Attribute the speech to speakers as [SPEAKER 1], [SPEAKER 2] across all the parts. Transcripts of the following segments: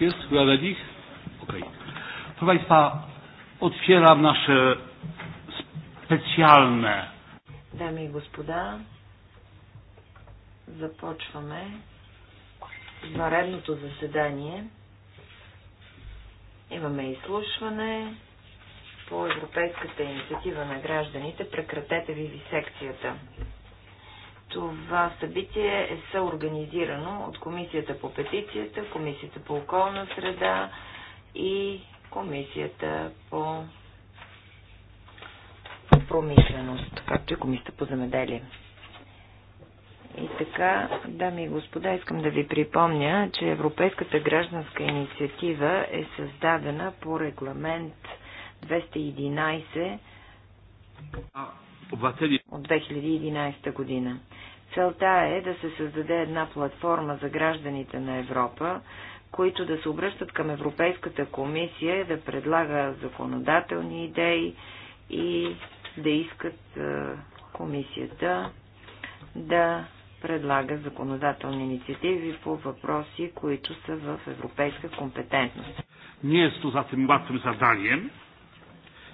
[SPEAKER 1] Jest chyba dla nich? Okej. Okay. Proszę Państwa, otwieram nasze specjalne.
[SPEAKER 2] Dami i господа, започваме извънредното заседание. Имаме изслушване по Европейската инициатива на гражданите. Прекратете ви секцията. Това събитие е съорганизирано от Комисията по петицията, Комисията по околна среда и Комисията по промишленост, както и Комисията по земеделие. И така, дами и господа, искам да ви припомня, че Европейската гражданска инициатива е създадена по регламент 211 от 2011 година. Целта е да се създаде една платформа за гражданите на Европа, които да се обръщат към Европейската комисия, да предлага законодателни идеи и да искат е, комисията да предлага законодателни инициативи по въпроси, които са в европейска компетентност.
[SPEAKER 1] Ние с това за тем łatwym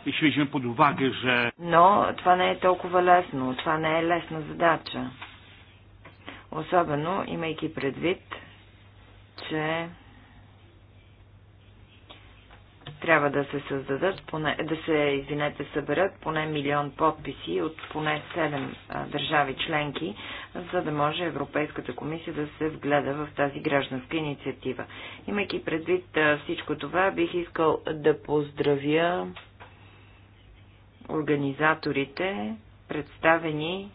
[SPEAKER 1] и ще виждаме pod uwagę,
[SPEAKER 2] Но това не е толкова лесно. Това не е лесна задача. Особено имайки предвид, че трябва да се създадат, поне, да се, извинете, съберат поне милион подписи от поне 7 а, държави членки, за да може Европейската комисия да се вгледа в тази гражданска инициатива. Имайки предвид а, всичко това, бих искал да поздравя организаторите, представени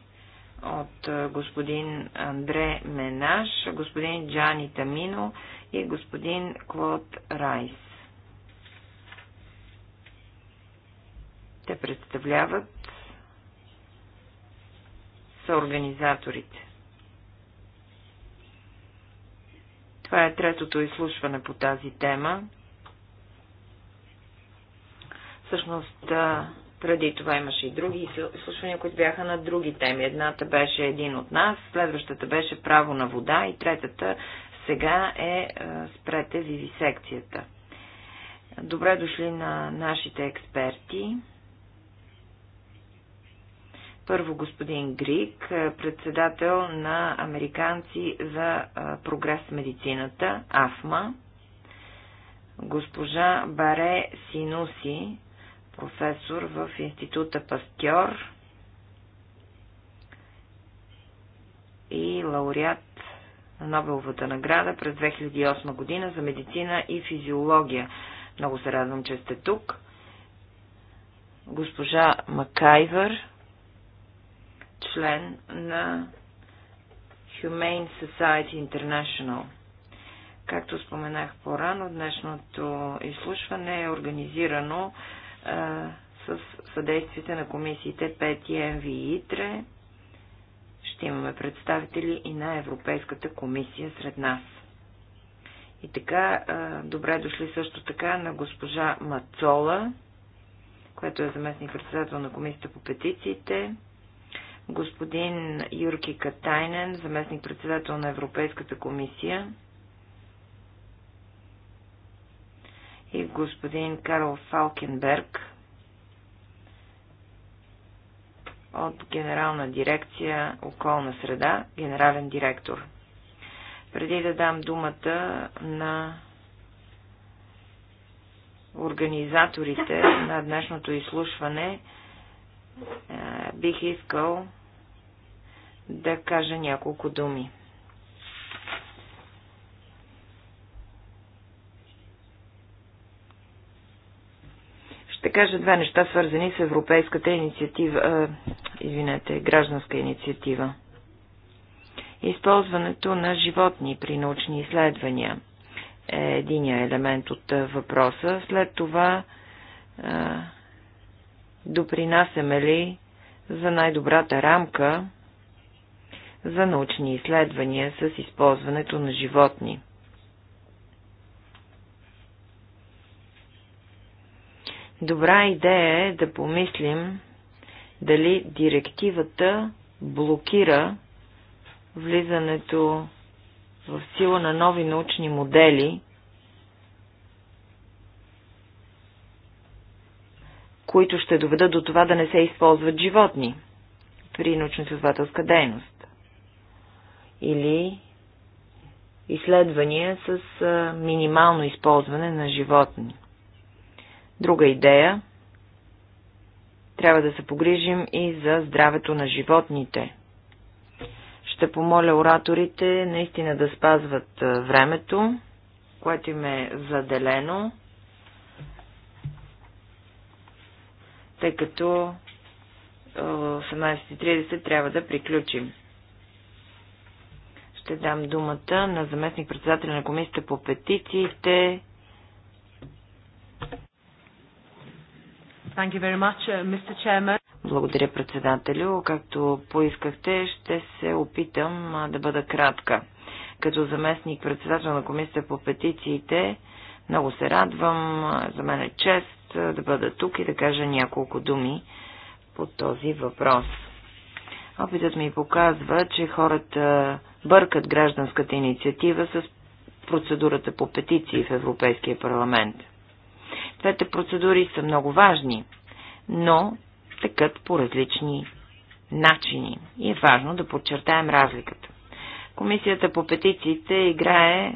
[SPEAKER 2] от господин Андре Менаш, господин Джани Тамино и господин Клод Райс. Те представляват съорганизаторите. Това е третото изслушване по тази тема. Всъщност, преди това имаше и други изслушвания, които бяха на други теми. Едната беше един от нас, следващата беше право на вода и третата сега е, е спрете вивисекцията. Добре дошли на нашите експерти. Първо господин Грик, е, председател на Американци за е, прогрес в медицината, АФМА. Госпожа Баре Синуси, професор в Института Пастьор и лауреат на Нобеловата награда през 2008 година за медицина и физиология. Много се радвам, че сте тук. Госпожа Макайвър, член на Humane Society International. Както споменах по-рано, днешното изслушване е организирано с съдействите на комисиите 5 и МВИ ИТРЕ. Ще имаме представители и на Европейската комисия сред нас. И така, добре дошли също така на госпожа Мацола, която е заместник председател на комисията по петициите, господин Юрки Катайнен, заместник председател на Европейската комисия, и господин Карл Фалкенберг от Генерална дирекция околна среда, генерален директор. Преди да дам думата на организаторите на днешното изслушване, е, бих искал да кажа няколко думи. ще кажа две неща, свързани с европейската инициатива, а, извинете, гражданска инициатива. Използването на животни при научни изследвания е единия елемент от въпроса. След това а, допринасяме ли за най-добрата рамка за научни изследвания с използването на животни. Добра идея е да помислим дали директивата блокира влизането в сила на нови научни модели, които ще доведат до това да не се използват животни при научно-изследователска дейност. Или изследвания с минимално използване на животни. Друга идея трябва да се погрижим и за здравето на животните. Ще помоля ораторите наистина да спазват времето, което им е заделено, тъй като 18.30 трябва да приключим. Ще дам думата на заместник-председателя на комисията по петициите
[SPEAKER 3] Uh,
[SPEAKER 2] Благодаря, председателю. Както поискахте, ще се опитам да бъда кратка. Като заместник председател на комисията по петициите, много се радвам. За мен е чест да бъда тук и да кажа няколко думи по този въпрос. Опитът ми показва, че хората бъркат гражданската инициатива с процедурата по петиции в Европейския парламент. Двете процедури са много важни, но текат по различни начини и е важно да подчертаем разликата. Комисията по петициите играе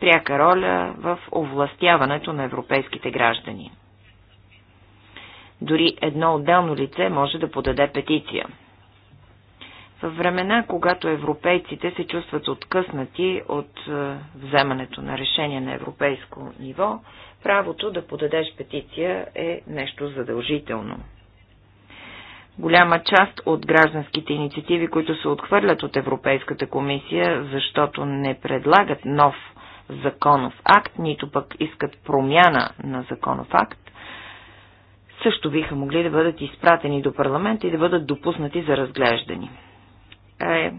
[SPEAKER 2] пряка роля в овластяването на европейските граждани. Дори едно отделно лице може да подаде петиция – в времена, когато европейците се чувстват откъснати от е, вземането на решение на европейско ниво, правото да подадеш петиция е нещо задължително. Голяма част от гражданските инициативи, които се отхвърлят от Европейската комисия, защото не предлагат нов законов акт, нито пък искат промяна на законов акт, също биха могли да бъдат изпратени до парламента и да бъдат допуснати за разглеждани е,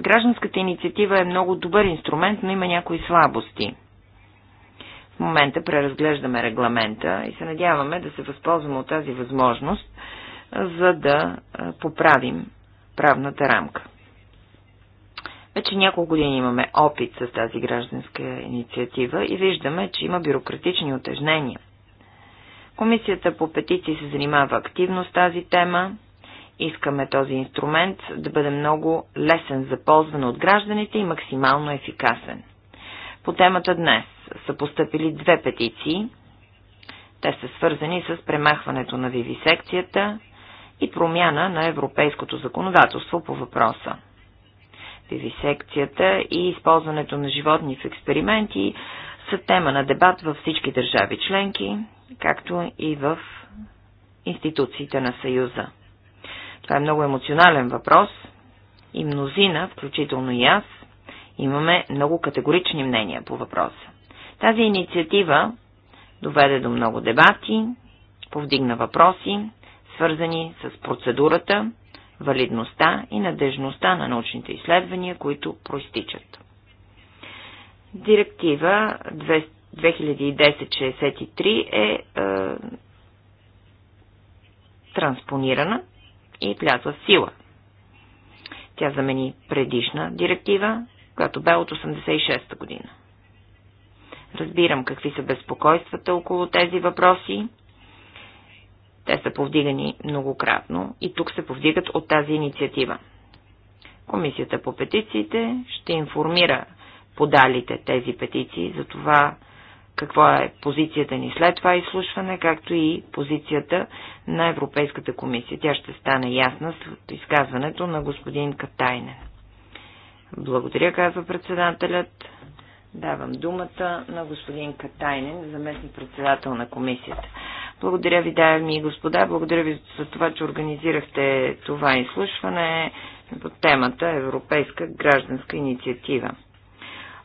[SPEAKER 2] гражданската инициатива е много добър инструмент, но има някои слабости. В момента преразглеждаме регламента и се надяваме да се възползваме от тази възможност, за да е, поправим правната рамка. Вече няколко години имаме опит с тази гражданска инициатива и виждаме, че има бюрократични отежнения. Комисията по петиции се занимава активно с тази тема Искаме този инструмент да бъде много лесен за ползване от гражданите и максимално ефикасен. По темата днес са поступили две петиции. Те са свързани с премахването на вивисекцията и промяна на европейското законодателство по въпроса. Вивисекцията и използването на животни в експерименти са тема на дебат във всички държави членки, както и в институциите на Съюза. Това е много емоционален въпрос и мнозина, включително и аз, имаме много категорични мнения по въпроса. Тази инициатива доведе до много дебати, повдигна въпроси, свързани с процедурата, валидността и надежността на научните изследвания, които проистичат. Директива 2010-63 е, е транспонирана и влязла в сила. Тя замени предишна директива, която бе от 86-та година. Разбирам какви са безпокойствата около тези въпроси. Те са повдигани многократно и тук се повдигат от тази инициатива. Комисията по петициите ще информира подалите тези петиции за това какво е позицията ни след това изслушване, както и позицията на Европейската комисия. Тя ще стане ясна с изказването на господин Катайнен. Благодаря, казва председателят. Давам думата на господин Катайнен, заместник председател на комисията. Благодаря ви, дами и господа. Благодаря ви за това, че организирахте това изслушване по темата Европейска гражданска инициатива.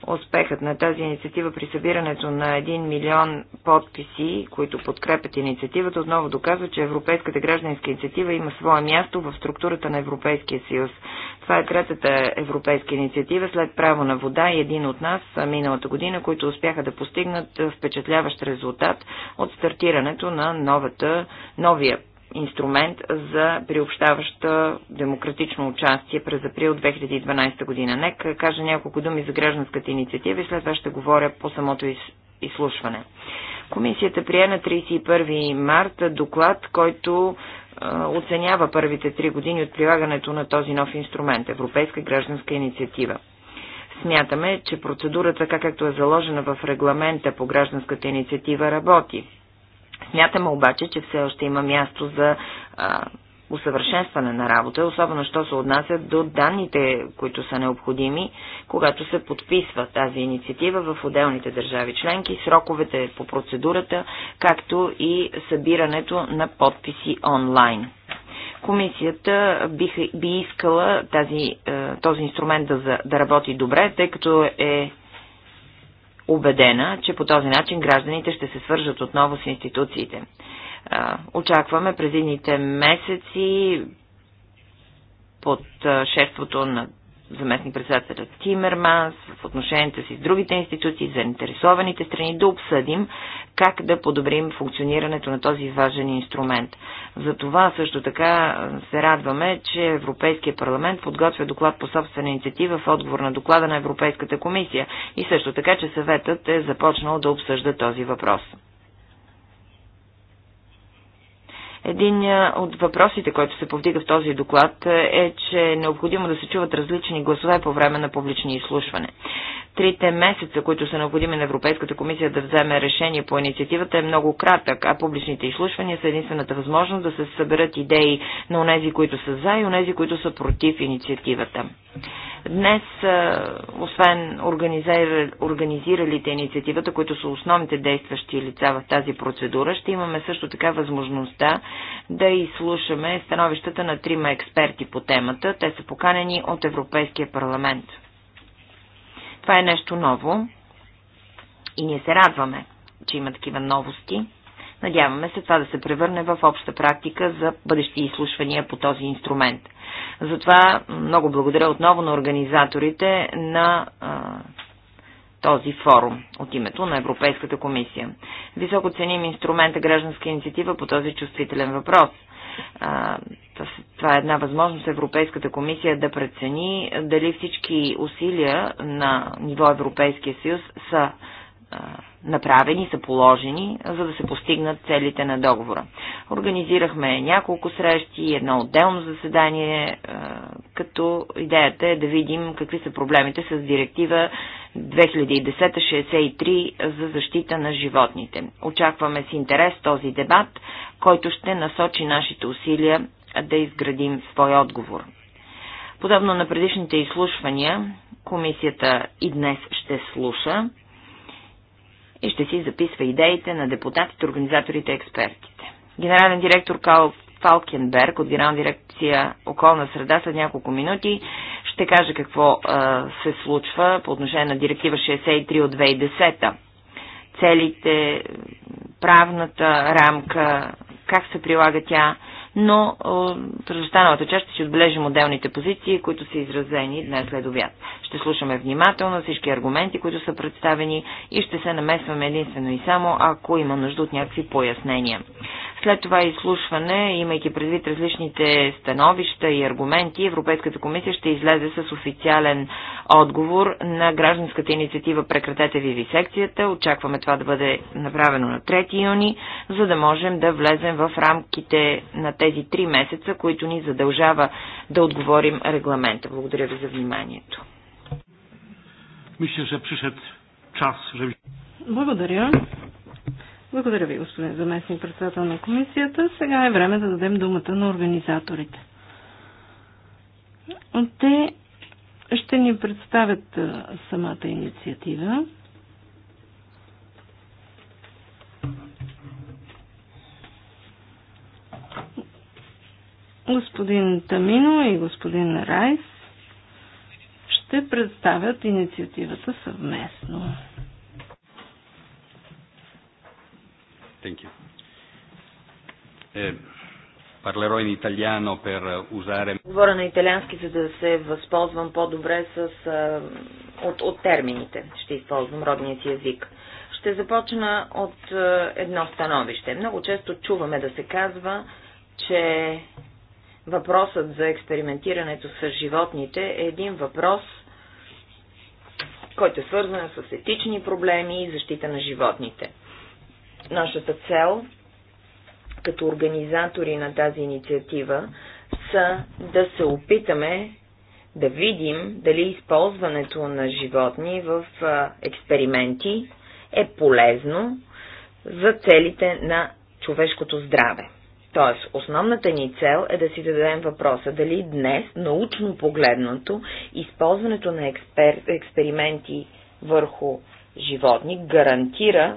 [SPEAKER 2] Успехът на тази инициатива при събирането на 1 милион подписи, които подкрепят инициативата, отново доказва, че Европейската гражданска инициатива има свое място в структурата на Европейския съюз. Това е третата европейска инициатива след право на вода и един от нас миналата година, които успяха да постигнат впечатляващ резултат от стартирането на новата, новия инструмент за приобщаваща демократично участие през април 2012 година. Нека кажа няколко думи за гражданската инициатива и след това ще говоря по самото изслушване. Комисията прие на 31 марта доклад, който оценява първите три години от прилагането на този нов инструмент – Европейска гражданска инициатива. Смятаме, че процедурата, така както е заложена в регламента по гражданската инициатива, работи. Смятаме обаче, че все още има място за а, усъвършенстване на работа, особено що се отнасят до данните, които са необходими, когато се подписва тази инициатива в отделните държави членки, сроковете по процедурата, както и събирането на подписи онлайн. Комисията би, би искала тази, е, този инструмент да, да работи добре, тъй като е убедена, че по този начин гражданите ще се свържат отново с институциите. Очакваме през едните месеци под шефството на заместник председателя Тимерманс, в отношенията си с другите институции, заинтересованите страни, да обсъдим как да подобрим функционирането на този важен инструмент. За това също така се радваме, че Европейския парламент подготвя доклад по собствена инициатива в отговор на доклада на Европейската комисия и също така, че съветът е започнал да обсъжда този въпрос. Един е, от въпросите, който се повдига в този доклад е, е, че е необходимо да се чуват различни гласове по време на публични изслушване. Трите месеца, които са необходими на Европейската комисия да вземе решение по инициативата е много кратък, а публичните изслушвания са единствената възможност да се съберат идеи на онези, които са за и онези, които са против инициативата. Днес, е, освен организиралите инициативата, които са основните действащи лица в тази процедура, ще имаме също така възможността да изслушаме становищата на трима експерти по темата. Те са поканени от Европейския парламент. Това е нещо ново и ние се радваме, че има такива новости. Надяваме се това да се превърне в обща практика за бъдещи изслушвания по този инструмент. Затова много благодаря отново на организаторите на този форум от името на Европейската комисия. Високо ценим инструмента гражданска инициатива по този чувствителен въпрос. Това е една възможност Европейската комисия да прецени дали всички усилия на ниво Европейския съюз са направени, са положени, за да се постигнат целите на договора. Организирахме няколко срещи, едно отделно заседание, като идеята е да видим какви са проблемите с директива 2010-63 за защита на животните. Очакваме с интерес този дебат, който ще насочи нашите усилия да изградим свой отговор. Подобно на предишните изслушвания, комисията и днес ще слуша и ще си записва идеите на депутатите, организаторите и експертите. Генерален директор Кал Фалкенберг от Генерална дирекция околна среда след няколко минути ще каже какво а, се случва по отношение на директива 63 от 2010. Целите, правната рамка, как се прилага тя, но през останалата част ще си отбележим отделните позиции, които са изразени днес след обяд. Ще слушаме внимателно всички аргументи, които са представени и ще се намесваме единствено и само, ако има нужда от някакви пояснения. След това изслушване, имайки предвид различните становища и аргументи, Европейската комисия ще излезе с официален отговор на гражданската инициатива Прекратете ви секцията. Очакваме това да бъде направено на 3 юни, за да можем да влезем в рамките на тези 3 месеца, които ни задължава да отговорим регламента. Благодаря ви за вниманието.
[SPEAKER 1] Мисля, че пришед час.
[SPEAKER 2] Благодаря.
[SPEAKER 4] Благодаря ви, господин заместник председател на комисията. Сега е време да дадем думата на организаторите. Те ще ни представят самата инициатива. Господин Тамино и господин Райс ще представят инициативата съвместно.
[SPEAKER 1] Thank you. Eh, parlerò in italiano per usare...
[SPEAKER 2] Говоря на италиански, за да се възползвам по-добре с, от, от термините. Ще използвам родния си език. Ще започна от едно становище. Много често чуваме да се казва, че въпросът за експериментирането с животните е един въпрос, който е свързан с етични проблеми и защита на животните. Нашата цел като организатори на тази инициатива са да се опитаме да видим дали използването на животни в експерименти е полезно за целите на човешкото здраве. Тоест, основната ни цел е да си зададем въпроса дали днес, научно погледнато, използването на експер... експерименти върху животни гарантира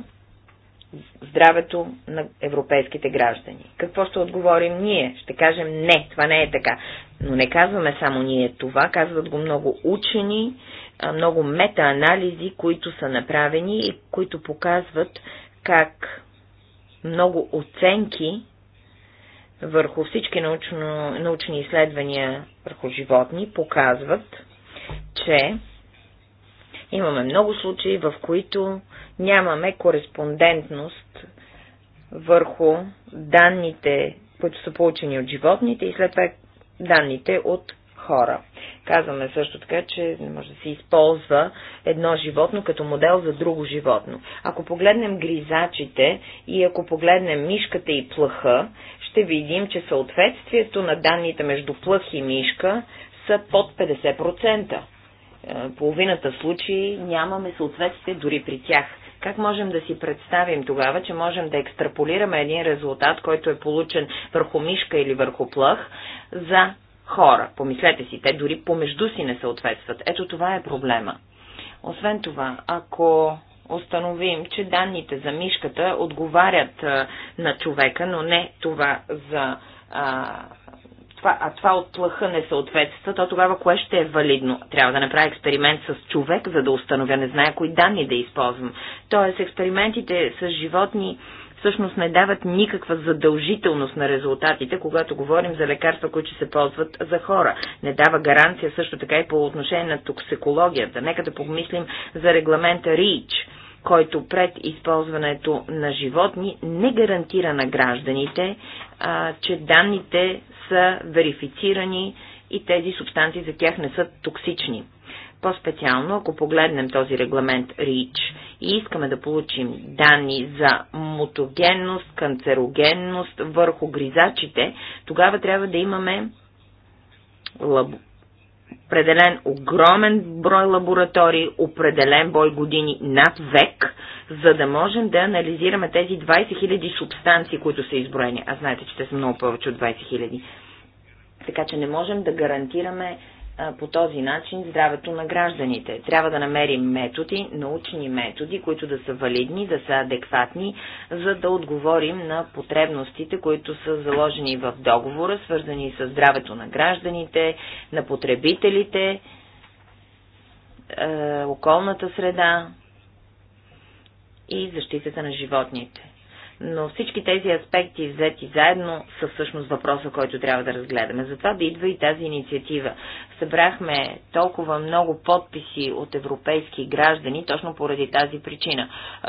[SPEAKER 2] здравето на европейските граждани. Какво ще отговорим ние? Ще кажем не, това не е така. Но не казваме само ние това, казват го много учени, много метаанализи, които са направени и които показват как много оценки върху всички научно, научни изследвания върху животни показват, че имаме много случаи, в които нямаме кореспондентност върху данните, които са получени от животните и след това данните от хора. Казваме също така, че не може да се използва едно животно като модел за друго животно. Ако погледнем гризачите и ако погледнем мишката и плъха, ще видим, че съответствието на данните между плъх и мишка са под 50%. Е, половината случаи нямаме съответствие дори при тях. Как можем да си представим тогава, че можем да екстраполираме един резултат, който е получен върху мишка или върху плъх, за хора. Помислете си, те дори помежду си не съответстват. Ето това е проблема. Освен това, ако установим, че данните за мишката отговарят а, на човека, но не това за. А, това, а това от плаха не съответства, то тогава кое ще е валидно? Трябва да направя експеримент с човек, за да установя, не зная кои данни да използвам. Тоест, експериментите с животни всъщност не дават никаква задължителност на резултатите, когато говорим за лекарства, които се ползват за хора. Не дава гаранция също така и по отношение на токсикологията. Нека да помислим за регламента РИЧ който пред използването на животни не гарантира на гражданите, а, че данните са верифицирани и тези субстанции за тях не са токсични. По-специално, ако погледнем този регламент РИЧ и искаме да получим данни за мутогенност, канцерогенност върху гризачите, тогава трябва да имаме лаб... определен огромен брой лаборатории, определен брой години над век, за да можем да анализираме тези 20 000 субстанции, които са изброени. А знаете, че те са много повече от 20 000. Така че не можем да гарантираме по този начин здравето на гражданите. Трябва да намерим методи, научни методи, които да са валидни, да са адекватни, за да отговорим на потребностите, които са заложени в договора, свързани с здравето на гражданите, на потребителите, е, околната среда и защитата на животните. Но всички тези аспекти, взети заедно, са всъщност въпроса, който трябва да разгледаме. Затова да идва и тази инициатива. Събрахме толкова много подписи от европейски граждани, точно поради тази причина.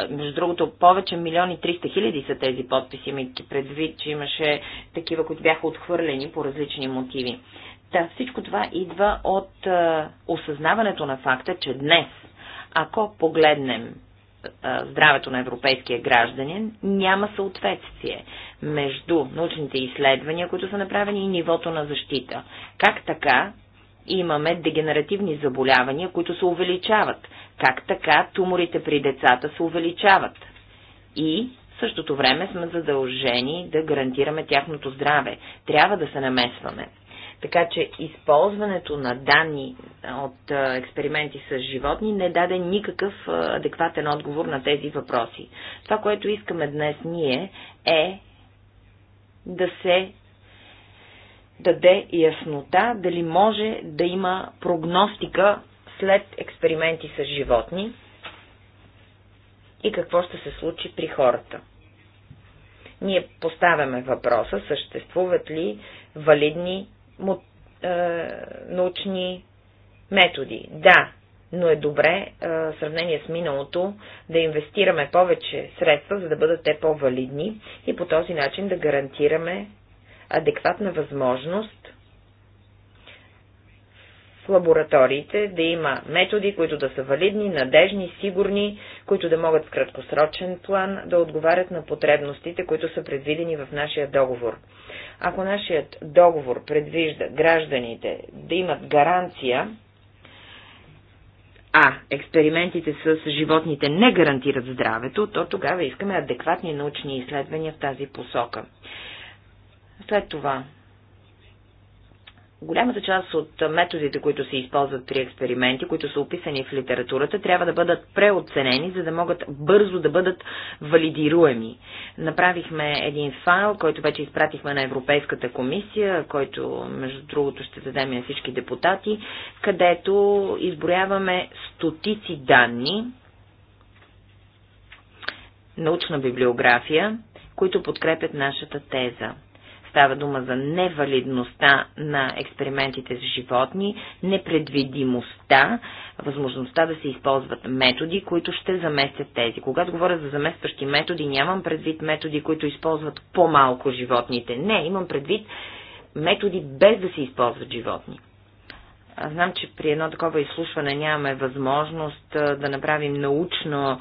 [SPEAKER 2] Между другото, повече милиони 300 хиляди са тези подписи, имайки предвид, че имаше такива, които бяха отхвърлени по различни мотиви. Та, всичко това идва от е, осъзнаването на факта, че днес, ако погледнем здравето на европейския гражданин, няма съответствие между научните изследвания, които са направени и нивото на защита. Как така имаме дегенеративни заболявания, които се увеличават? Как така туморите при децата се увеличават? И в същото време сме задължени да гарантираме тяхното здраве. Трябва да се намесваме. Така че използването на данни от експерименти с животни не даде никакъв адекватен отговор на тези въпроси. Това, което искаме днес ние е да се даде яснота дали може да има прогностика след експерименти с животни и какво ще се случи при хората. Ние поставяме въпроса, съществуват ли валидни е, научни методи. Да, но е добре е, в сравнение с миналото да инвестираме повече средства, за да бъдат те по-валидни и по този начин да гарантираме адекватна възможност в лабораториите, да има методи, които да са валидни, надежни, сигурни, които да могат в краткосрочен план да отговарят на потребностите, които са предвидени в нашия договор. Ако нашият договор предвижда гражданите да имат гаранция, а експериментите с животните не гарантират здравето, то тогава искаме адекватни научни изследвания в тази посока. След това Голямата част от методите, които се използват при експерименти, които са описани в литературата, трябва да бъдат преоценени, за да могат бързо да бъдат валидируеми. Направихме един файл, който вече изпратихме на Европейската комисия, който, между другото, ще дадем на всички депутати, където изброяваме стотици данни, научна библиография, които подкрепят нашата теза. Става дума за невалидността на експериментите с животни, непредвидимостта, възможността да се използват методи, които ще заместят тези. Когато говоря за заместващи методи, нямам предвид методи, които използват по-малко животните. Не, имам предвид методи без да се използват животни. Аз знам, че при едно такова изслушване нямаме възможност да направим научно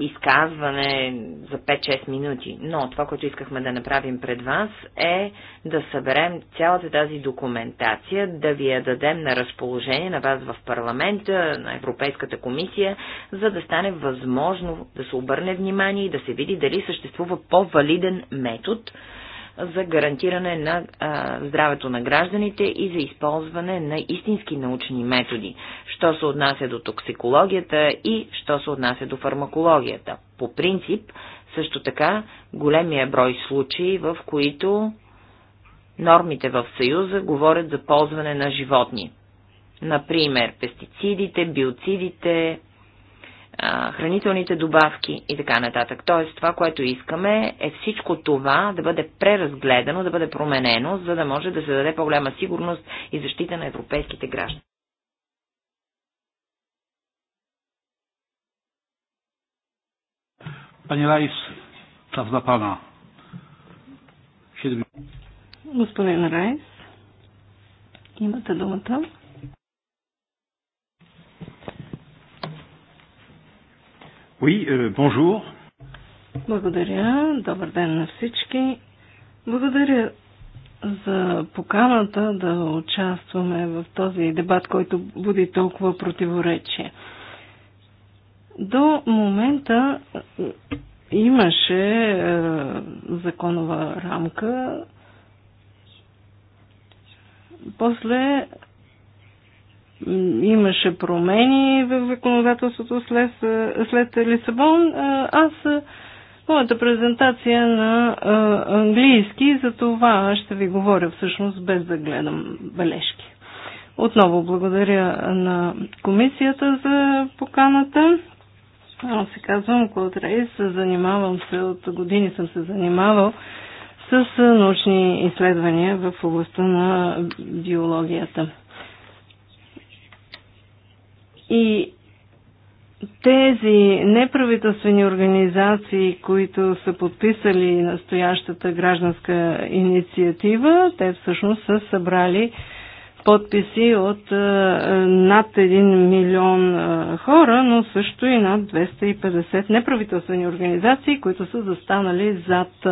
[SPEAKER 2] изказване за 5-6 минути. Но това, което искахме да направим пред вас е да съберем цялата тази документация, да ви я дадем на разположение на вас в парламента, на Европейската комисия, за да стане възможно да се обърне внимание и да се види дали съществува по-валиден метод, за гарантиране на а, здравето на гражданите и за използване на истински научни методи, що се отнася до токсикологията и що се отнася до фармакологията. По принцип, също така, големия е брой случаи, в които нормите в Съюза говорят за ползване на животни. Например, пестицидите, биоцидите, хранителните добавки и така нататък. Тоест, това, което искаме, е всичко това да бъде преразгледано, да бъде променено, за да може да се даде по-голяма сигурност и защита на европейските граждани.
[SPEAKER 1] Пани Райс, czas
[SPEAKER 4] Господин Райс, имате думата.
[SPEAKER 1] Oui, euh, bonjour.
[SPEAKER 4] Благодаря. Добър ден на всички. Благодаря за поканата да участваме в този дебат, който буди толкова противоречие. До момента имаше е, законова рамка. После имаше промени в законодателството след, след Лисабон. Аз моята презентация на английски, за това ще ви говоря всъщност без да гледам бележки. Отново благодаря на комисията за поканата. Аз се казвам Клод Рейс, занимавам се от години съм се занимавал с научни изследвания в областта на биологията. И тези неправителствени организации, които са подписали настоящата гражданска инициатива, те всъщност са събрали подписи от е, над 1 милион е, хора, но също и над 250 неправителствени организации, които са застанали зад е,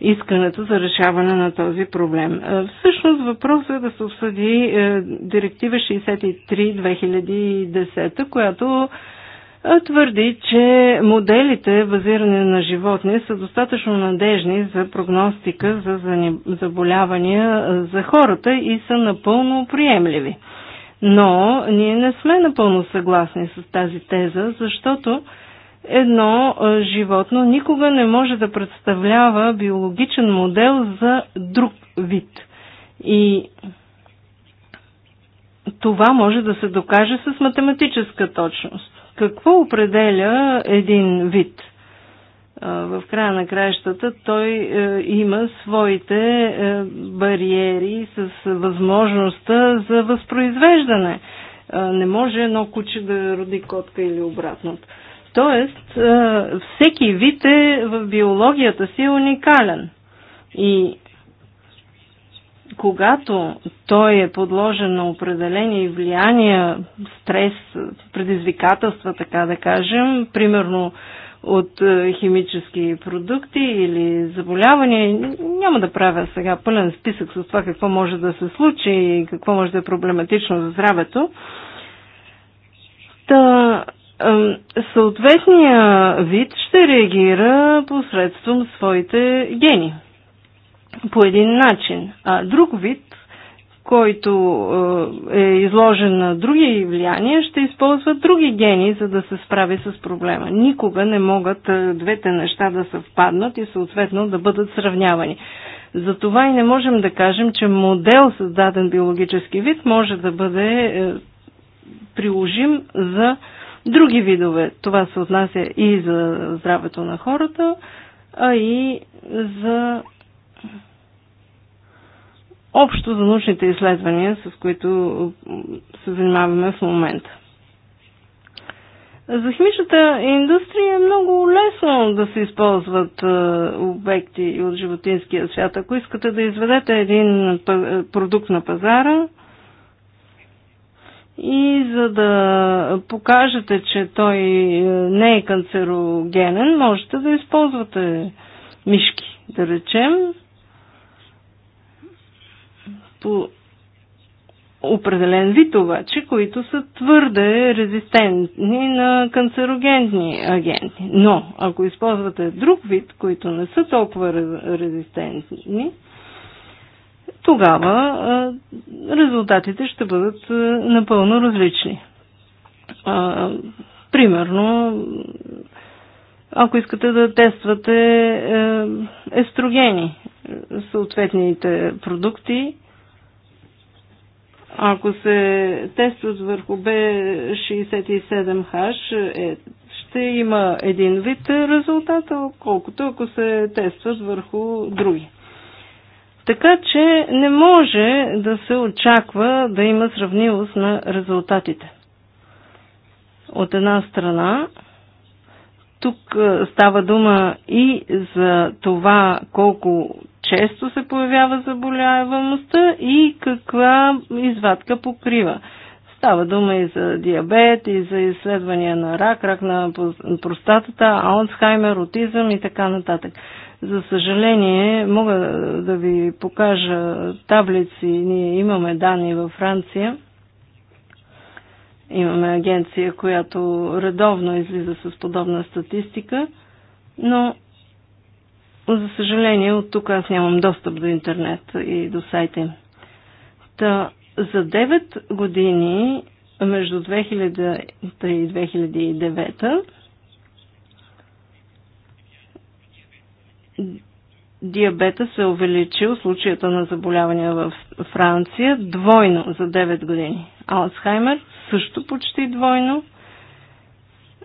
[SPEAKER 4] искането за решаване на този проблем. Е, всъщност въпросът е да се обсъди е, директива 63-2010, която е, твърди, че моделите базирани на животни са достатъчно надежни за прогностика за заболявания за хората и са напълно приемливи. Но ние не сме напълно съгласни с тази теза, защото едно животно никога не може да представлява биологичен модел за друг вид. И това може да се докаже с математическа точност. Какво определя един вид? В края на краищата той е, има своите е, бариери с възможността за възпроизвеждане. Не може едно куче да роди котка или обратното. Тоест, всеки вид е в биологията си е уникален. И когато той е подложен на определени влияния, стрес, предизвикателства, така да кажем, примерно от химически продукти или заболявания, няма да правя сега пълен списък с това какво може да се случи и какво може да е проблематично за здравето. Та, съответния вид ще реагира посредством своите гени. По един начин. А друг вид, който е, е изложен на други влияния, ще използва други гени, за да се справи с проблема. Никога не могат е, двете неща да съвпаднат и съответно да бъдат сравнявани. Затова и не можем да кажем, че модел създаден биологически вид може да бъде е, приложим за други видове. Това се отнася и за здравето на хората, а и за общо за научните изследвания, с които се занимаваме в момента. За химичната индустрия е много лесно да се използват е, обекти от животинския свят. Ако искате да изведете един е, продукт на пазара, и за да покажете, че той е, не е канцерогенен, можете да използвате мишки, да речем, по определен вид обаче, които са твърде резистентни на канцерогенни агенти. Но ако използвате друг вид, които не са толкова резистентни, тогава резултатите ще бъдат напълно различни. Примерно, ако искате да тествате естрогени, съответните продукти, ако се тестват върху B67H, е, ще има един вид резултат, колкото ако се тестват върху други. Така че не може да се очаква да има сравнилост на резултатите. От една страна, тук става дума и за това колко често се появява заболяваността и каква извадка покрива. Става дума и за диабет, и за изследвания на рак, рак на простатата, Алцхаймер, аутизъм и така нататък. За съжаление, мога да ви покажа таблици. Ние имаме данни във Франция. Имаме агенция, която редовно излиза с подобна статистика, но за съжаление от тук аз нямам достъп до интернет и до сайта им. Та, за 9 години между 2000 и 2009 диабета се е увеличил случаята на заболявания в Франция двойно за 9 години. Алцхаймер също почти двойно.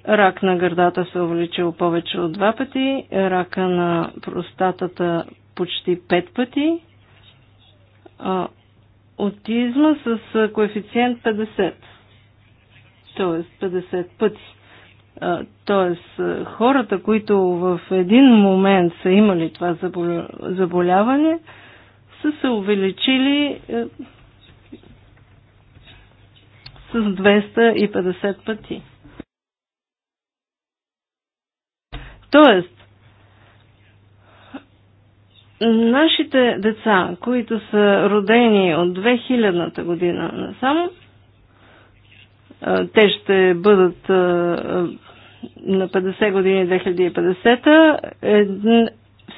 [SPEAKER 4] Рак на гърдата се е увеличил повече от два пъти, рака на простатата почти 5 пъти, аутизма с коефициент 50, т.е. 50 пъти. Т.е. хората, които в един момент са имали това заболяване, са се увеличили е, с 250 пъти. Тоест, нашите деца, които са родени от 2000-та година насам, е, те ще бъдат е, на 50 години 2050,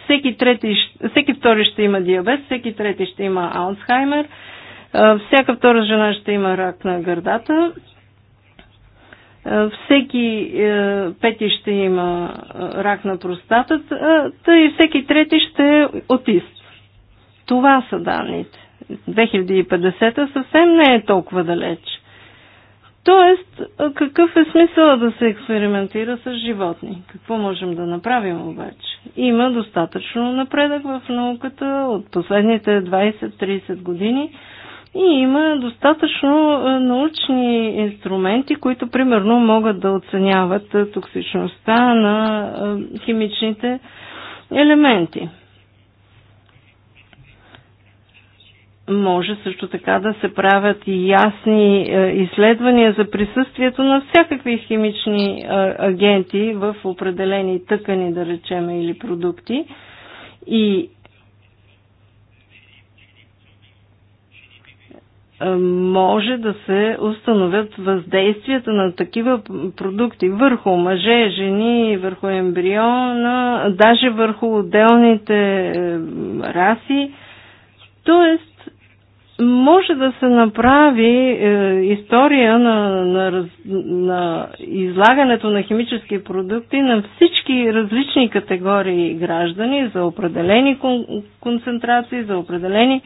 [SPEAKER 4] всеки, трети, всеки втори ще има диабет, всеки трети ще има Алцхаймер, всяка втора жена ще има рак на гърдата, всеки е, пети ще има рак на простатата и всеки трети ще е отист. Това са данните. 2050 съвсем не е толкова далеч. Тоест, какъв е смисъл да се експериментира с животни? Какво можем да направим обаче? Има достатъчно напредък в науката от последните 20-30 години и има достатъчно е, научни инструменти, които примерно могат да оценяват е, токсичността на е, химичните елементи. може също така да се правят и ясни е, изследвания за присъствието на всякакви химични е, агенти в определени тъкани, да речеме, или продукти. И е, може да се установят въздействията на такива продукти върху мъже, жени, върху ембриона, даже върху отделните раси. Тоест, може да се направи е, история на, на, на излагането на химически продукти на всички различни категории граждани за определени кон, концентрации, за определени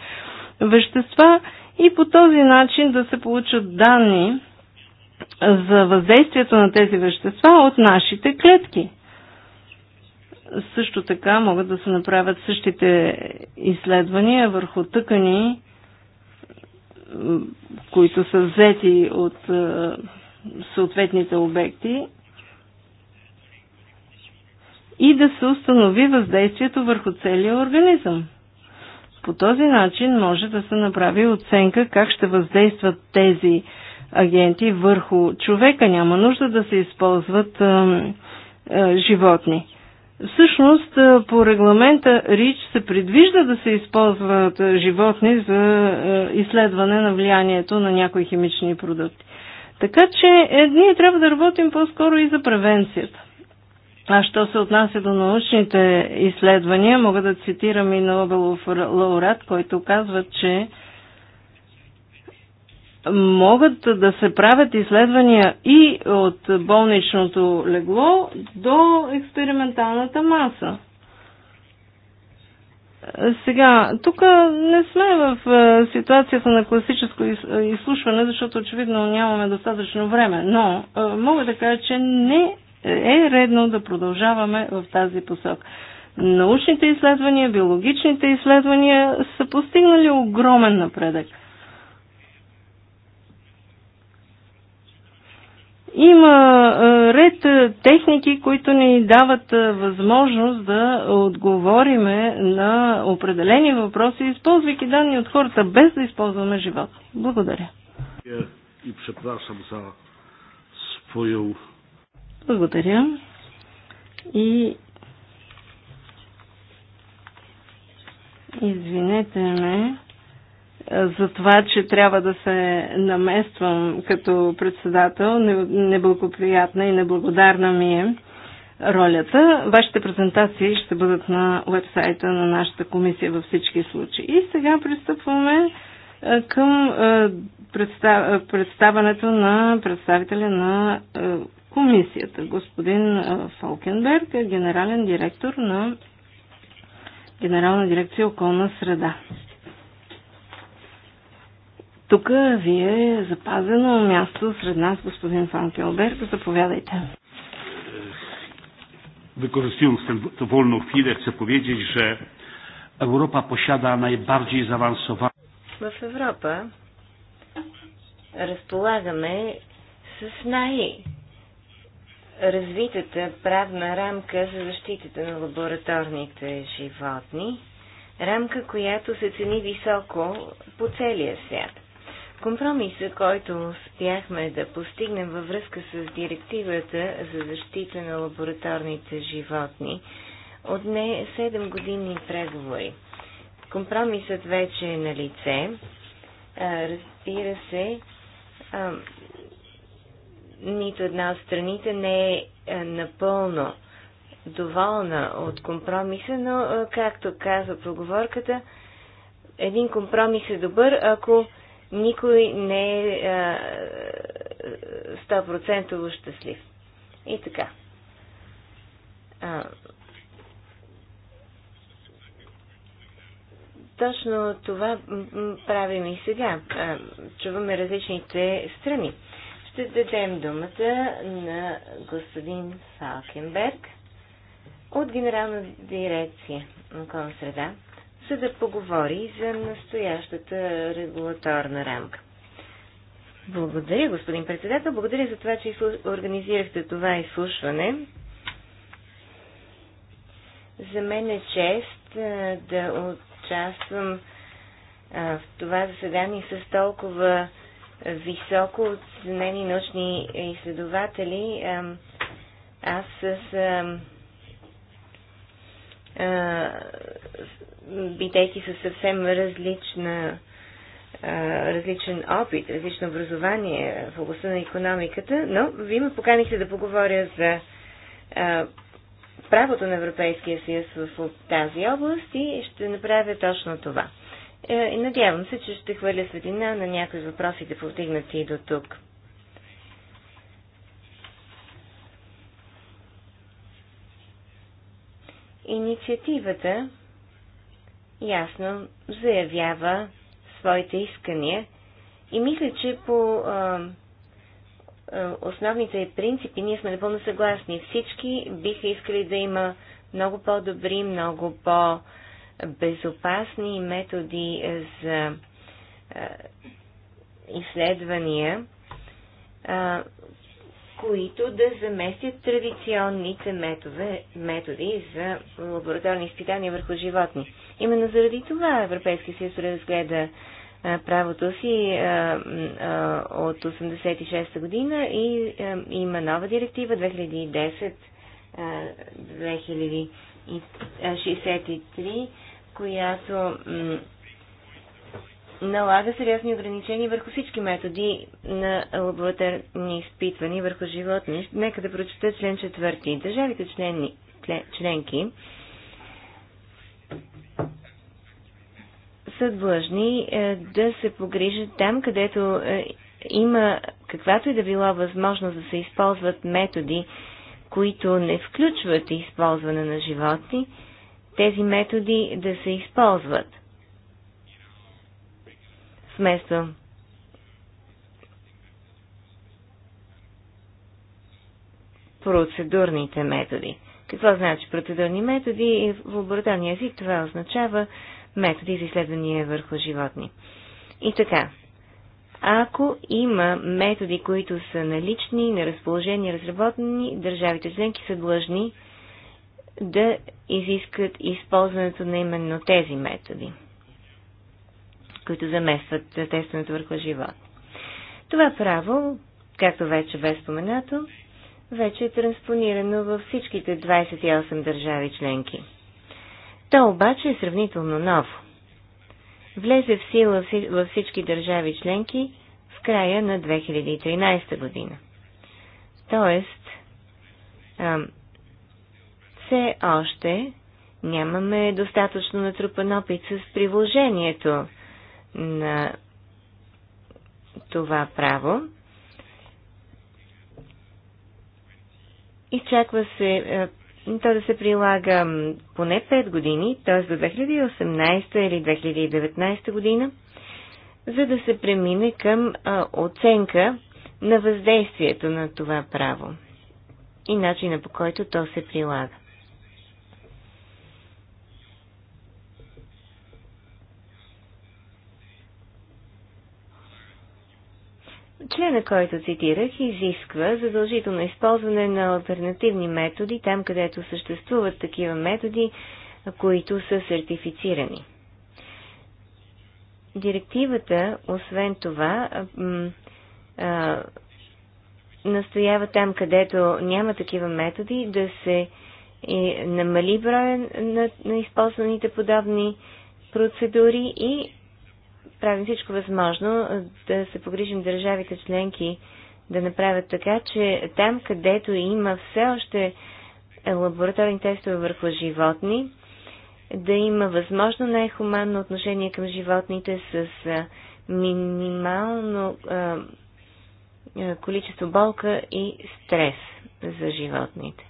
[SPEAKER 4] вещества и по този начин да се получат данни за въздействието на тези вещества от нашите клетки също така могат да се направят същите изследвания върху тъкани които са взети от е, съответните обекти и да се установи въздействието върху целия организъм. По този начин може да се направи оценка как ще въздействат тези агенти върху човека. Няма нужда да се използват е, е, животни. Всъщност, по регламента РИЧ се предвижда да се използват животни за изследване на влиянието на някои химични продукти. Така че е, ние трябва да работим по-скоро и за превенцията. А що се отнася до научните изследвания, мога да цитирам и Нобелов лауреат, който казва, че могат да се правят изследвания и от болничното легло до експерименталната маса. Сега, тук не сме в е, ситуацията на класическо изслушване, защото очевидно нямаме достатъчно време, но е, мога да кажа, че не е редно да продължаваме в тази посок. Научните изследвания, биологичните изследвания са постигнали огромен напредък – Има ред техники, които ни дават възможност да отговориме на определени въпроси, използвайки данни от хората, без да използваме живота. Благодаря.
[SPEAKER 1] И препрашам за своя...
[SPEAKER 4] Благодаря. И извинете ме за това, че трябва да се намествам като председател. Неблагоприятна и неблагодарна ми е ролята. Вашите презентации ще бъдат на вебсайта на нашата комисия във всички случаи. И сега пристъпваме е, към е, е, представането на представителя на комисията, господин Фолкенберг, генерален директор на Генерална дирекция околна среда. Тук ви е запазено място сред нас, господин Фанкелберг. Заповядайте.
[SPEAKER 1] Wykorzystując tę wolną chwilę, chcę powiedzieć, że Europa posiada najbardziej zaawansowane.
[SPEAKER 3] В Европа разполагаме с най-развитата правна рамка за защитата на лабораторните животни, рамка, която се цени високо по целия свят. Компромиса, който успяхме да постигнем във връзка с директивата за защита на лабораторните животни, отне 7 години преговори. Компромисът вече е на лице. Разбира се, нито една от страните не е напълно доволна от компромиса, но, както казва проговорката, един компромис е добър, ако никой не е 100% е, щастлив. И така. А, точно това правим и сега. А, чуваме различните страни. Ще дадем думата на господин Фалкенберг от Генерална дирекция на среда са да поговори за настоящата регулаторна рамка. Благодаря, господин председател. Благодаря за това, че организирахте това изслушване. За мен е чест да участвам в това заседание с толкова високо оценени научни изследователи. Аз с бидейки със съвсем различна, различен опит, различно образование в областта на економиката, но ви ме поканихте да поговоря за правото на Европейския съюз в тази област и ще направя точно това. Е, и надявам се, че ще хвърля светлина на някои въпросите, повдигнати и до тук. Инициативата ясно заявява своите искания и мисля, че по а, а, основните принципи ние сме напълно съгласни. Всички биха искали да има много по-добри, много по-безопасни методи за а, изследвания. А, които да заместят традиционните методи, методи за лабораторни изпитания върху животни. Именно заради това Европейския съюз разгледа правото си а, а, от 86 година и а, има нова директива 2010 2063, която налага сериозни ограничения върху всички методи на лабораторни изпитвания върху животни. Нека да прочета член 4. Държавите члени, членки са длъжни е, да се погрижат там, където е, има каквато и да било възможност да се използват методи, които не включват използване на животни, тези методи да се използват смеса. Процедурните методи. Какво значи процедурни методи? В лабораторния език това означава методи за изследвания върху животни. И така, ако има методи, които са налични, на разположение, разработени, държавите членки са длъжни да изискат използването на именно тези методи които заместват тестването върху живот. Това право, както вече бе споменато, вече е транспонирано във всичките 28 държави членки. То обаче е сравнително ново. Влезе в сила във всички държави членки в края на 2013 година. Тоест, все още нямаме достатъчно натрупан опит с приложението на това право. Изчаква се е, то да се прилага поне 5 години, т.е. до 2018 или 2019 година, за да се премине към оценка на въздействието на това право и начина по който то се прилага. Члена, който цитирах, изисква задължително използване на альтернативни методи там, където съществуват такива методи, които са сертифицирани. Директивата, освен това, настоява там, където няма такива методи, да се е, намали броя на, на използваните подобни процедури и правим всичко възможно да се погрижим държавите членки да направят така, че там, където има все още лабораторни тестове върху животни, да има възможно най-хуманно отношение към животните с минимално количество болка и стрес за животните.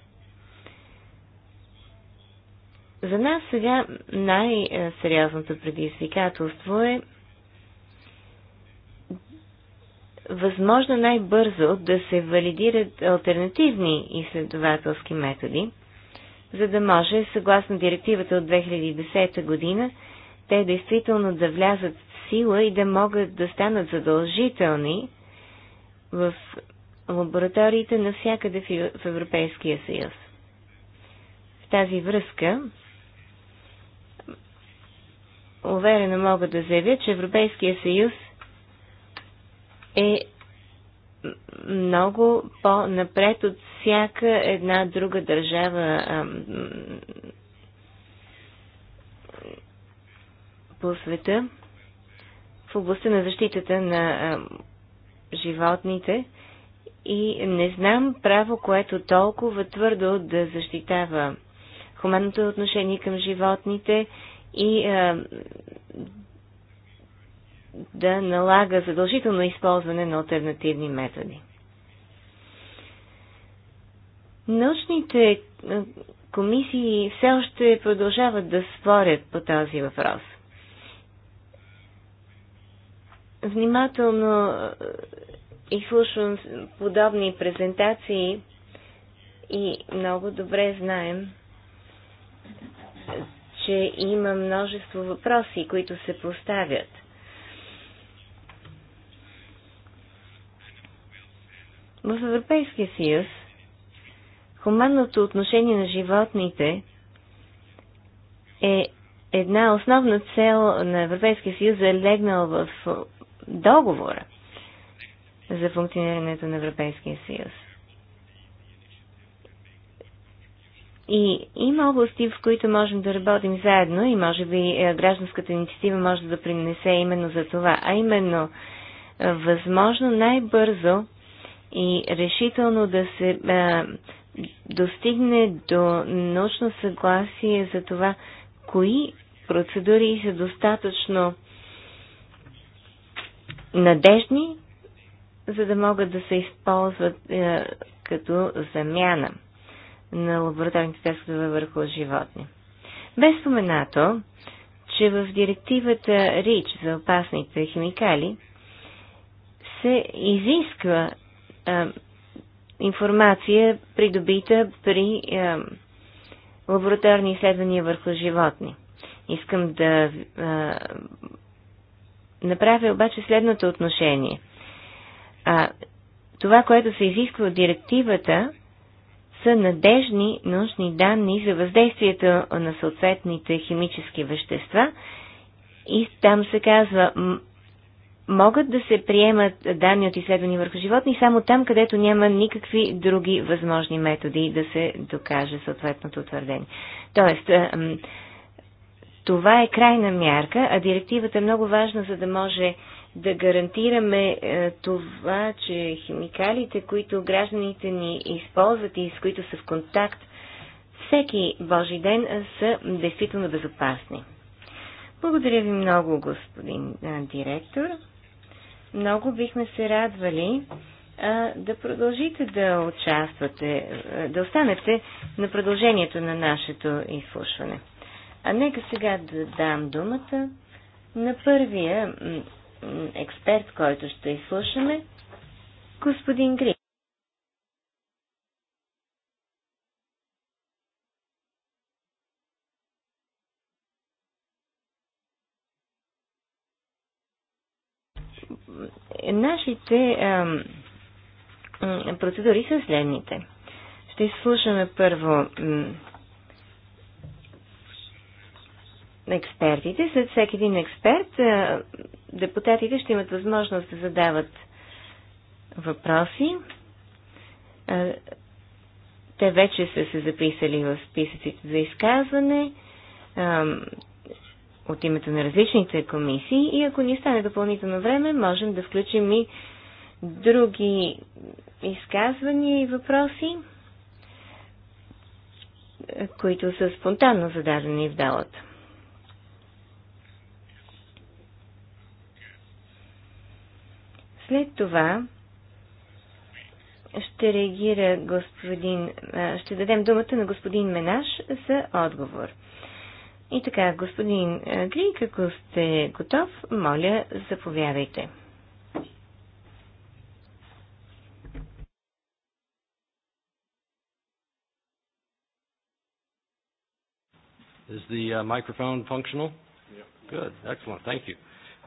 [SPEAKER 3] За нас сега най-сериозното предизвикателство е възможно най-бързо да се валидират альтернативни изследователски методи, за да може, съгласно директивата от 2010 година, те действително да влязат в сила и да могат да станат задължителни в лабораториите навсякъде в Европейския съюз. В тази връзка, уверено мога да заявя, че Европейския съюз – е много по-напред от всяка една друга държава по света в областта на защитата на животните и не знам право, което толкова твърдо да защитава хуманното отношение към животните и а, да налага задължително използване на альтернативни методи. Научните е, комисии все още продължават да спорят по този въпрос. Внимателно е, изслушвам подобни презентации и много добре знаем, че има множество въпроси, които се поставят. В Европейския съюз хуманното отношение на животните е една основна цел на Европейския съюз, легнал в договора за функционирането на Европейския съюз. И има области, в които можем да работим заедно и може би е, гражданската инициатива може да принесе именно за това, а именно е, възможно най-бързо и решително да се а, достигне до научно съгласие за това, кои процедури са достатъчно надежни, за да могат да се използват а, като замяна на лабораторните тестове върху животни. Без споменато, че в директивата РИЧ за опасните химикали се изисква е, информация, придобита при а, е, лабораторни изследвания върху животни. Искам да а, е, направя обаче следното отношение. А, това, което се изисква от директивата, са надежни научни данни за въздействието на съответните химически вещества и там се казва могат да се приемат данни от изследвания върху животни само там, където няма никакви други възможни методи да се докаже съответното твърдение. Тоест, това е крайна мярка, а директивата е много важна, за да може да гарантираме това, че химикалите, които гражданите ни използват и с които са в контакт всеки Божи ден, са действително безопасни. Благодаря ви много, господин директор. Много бихме се радвали а, да продължите да участвате, да останете на продължението на нашето изслушване. А нека сега да дам думата на първия експерт, който ще изслушаме, господин Гри. Нашите процедури са следните. Ще изслушаме първо експертите. След всеки един експерт депутатите ще имат възможност да задават въпроси. Те вече са се записали в списъците за изказване от името на различните комисии и ако ни стане допълнително време, можем да включим и други изказвания и въпроси, които са спонтанно зададени в далата. След това ще реагира господин, ще дадем думата на господин Менаш за отговор. И така, господин Грик, ако сте готов, моля, заповядайте. Is the uh, microphone functional? Yeah. Good. Excellent. Thank you.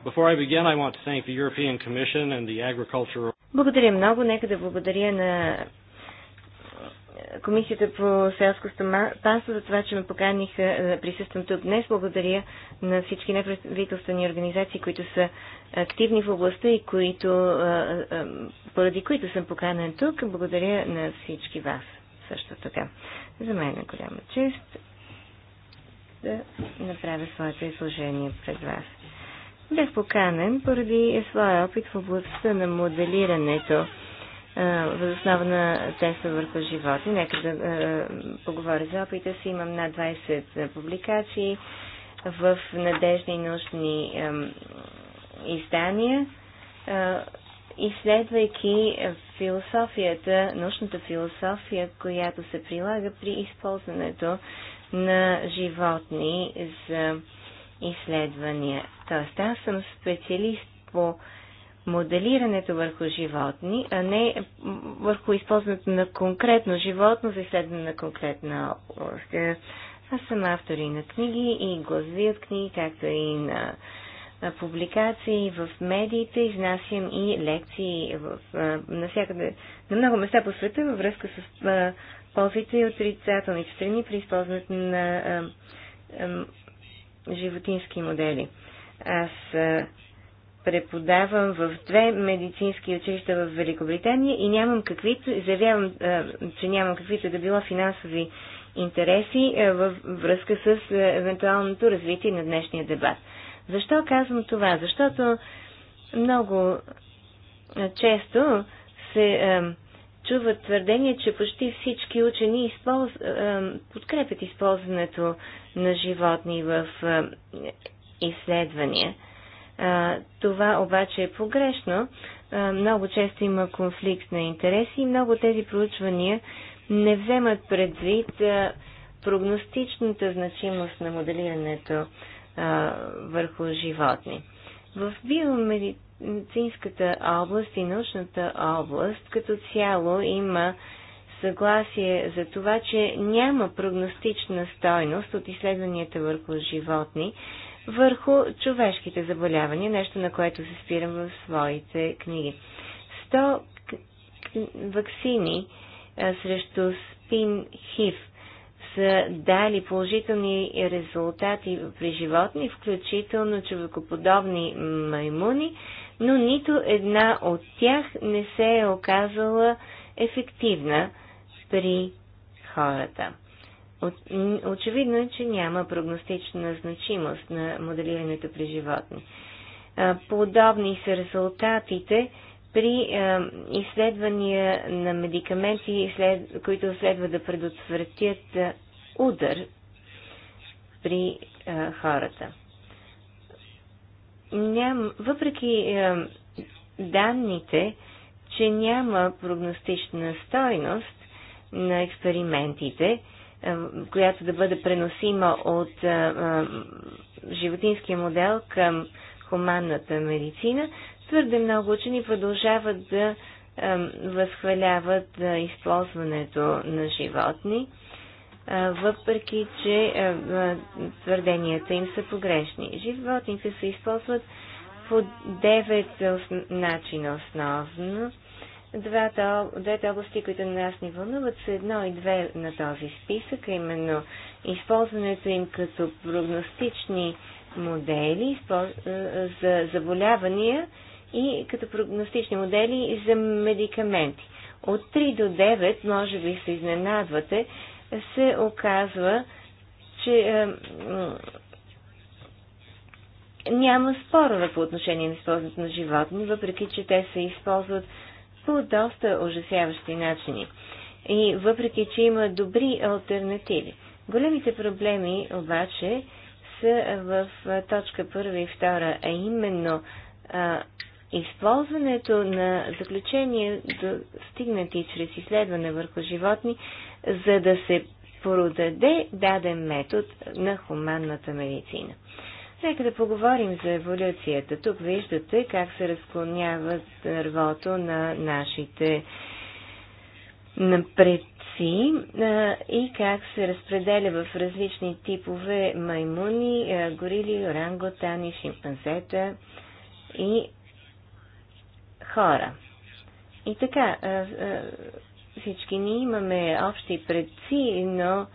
[SPEAKER 3] Before I begin, I want to thank the European Commission and the Agricultural Благодаря много. Нека да благодаря на Комисията по селско стопанство за това, че ме поканиха е, да присъствам тук днес. Благодаря на всички неправителствени организации, които са активни в областта и които, е, е, поради които съм поканен тук. Благодаря на всички вас също така. За мен е голяма чест да направя своето изложение пред вас. Бях поканен поради своя опит в областта на моделирането е, възоснова на теста върху животи. Нека да е, поговоря за опита си. Имам над 20 е, публикации в надежни научни е, издания. Е, изследвайки философията, научната философия, която се прилага при използването на животни за изследвания. Тоест, аз съм специалист по моделирането върху животни, а не върху използването на конкретно животно за изследване на конкретна област. Аз съм автор и на книги, и глазви от книги, както и на публикации в медиите, изнасям и лекции в, навсякъде, на много места по света във връзка с ползите и отрицателните страни при използването на животински модели. Аз а, преподавам в две медицински училища в Великобритания и нямам каквито, заявявам, че нямам каквито да било финансови интереси във връзка с евентуалното развитие на днешния дебат. Защо казвам това? Защото много често се е, чува твърдение, че почти всички учени използ... е, подкрепят използването на животни в е, изследвания. Това обаче е погрешно. Много често има конфликт на интереси и много тези проучвания не вземат предвид прогностичната значимост на моделирането върху животни. В биомедицинската област и научната област като цяло има съгласие за това, че няма прогностична стойност от изследванията върху животни, върху човешките заболявания, нещо на което се спирам в своите книги. 100 вакцини срещу спин хив са дали положителни резултати при животни, включително човекоподобни маймуни, но нито една от тях не се е оказала ефективна при хората. Очевидно е, че няма прогностична значимост на моделирането при животни. Подобни са резултатите при изследвания на медикаменти, които следва да предотвратят удар при хората. Ням, въпреки данните, че няма прогностична стойност на експериментите, е, която да бъде преносима от е, е, животинския модел към хуманната медицина, твърде много учени продължават да възхваляват използването на животни, въпреки че твърденията им са погрешни. Животните се използват по 9 начина основно Двата, двете области, които на нас ни вълнуват, са едно и две на този списък, именно използването им като прогностични модели е, е, за заболявания и като прогностични модели за медикаменти. От 3 до 9, може би се изненадвате, се оказва, че е, няма спорове по отношение на използването на животни, въпреки че те се използват по доста ужасяващи начини. И въпреки, че има добри альтернативи. Големите проблеми обаче са в точка първа и втора, а именно а, използването на заключения, достигнати чрез изследване върху животни, за да се продаде даден метод на хуманната медицина. Нека да поговорим за еволюцията. Тук виждате как се разклонява дървото на нашите предци и как се разпределя в различни типове маймуни, горили, оранготани, шимпанзета и хора. И така, всички ние имаме общи предци, но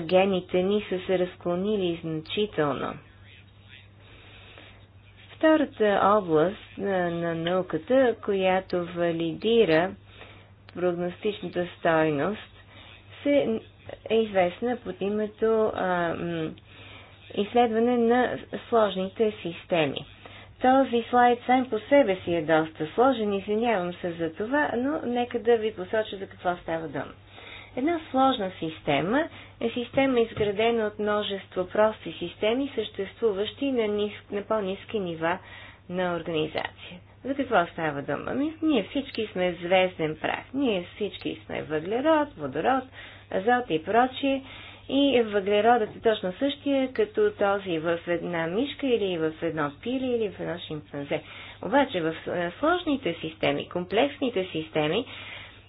[SPEAKER 3] гените ни са се разклонили значително. Втората област на, на науката, която валидира прогностичната стойност, се е известна под името а, изследване на сложните системи. Този слайд сам по себе си е доста сложен, извинявам се за това, но нека да ви посоча за какво става дума. Една сложна система е система изградена от множество прости системи, съществуващи на, ниск, на по-низки нива на организация. За какво става дума? Ми, ние всички сме звезден прах. Ние всички сме въглерод, водород, азот и прочие. И въглеродът е точно същия, като този в една мишка или в едно пиле или в едно шимпанзе. Обаче в сложните системи, комплексните системи,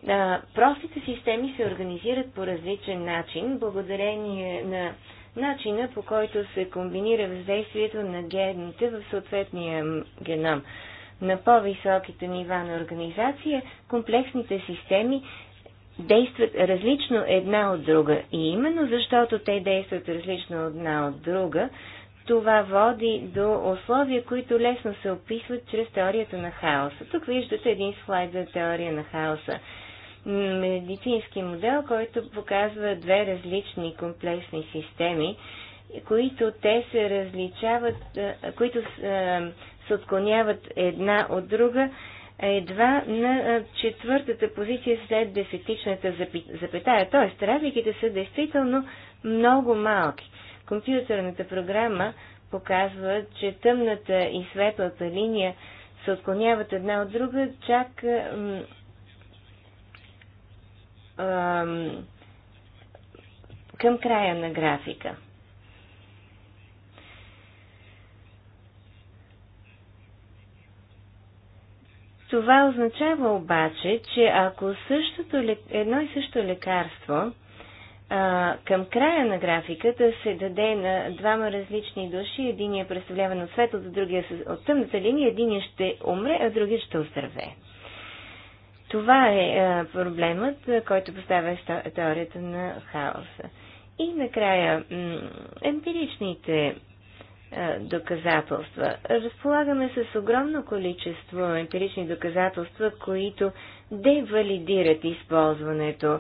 [SPEAKER 3] а, простите системи се организират по различен начин, благодарение на начина по който се комбинира въздействието на гените в съответния геном. На по-високите нива на организация комплексните системи действат различно една от друга. И именно защото те действат различно една от друга, това води до условия, които лесно се описват чрез теорията на хаоса. Тук виждате един слайд за теория на хаоса медицински модел, който показва две различни комплексни системи, които те се различават, които се отклоняват една от друга, едва на четвъртата позиция след десетичната запетая. Тоест, разликите са действително много малки. Компютърната програма показва, че тъмната и светлата линия се отклоняват една от друга чак към края на графика. Това означава обаче, че ако същото, едно и също лекарство а, към края на графиката се даде на двама различни души, единия представлява на светлото, другия от тъмната линия, единия ще умре, а другия ще оздравее. Това е, е проблемът, е, който поставя теорията на хаоса. И накрая, емпиричните е, доказателства. Разполагаме с огромно количество емпирични доказателства, които девалидират използването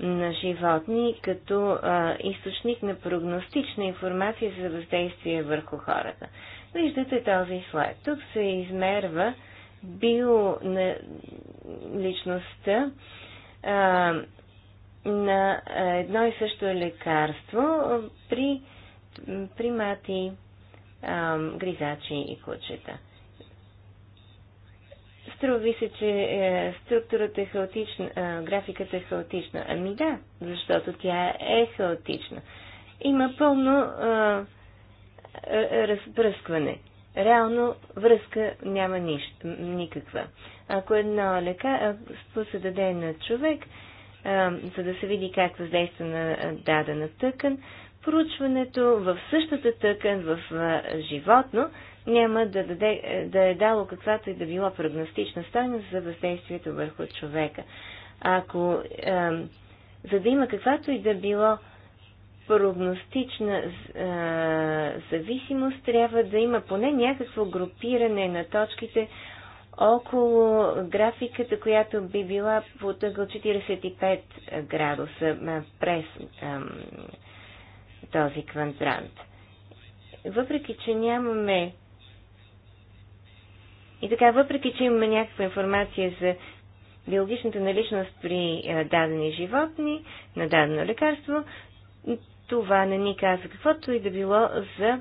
[SPEAKER 3] на животни като а, източник на прогностична информация за въздействие върху хората. Виждате този слайд. Тук се измерва био на личността а, на едно и също лекарство при примати, а, гризачи и кучета. Струва ви се, че е, структурата е хаотична, е, графиката е хаотична. Ами да, защото тя е хаотична. Има пълно е, разпръскване реално връзка няма нищо, никаква. Ако едно лекарство се даде на човек, а, за да се види как въздейства на дадена тъкан, проучването в същата тъкан в а, животно няма да, даде, да е дало каквато и да било прогностична стойност за въздействието върху човека. Ако а, за да има каквато и да било прогностична а, зависимост трябва да има поне някакво групиране на точките около графиката, която би била под ъгъл 45 градуса а, през а, този квадрант. Въпреки, че нямаме и така, въпреки, че имаме някаква информация за биологичната наличност при дадени животни, на дадено лекарство, това не ни каза каквото и да било за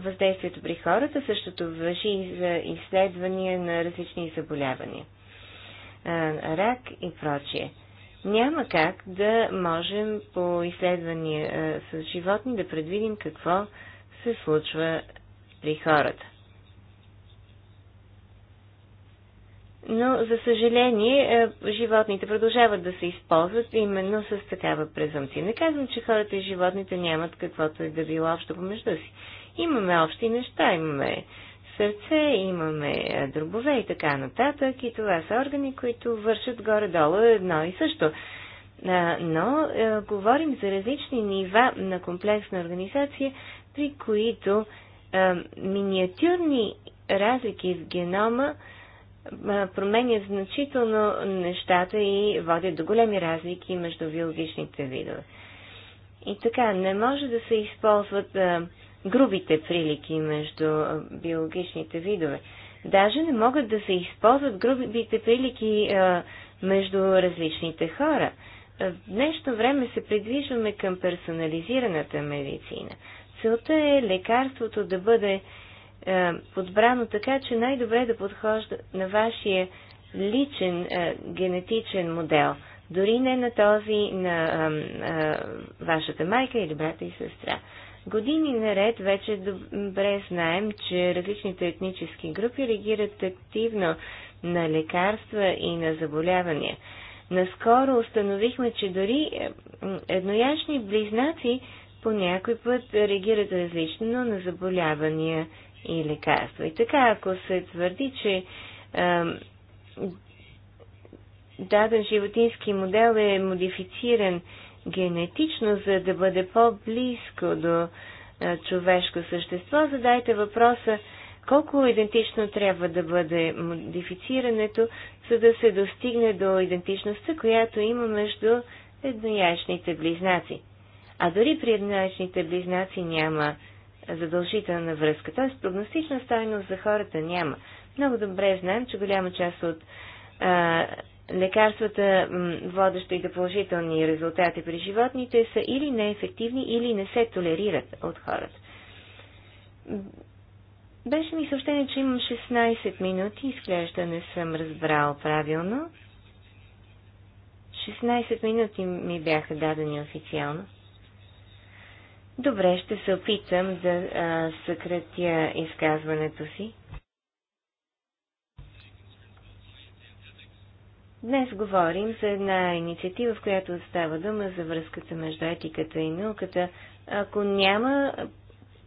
[SPEAKER 3] въздействието при хората. Същото въжи и за изследвания на различни заболявания. Рак и прочие. Няма как да можем по изследвания с животни да предвидим какво се случва при хората. но за съжаление е, животните продължават да се използват именно с такава презумпция. Не казвам, че хората и животните нямат каквото и е да било общо помежду си. Имаме общи неща, имаме сърце, имаме е, дробове и така нататък и това са органи, които вършат горе-долу едно и също. Е, но е, говорим за различни нива на комплексна организация, при които е, миниатюрни разлики в генома променя значително нещата и водят до големи разлики между биологичните видове. И така, не може да се използват а, грубите прилики между биологичните видове. Даже не могат да се използват грубите прилики а, между различните хора. В днешно време се придвижваме към персонализираната медицина. Целта е лекарството да бъде е, подбрано така, че най-добре да подхожда на вашия личен е, генетичен модел, дори не на този на е, вашата майка или брата и сестра. Години наред вече добре знаем, че различните етнически групи реагират активно на лекарства и на заболявания. Наскоро установихме, че дори едноящни близнаци по някой път реагират различно на заболявания и лекарства. И така, ако се твърди, че даден животински модел е модифициран генетично, за да бъде по-близко до човешко същество, задайте въпроса колко идентично трябва да бъде модифицирането, за да се достигне до идентичността, която има между еднояичните близнаци. А дори при еднояичните близнаци няма задължителна връзка. Т.е. прогностична стойност за хората няма. Много добре знаем, че голяма част от а, лекарствата, водещи до положителни резултати при животните, са или неефективни, или не се толерират от хората. Беше ми съобщение, че имам 16 минути. Изглежда не съм разбрал правилно. 16 минути ми бяха дадени официално. Добре, ще се опитам да съкратя изказването си. Днес говорим за една инициатива, в която става дума за връзката между етиката и науката. Ако няма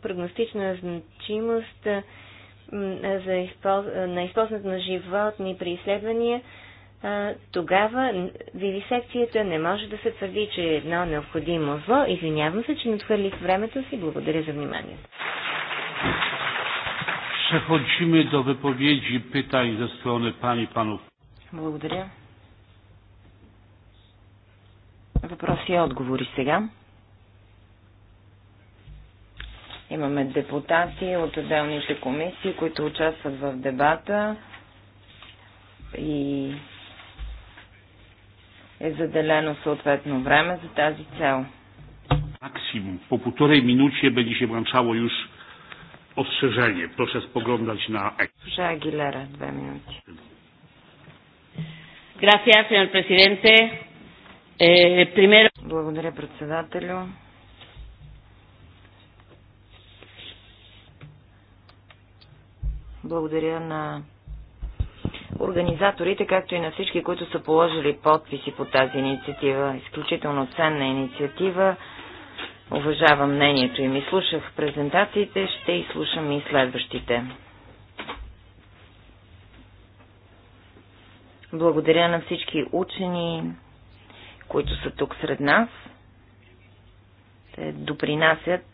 [SPEAKER 3] прогностична значимост за на използването на животни при изследвания, тогава вивисекцията не може да се твърди, че е едно необходимо зло. Извинявам се, че не отхвърлих времето си. Благодаря за вниманието.
[SPEAKER 1] Przechodzimy do wypowiedzi pytań ze strony pani i panów.
[SPEAKER 3] Благодаря.
[SPEAKER 2] Въпроси и отговори сега. Имаме депутати от отделните комисии, които участват в дебата и е заделено съответно време за тази цел.
[SPEAKER 1] Максимум по полторей минути е беше бъде се връчало już Проще Proszę на
[SPEAKER 2] екс. Госпожа Агилера, две минути. Gracias, señor presidente. Eh, Благодаря, председателю. Благодаря на организаторите, както и на всички, които са положили подписи по тази инициатива. Изключително ценна инициатива. Уважавам мнението им и слушах презентациите, ще слушам и следващите. Благодаря на всички учени, които са тук сред нас те допринасят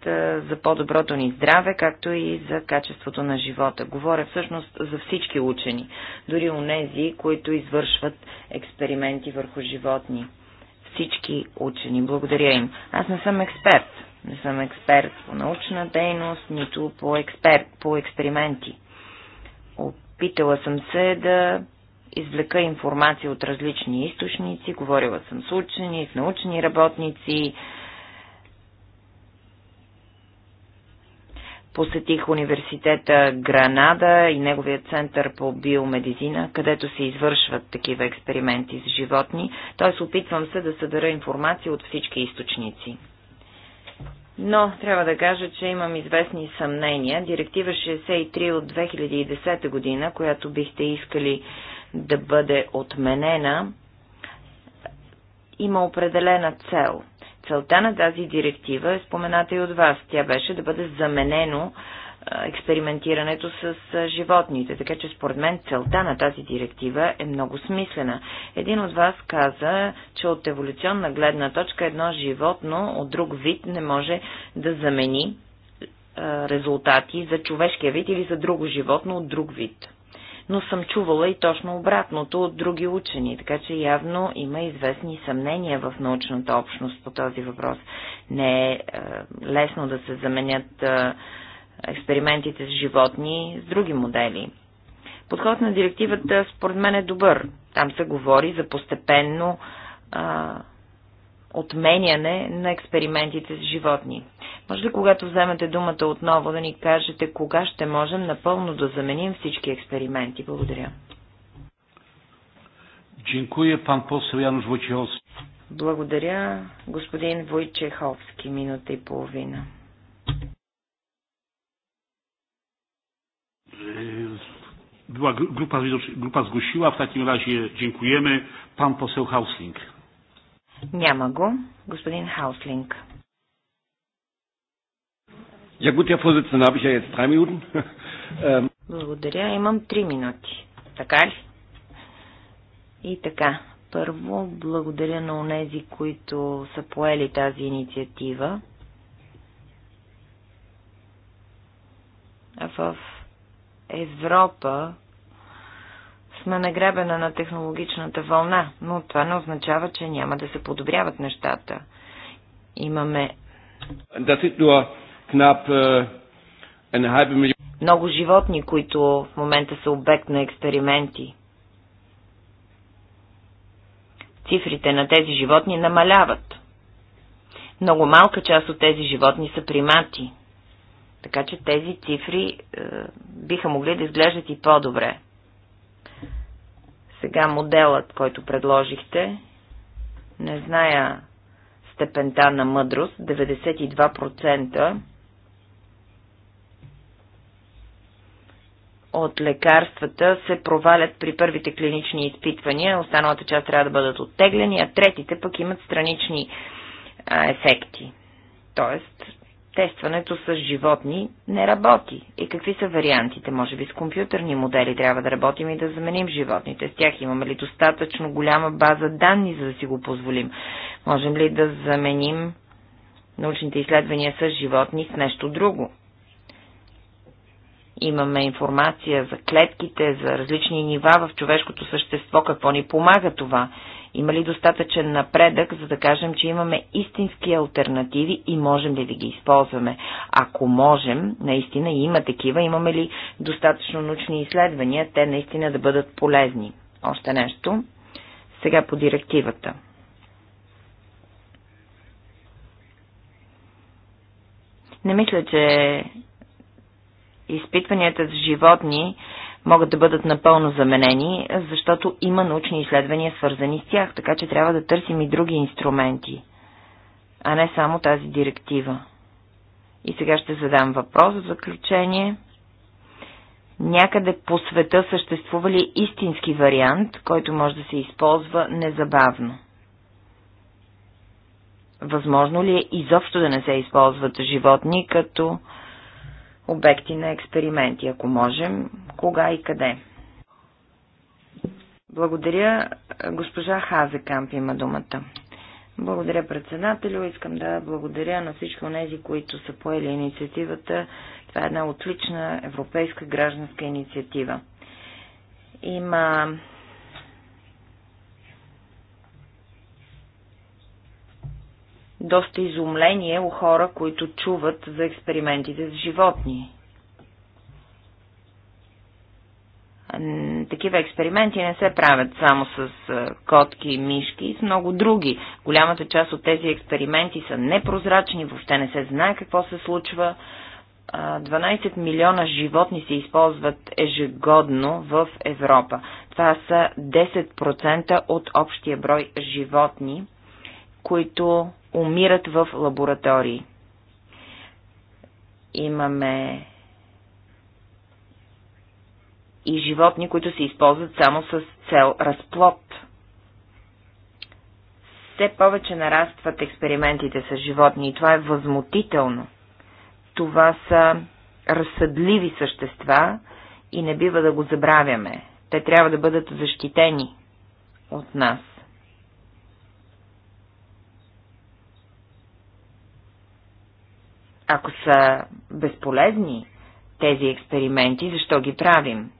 [SPEAKER 2] за по-доброто ни здраве, както и за качеството на живота. Говоря всъщност за всички учени, дори у нези, които извършват експерименти върху животни. Всички учени, благодаря им. Аз не съм експерт. Не съм експерт по научна дейност, нито по, експерт, по експерименти. Опитала съм се да извлека информация от различни източници, говорила съм с учени, с научни работници, Посетих университета Гранада и неговия център по биомедицина, където се извършват такива експерименти с животни, т.е. опитвам се да събера информация от всички източници. Но трябва да кажа, че имам известни съмнения. Директива 63 от 2010 година, която бихте искали да бъде отменена, има определена цел – Целта на тази директива е спомената и от вас. Тя беше да бъде заменено експериментирането с животните. Така че според мен целта на тази директива е много смислена. Един от вас каза, че от еволюционна гледна точка едно животно от друг вид не може да замени резултати за човешкия вид или за друго животно от друг вид но съм чувала и точно обратното от други учени, така че явно има известни съмнения в научната общност по този въпрос. Не е, е лесно да се заменят е, експериментите с животни с други модели. Подход на директивата според мен е добър. Там се говори за постепенно а, е, отменяне на експериментите с животни. Може ли, когато вземете думата отново, да ни кажете кога ще можем напълно да заменим всички експерименти? Благодаря.
[SPEAKER 1] Дякую, пан Януш Войчеховски.
[SPEAKER 2] Благодаря, господин Войчеховски, минута и половина.
[SPEAKER 1] Była grupa, grupa zgłosiła, w takim razie dziękujemy. Pan poseł Hausling.
[SPEAKER 2] Nie ma go, господин Hausling.
[SPEAKER 1] Ja gut, Herr Vorsitzender, habe ich ja jetzt drei Minuten. Ähm,
[SPEAKER 2] благодаря, имам три минути. Така ли? И така, първо благодаря на онези, които са поели тази инициатива. А в Европа сме нагребена на технологичната вълна, но това не означава, че няма да се подобряват нещата. Имаме...
[SPEAKER 1] Das sind Eh,
[SPEAKER 2] много животни, които в момента са обект на експерименти. Цифрите на тези животни намаляват. Много малка част от тези животни са примати. Така че тези цифри е, биха могли да изглеждат и по-добре. Сега моделът, който предложихте, не зная степента на мъдрост, 92% от лекарствата се провалят при първите клинични изпитвания, останалата част трябва да бъдат оттеглени, а третите пък имат странични а, ефекти. Тоест, тестването с животни не работи. И какви са вариантите? Може би с компютърни модели трябва да работим и да заменим животните. С тях имаме ли достатъчно голяма база данни, за да си го позволим? Можем ли да заменим научните изследвания с животни с нещо друго? Имаме информация за клетките, за различни нива в човешкото същество, какво ни помага това. Има ли достатъчен напредък, за да кажем, че имаме истински альтернативи и можем ли да ги използваме? Ако можем, наистина има такива, имаме ли достатъчно научни изследвания, те наистина да бъдат полезни? Още нещо. Сега по директивата. Не мисля, че изпитванията с животни могат да бъдат напълно заменени, защото има научни изследвания свързани с тях, така че трябва да търсим и други инструменти, а не само тази директива. И сега ще задам въпрос в заключение. Някъде по света съществува ли истински вариант, който може да се използва незабавно? Възможно ли е изобщо да не се използват животни като обекти на експерименти, ако можем, кога и къде. Благодаря. Госпожа Хазекамп има думата. Благодаря председателю. Искам да благодаря на всички от тези, които са поели инициативата. Това е една отлична европейска гражданска инициатива. Има доста изумление у хора, които чуват за експериментите с животни. Такива експерименти не се правят само с е, котки, мишки и с много други. Голямата част от тези експерименти са непрозрачни, въобще не се знае какво се случва. 12 милиона животни се използват ежегодно в Европа. Това са 10% от общия брой животни, които умират в лаборатории. Имаме и животни, които се използват само с цел разплод. Все повече нарастват експериментите с животни и това е възмутително. Това са разсъдливи същества и не бива да го забравяме. Те трябва да бъдат защитени от нас. Ако са безполезни тези експерименти, защо ги правим?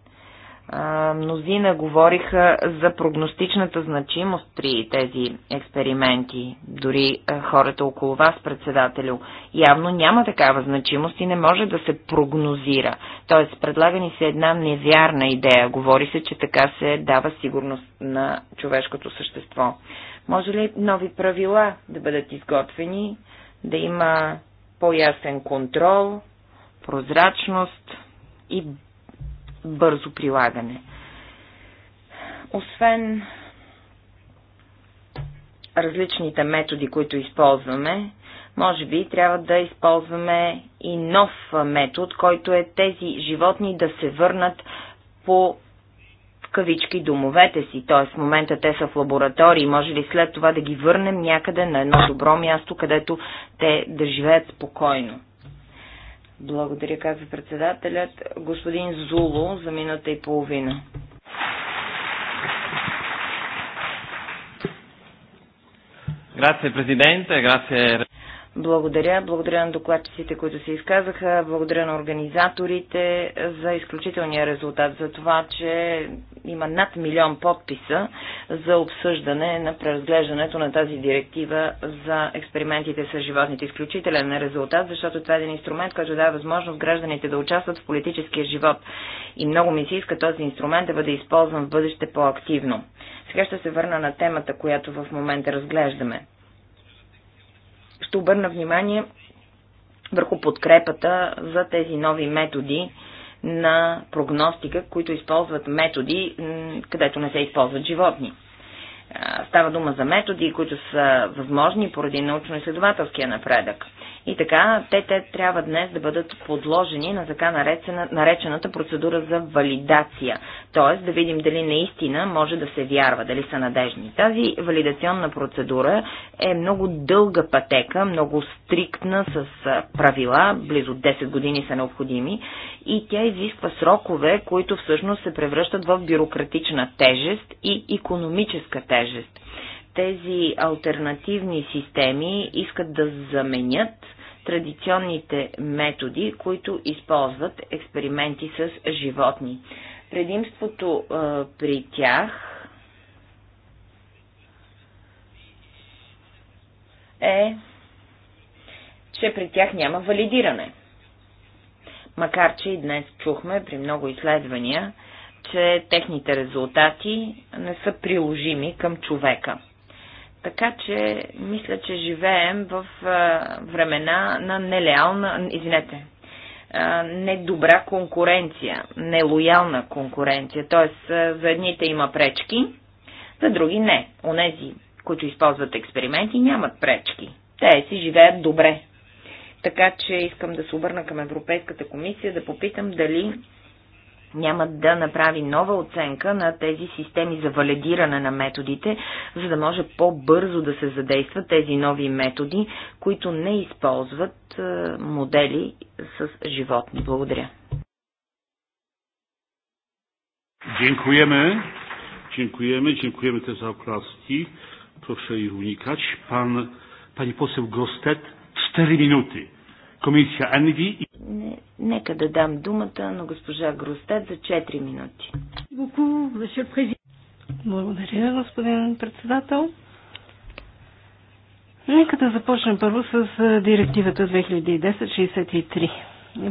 [SPEAKER 2] мнозина говориха за прогностичната значимост при тези експерименти, дори хората около вас, председателю. Явно няма такава значимост и не може да се прогнозира. Тоест, предлага ни се една невярна идея. Говори се, че така се дава сигурност на човешкото същество. Може ли нови правила да бъдат изготвени, да има по-ясен контрол, прозрачност и бързо прилагане. Освен различните методи, които използваме, може би трябва да използваме и нов метод, който е тези животни да се върнат по кавички домовете си, т.е. в момента те са в лаборатории, може ли след това да ги върнем някъде на едно добро място, където те да живеят спокойно? Благодаря, каза председателят. Господин Зуло, за минута и половина.
[SPEAKER 4] Грация, Presidente, грация...
[SPEAKER 2] благодаря. Благодаря на докладчиците, които се изказаха. Благодаря на организаторите за изключителния резултат, за това, че има над милион подписа за обсъждане на преразглеждането на тази директива за експериментите с животните. Изключителен е резултат, защото това е един инструмент, който дава възможност гражданите да участват в политическия живот. И много ми се иска този инструмент да бъде използван в бъдеще по-активно. Сега ще се върна на темата, която в момента разглеждаме. Ще обърна внимание върху подкрепата за тези нови методи на прогностика, които използват методи, където не се използват животни. Става дума за методи, които са възможни поради научно-изследователския напредък. И така, те, те трябва днес да бъдат подложени на така наречена, наречената процедура за валидация. Тоест да видим дали наистина може да се вярва, дали са надежни. Тази валидационна процедура е много дълга пътека, много стриктна с правила, близо 10 години са необходими и тя изисква срокове, които всъщност се превръщат в бюрократична тежест и економическа тежест тези альтернативни системи искат да заменят традиционните методи, които използват експерименти с животни. Предимството а, при тях е, че при тях няма валидиране. Макар, че и днес чухме при много изследвания, че техните резултати не са приложими към човека. Така че мисля, че живеем в времена на нелеална, извинете, недобра конкуренция, нелоялна конкуренция. Тоест, за едните има пречки, за други не. Онези, които използват експерименти, нямат пречки. Те си живеят добре. Така че искам да се обърна към Европейската комисия да попитам дали няма да направи нова оценка на тези системи за валидиране на методите, за да може по-бързо да се задействат тези нови методи, които не използват е, модели с животни. Благодаря.
[SPEAKER 1] Dziękujemy. Dziękujemy. Dziękujemy też za oklaski. Proszę ich unikać. Pan, pani poseł Gostet, cztery minuty.
[SPEAKER 2] Комисия Енви. Нека да дам думата на госпожа Гростет за 4 минути.
[SPEAKER 4] Благодаря, господин председател. Нека да започнем първо с директивата 2010-63.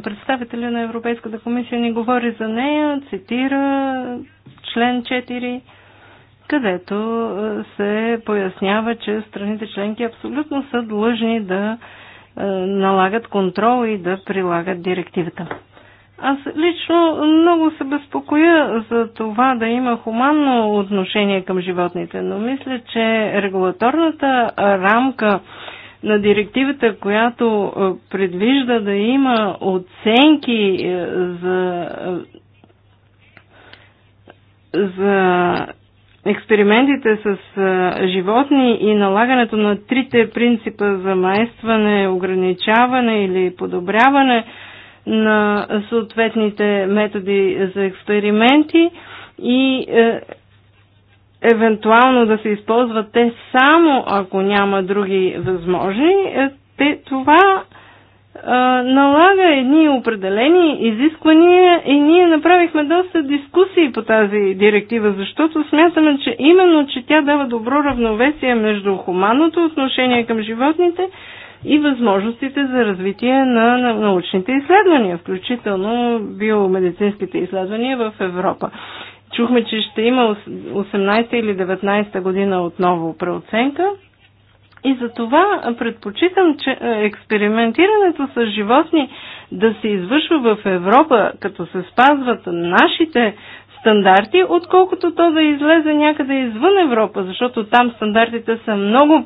[SPEAKER 4] Представителя на Европейската комисия ни говори за нея, цитира член 4 където се пояснява, че страните членки абсолютно са длъжни да е, налагат контрол и да прилагат директивата. Аз лично много се безпокоя за това да има хуманно отношение към животните, но мисля, че регулаторната рамка на директивата, която е, предвижда да има оценки е, за, за експериментите с животни и налагането на трите принципа за майстване, ограничаване или подобряване на съответните методи за експерименти и е, евентуално да се използват те само ако няма други възможни, е, те, това налага едни определени изисквания и ние направихме доста дискусии по тази директива, защото смятаме, че именно, че тя дава добро равновесие между хуманното отношение към животните и възможностите за развитие на научните изследвания, включително биомедицинските изследвания в Европа. Чухме, че ще има 18 или 19 година отново преоценка и за това предпочитам че е, експериментирането с животни да се извършва в Европа, като се спазват нашите стандарти, отколкото то да излезе някъде извън Европа, защото там стандартите са много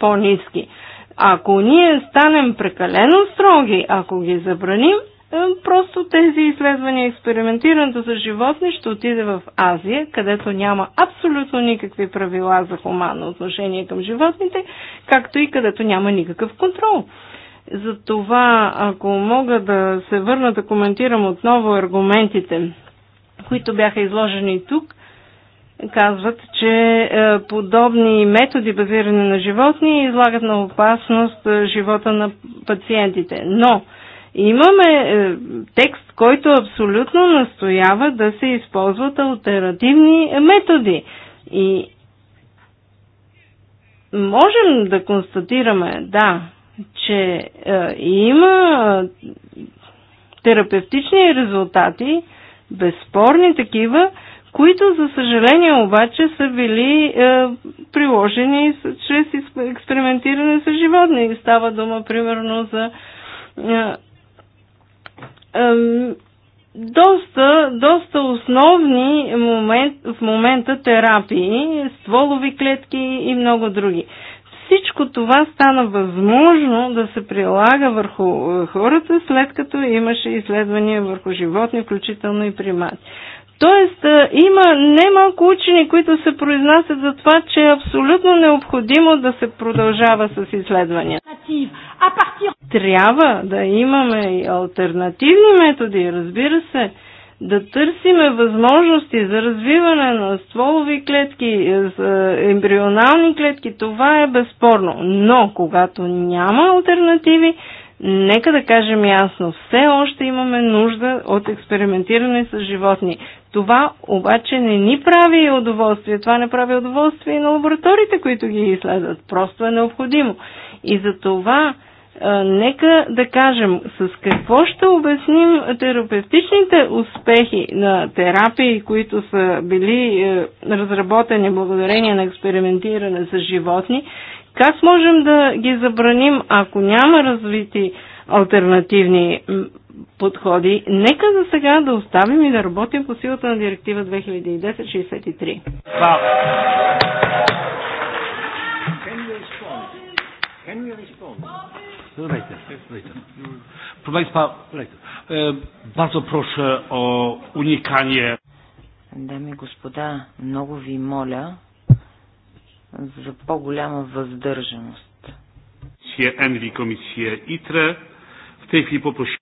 [SPEAKER 4] по-низки. Ако ние станем прекалено строги, ако ги забраним, е, просто тези изследвания, експериментирането за животни ще отиде в Азия, където няма абсолютно никакви правила за хуманно отношение към животните, както и където няма никакъв контрол. Затова, ако мога да се върна да коментирам отново аргументите, които бяха изложени тук, казват, че е, подобни методи, базирани на животни, излагат на опасност е, живота на пациентите. Но, Имаме е, текст, който абсолютно настоява да се използват альтернативни методи. И можем да констатираме, да, че е, има е, терапевтични резултати, безспорни такива, които за съжаление обаче са били е, приложени с, чрез експериментиране с животни. Става дума примерно за е, доста, доста основни момент, в момента терапии, стволови клетки и много други. Всичко това стана възможно да се прилага върху е, хората, след като имаше изследвания върху животни, включително и примати. Тоест, има немалко учени, които се произнасят за това, че е абсолютно необходимо да се продължава с изследвания. Трябва да имаме и альтернативни методи, разбира се, да търсиме възможности за развиване на стволови клетки, за е, е, ембрионални клетки, това е безспорно. Но, когато няма альтернативи, нека да кажем ясно, все още имаме нужда от експериментиране с животни. Това обаче не ни прави удоволствие. Това не прави удоволствие и на лабораториите, които ги изследват. Просто е необходимо. И за това нека да кажем с какво ще обясним терапевтичните успехи на терапии, които са били е, разработени благодарение на експериментиране с животни, как можем да ги забраним, ако няма развити альтернативни подходи. Нека за сега да оставим и да работим по силата на директива 2010-63.
[SPEAKER 1] Proszę Państwa, e, bardzo proszę o unikanie.
[SPEAKER 2] Дами и господа, много ви моля за по-голяма въздържаност.
[SPEAKER 1] Комисия ЕНВИ, комисия ИТРЕ.
[SPEAKER 2] В тези попроси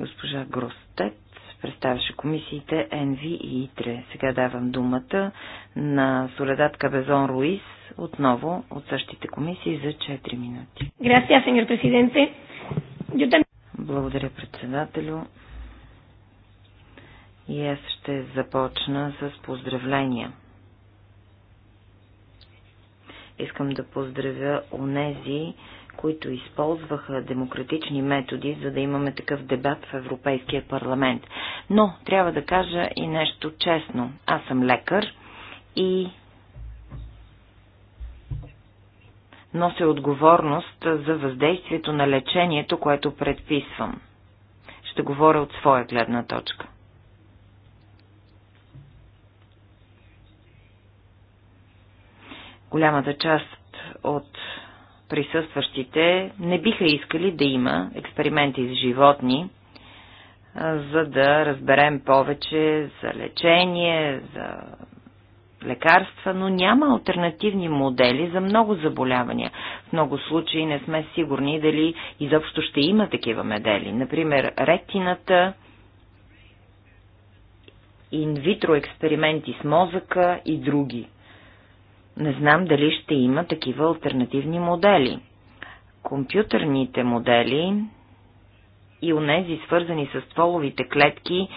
[SPEAKER 2] Госпожа Гростет представяше комисиите НВ и ИТРЕ. Сега давам думата на Соледат Кабезон Руис, отново от същите комисии за 4 минути.
[SPEAKER 3] Грация, сеньор президенте.
[SPEAKER 2] Благодаря, председателю. И аз ще започна с поздравления. Искам да поздравя онези, които използваха демократични методи, за да имаме такъв дебат в Европейския парламент. Но трябва да кажа и нещо честно. Аз съм лекар и нося отговорност за въздействието на лечението, което предписвам. Ще говоря от своя гледна точка. Голямата част от присъстващите не биха искали да има експерименти с животни, за да разберем повече за лечение, за лекарства, но няма альтернативни модели за много заболявания. В много случаи не сме сигурни дали изобщо ще има такива медели. Например, ректината, инвитро експерименти с мозъка и други. Не знам дали ще има такива альтернативни модели. Компютърните модели и онези свързани с стволовите клетки,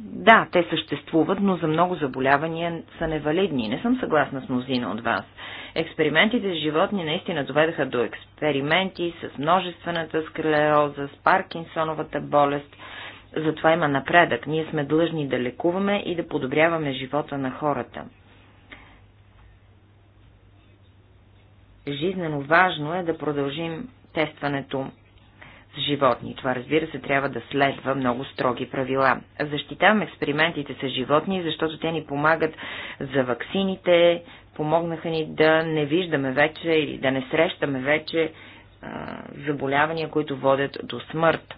[SPEAKER 2] да, те съществуват, но за много заболявания са невалидни. Не съм съгласна с мнозина от вас. Експериментите с животни наистина доведаха до експерименти с множествената склероза, с Паркинсоновата болест. Затова има напредък. Ние сме длъжни да лекуваме и да подобряваме живота на хората. Жизнено важно е да продължим тестването с животни. Това, разбира се, трябва да следва много строги правила. Защитавам експериментите с животни, защото те ни помагат за ваксините, помогнаха ни да не виждаме вече или да не срещаме вече а, заболявания, които водят до смърт.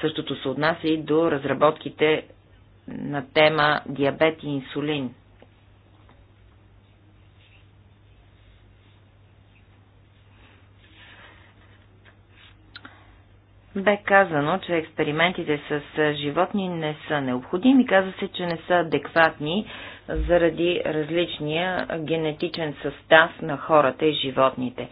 [SPEAKER 2] Същото се отнася и до разработките на тема диабет и инсулин. бе казано, че експериментите с животни не са необходими. Каза се, че не са адекватни заради различния генетичен състав на хората и животните.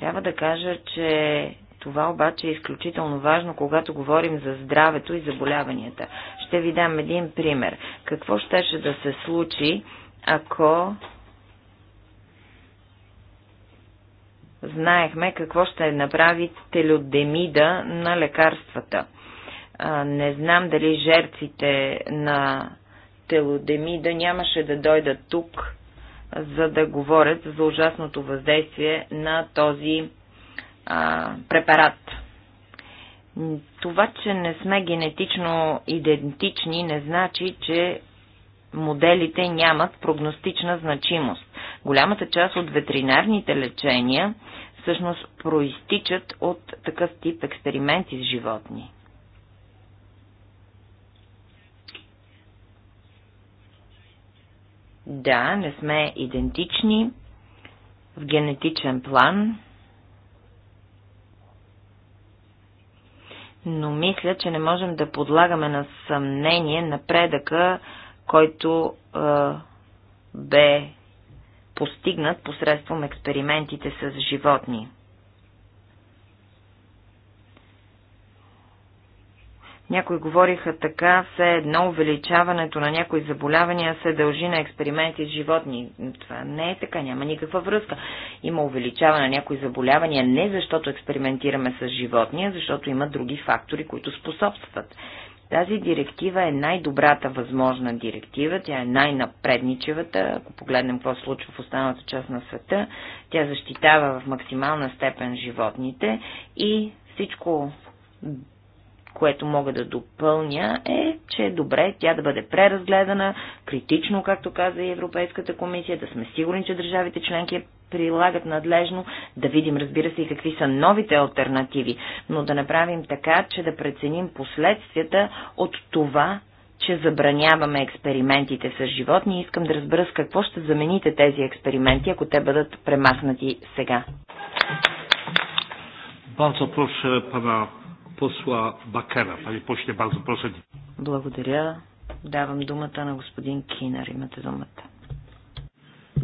[SPEAKER 2] Трябва да кажа, че това обаче е изключително важно, когато говорим за здравето и заболяванията. Ще ви дам един пример. Какво щеше да се случи, ако знаехме какво ще направи телодемида на лекарствата. Не знам дали жертвите на телодемида нямаше да дойдат тук, за да говорят за ужасното въздействие на този а, препарат. Това, че не сме генетично идентични, не значи, че моделите нямат прогностична значимост. Голямата част от ветеринарните лечения всъщност проистичат от такъв тип експерименти с животни. Да, не сме идентични в генетичен план, но мисля, че не можем да подлагаме на съмнение напредъка, който е, бе постигнат посредством експериментите с животни. Някои говориха така, все едно увеличаването на някои заболявания се дължи на експерименти с животни. Това не е така, няма никаква връзка. Има увеличаване на някои заболявания не защото експериментираме с животни, а защото има други фактори, които способстват. Тази директива е най-добрата възможна директива, тя е най-напредничевата, ако погледнем какво се случва в останалата част на света, тя защитава в максимална степен животните и всичко което мога да допълня, е, че е добре тя да бъде преразгледана, критично, както каза и Европейската комисия, да сме сигурни, че държавите членки прилагат надлежно, да видим, разбира се, и какви са новите альтернативи, но да направим така, че да преценим последствията от това, че забраняваме експериментите с животни искам да разбера с какво ще замените тези експерименти, ако те бъдат премахнати сега.
[SPEAKER 1] Bardzo Посла Бакера. Али pośle, bardzo proszę.
[SPEAKER 2] Благодаря. Давам думата на господин Кинер. Имате думата.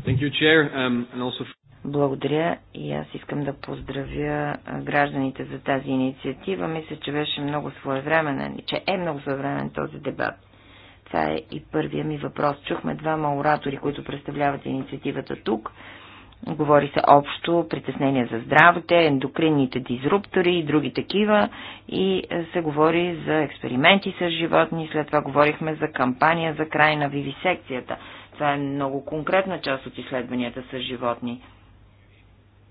[SPEAKER 3] Thank you, Chair, um, and also...
[SPEAKER 2] Благодаря и аз искам да поздравя гражданите за тази инициатива. Мисля, че беше много своевременен, че е много своевремен този дебат. Това е и първия ми въпрос. Чухме двама оратори, които представляват инициативата тук. Говори се общо притеснения за здравите, ендокринните дизруптори и други такива и е, се говори за експерименти с животни, след това говорихме за кампания за край на вивисекцията. Това е много конкретна част от изследванията с животни.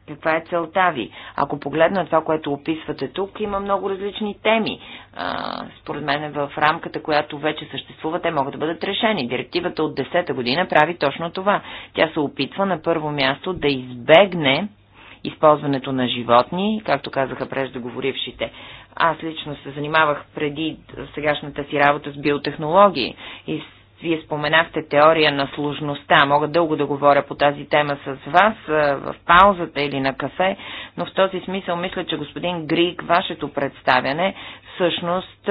[SPEAKER 2] Каква е целта ви? Ако погледна това, което описвате тук, има много различни теми. А, според мен в рамката, която вече съществува, те могат да бъдат решени. Директивата от 10-та година прави точно това. Тя се опитва на първо място да избегне използването на животни, както казаха преждеговорившите. Аз лично се занимавах преди сегашната си работа с биотехнологии и вие споменахте теория на сложността. Мога дълго да говоря по тази тема с вас в паузата или на кафе, но в този смисъл мисля, че господин Грик, вашето представяне всъщност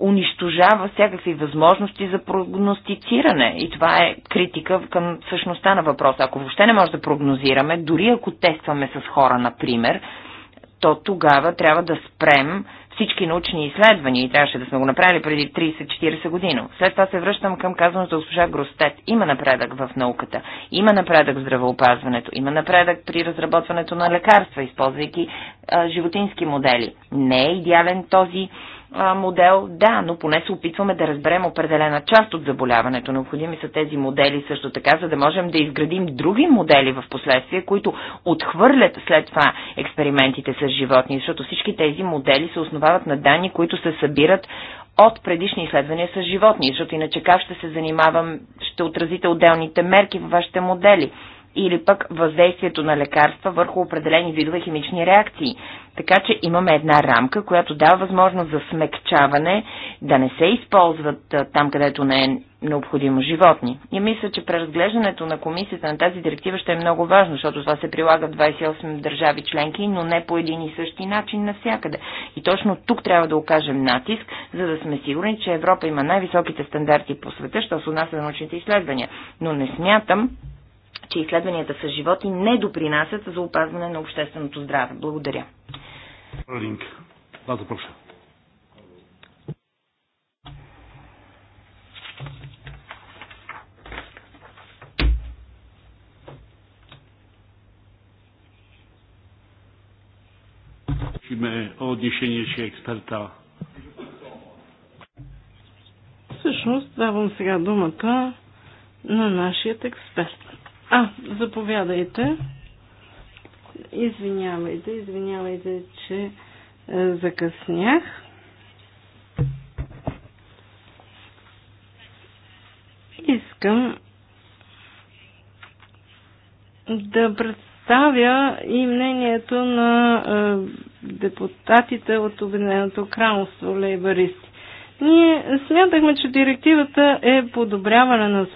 [SPEAKER 2] унищожава всякакви възможности за прогностициране. И това е критика към същността на въпроса. Ако въобще не може да прогнозираме, дори ако тестваме с хора, например, то тогава трябва да спрем всички научни изследвания и трябваше да сме го направили преди 30-40 години. След това се връщам към казаното госпожа Гростет. Има напредък в науката, има напредък в здравеопазването, има напредък при разработването на лекарства, използвайки а, животински модели. Не е идеален този модел, да, но поне се опитваме да разберем определена част от заболяването. Необходими са тези модели също така, за да можем да изградим други модели в последствие, които отхвърлят след това експериментите с животни, защото всички тези модели се основават на данни, които се събират от предишни изследвания с животни, защото иначе как ще се занимавам, ще отразите отделните мерки във вашите модели или пък въздействието на лекарства върху определени видове химични реакции. Така че имаме една рамка, която дава възможност за смекчаване, да не се използват там, където не е необходимо животни. И мисля, че преразглеждането на комисията на тази директива ще е много важно, защото това се прилага в 28 държави членки, но не по един и същи начин навсякъде. И точно тук трябва да окажем натиск, за да сме сигурни, че Европа има най-високите стандарти по света, що се отнася за научните изследвания. Но не смятам, че изследванията с животи не допринасят за опазване на общественото здраве. Благодаря.
[SPEAKER 1] Линк. Да,
[SPEAKER 4] Всъщност давам сега думата на нашият експерт. А, заповядайте. Извинявайте, извинявайте, че е, закъснях. Искам да представя и мнението на е, депутатите от Обединеното кралство лейбарист. Ние смятахме, че директивата е подобряване на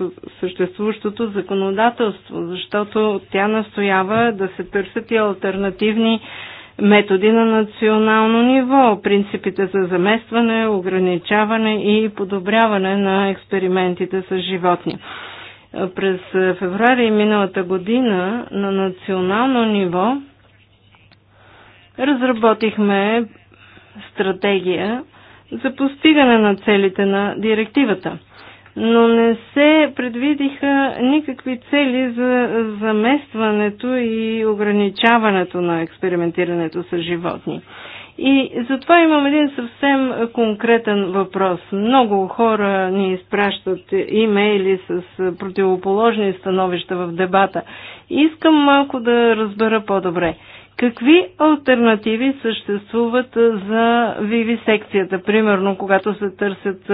[SPEAKER 4] съществуващото законодателство, защото тя настоява да се търсят и альтернативни методи на национално ниво, принципите за заместване, ограничаване и подобряване на експериментите с животни. През февруари миналата година на национално ниво разработихме стратегия за постигане на целите на директивата. Но не се предвидиха никакви цели за заместването и ограничаването на експериментирането с животни. И затова имам един съвсем конкретен въпрос. Много хора ни изпращат имейли с противоположни становища в дебата. Искам малко да разбера по-добре. Какви альтернативи съществуват за вивисекцията, примерно когато се търсят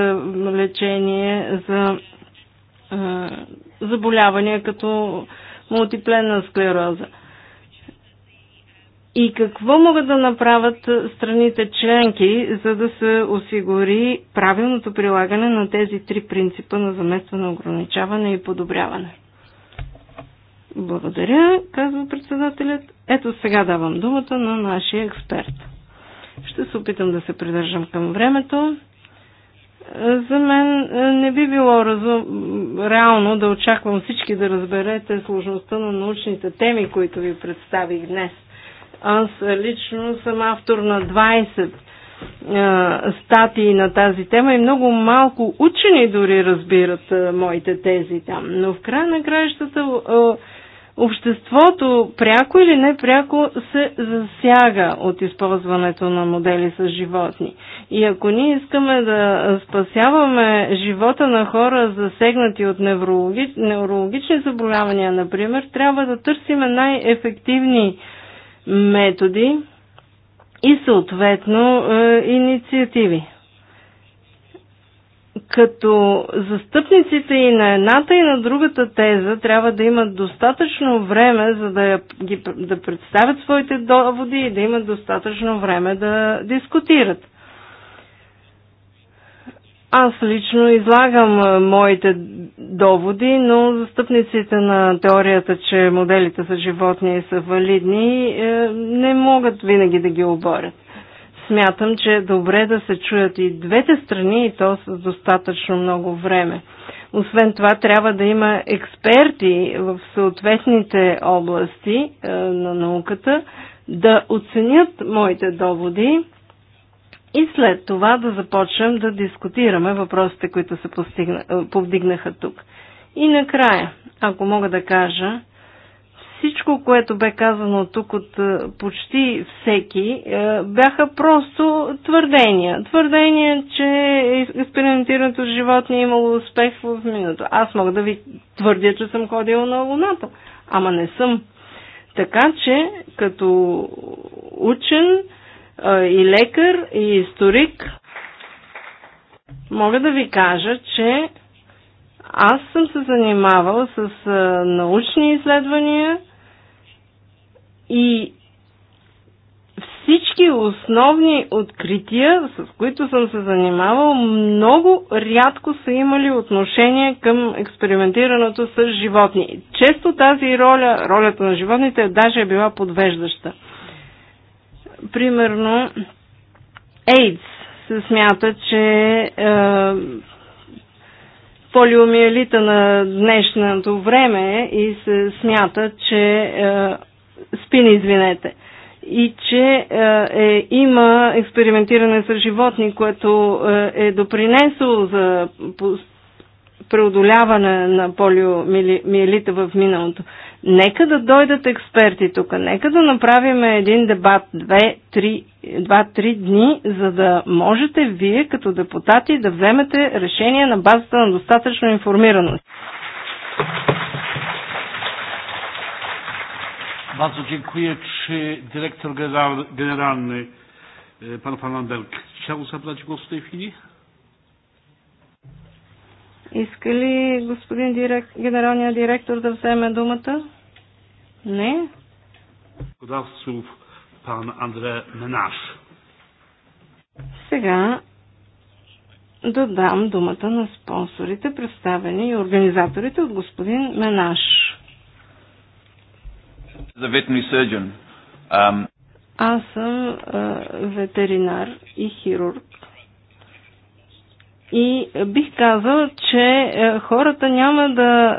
[SPEAKER 4] лечение за заболявания като мултипленна склероза? И какво могат да направят страните членки, за да се осигури правилното прилагане на тези три принципа на заместване, ограничаване и подобряване? Благодаря, казва председателят. Ето сега давам думата на нашия експерт. Ще се опитам да се придържам към времето. За мен е, не би било разум... реално да очаквам всички да разберете сложността на научните теми, които ви представих днес. Аз лично съм автор на 20 е, статии на тази тема и много малко учени дори разбират е, моите тези там. Но в края на краищата обществото пряко или непряко се засяга от използването на модели с животни. И ако ние искаме да спасяваме живота на хора, засегнати от неврологич... неврологични заболявания, например, трябва да търсиме най-ефективни методи и съответно е, инициативи като застъпниците и на едната и на другата теза трябва да имат достатъчно време, за да, ги, да представят своите доводи и да имат достатъчно време да дискутират. Аз лично излагам моите доводи, но застъпниците на теорията, че моделите са животни и са валидни, е, не могат винаги да ги оборят. Смятам, че е добре да се чуят и двете страни и то с достатъчно много време. Освен това, трябва да има експерти в съответните области е, на науката да оценят моите доводи и след това да започнем да дискутираме въпросите, които се повдигнаха тук. И накрая, ако мога да кажа, всичко, което бе казано тук от е, почти всеки, е, бяха просто твърдения. Твърдения, че експериментирането с животни е имало успех в минуто. Аз мога да ви твърдя, че съм ходила на Луната, ама не съм. Така че, като учен е, и лекар и историк, мога да ви кажа, че аз съм се занимавал с а, научни изследвания и всички основни открития, с които съм се занимавал, много рядко са имали отношение към експериментирането с животни. Често тази роля, ролята на животните, даже е била подвеждаща. Примерно, AIDS се смята, че е, полиомиелита на днешното време и се смята, че е, Спини, извинете. И че е, е, има експериментиране с животни, което е, е допринесло за преодоляване на полиомиелита в миналото. Нека да дойдат експерти тук, нека да направим един дебат 2-3 дни, за да можете вие като депутати да вземете решение на базата на достатъчно информираност.
[SPEAKER 1] Bardzo dziękuję. Czy dyrektor generalny, e, pan Fernandel, chciał zabrać głos w tej chwili?
[SPEAKER 4] Иска ли господин директ, генералния директор да вземе думата? Не.
[SPEAKER 1] Годавцов пан Андре Менаш.
[SPEAKER 4] Сега додам думата на спонсорите, представени и организаторите от господин Менаш.
[SPEAKER 1] Um...
[SPEAKER 4] Аз съм а, ветеринар и хирург. И бих казал, че а, хората няма да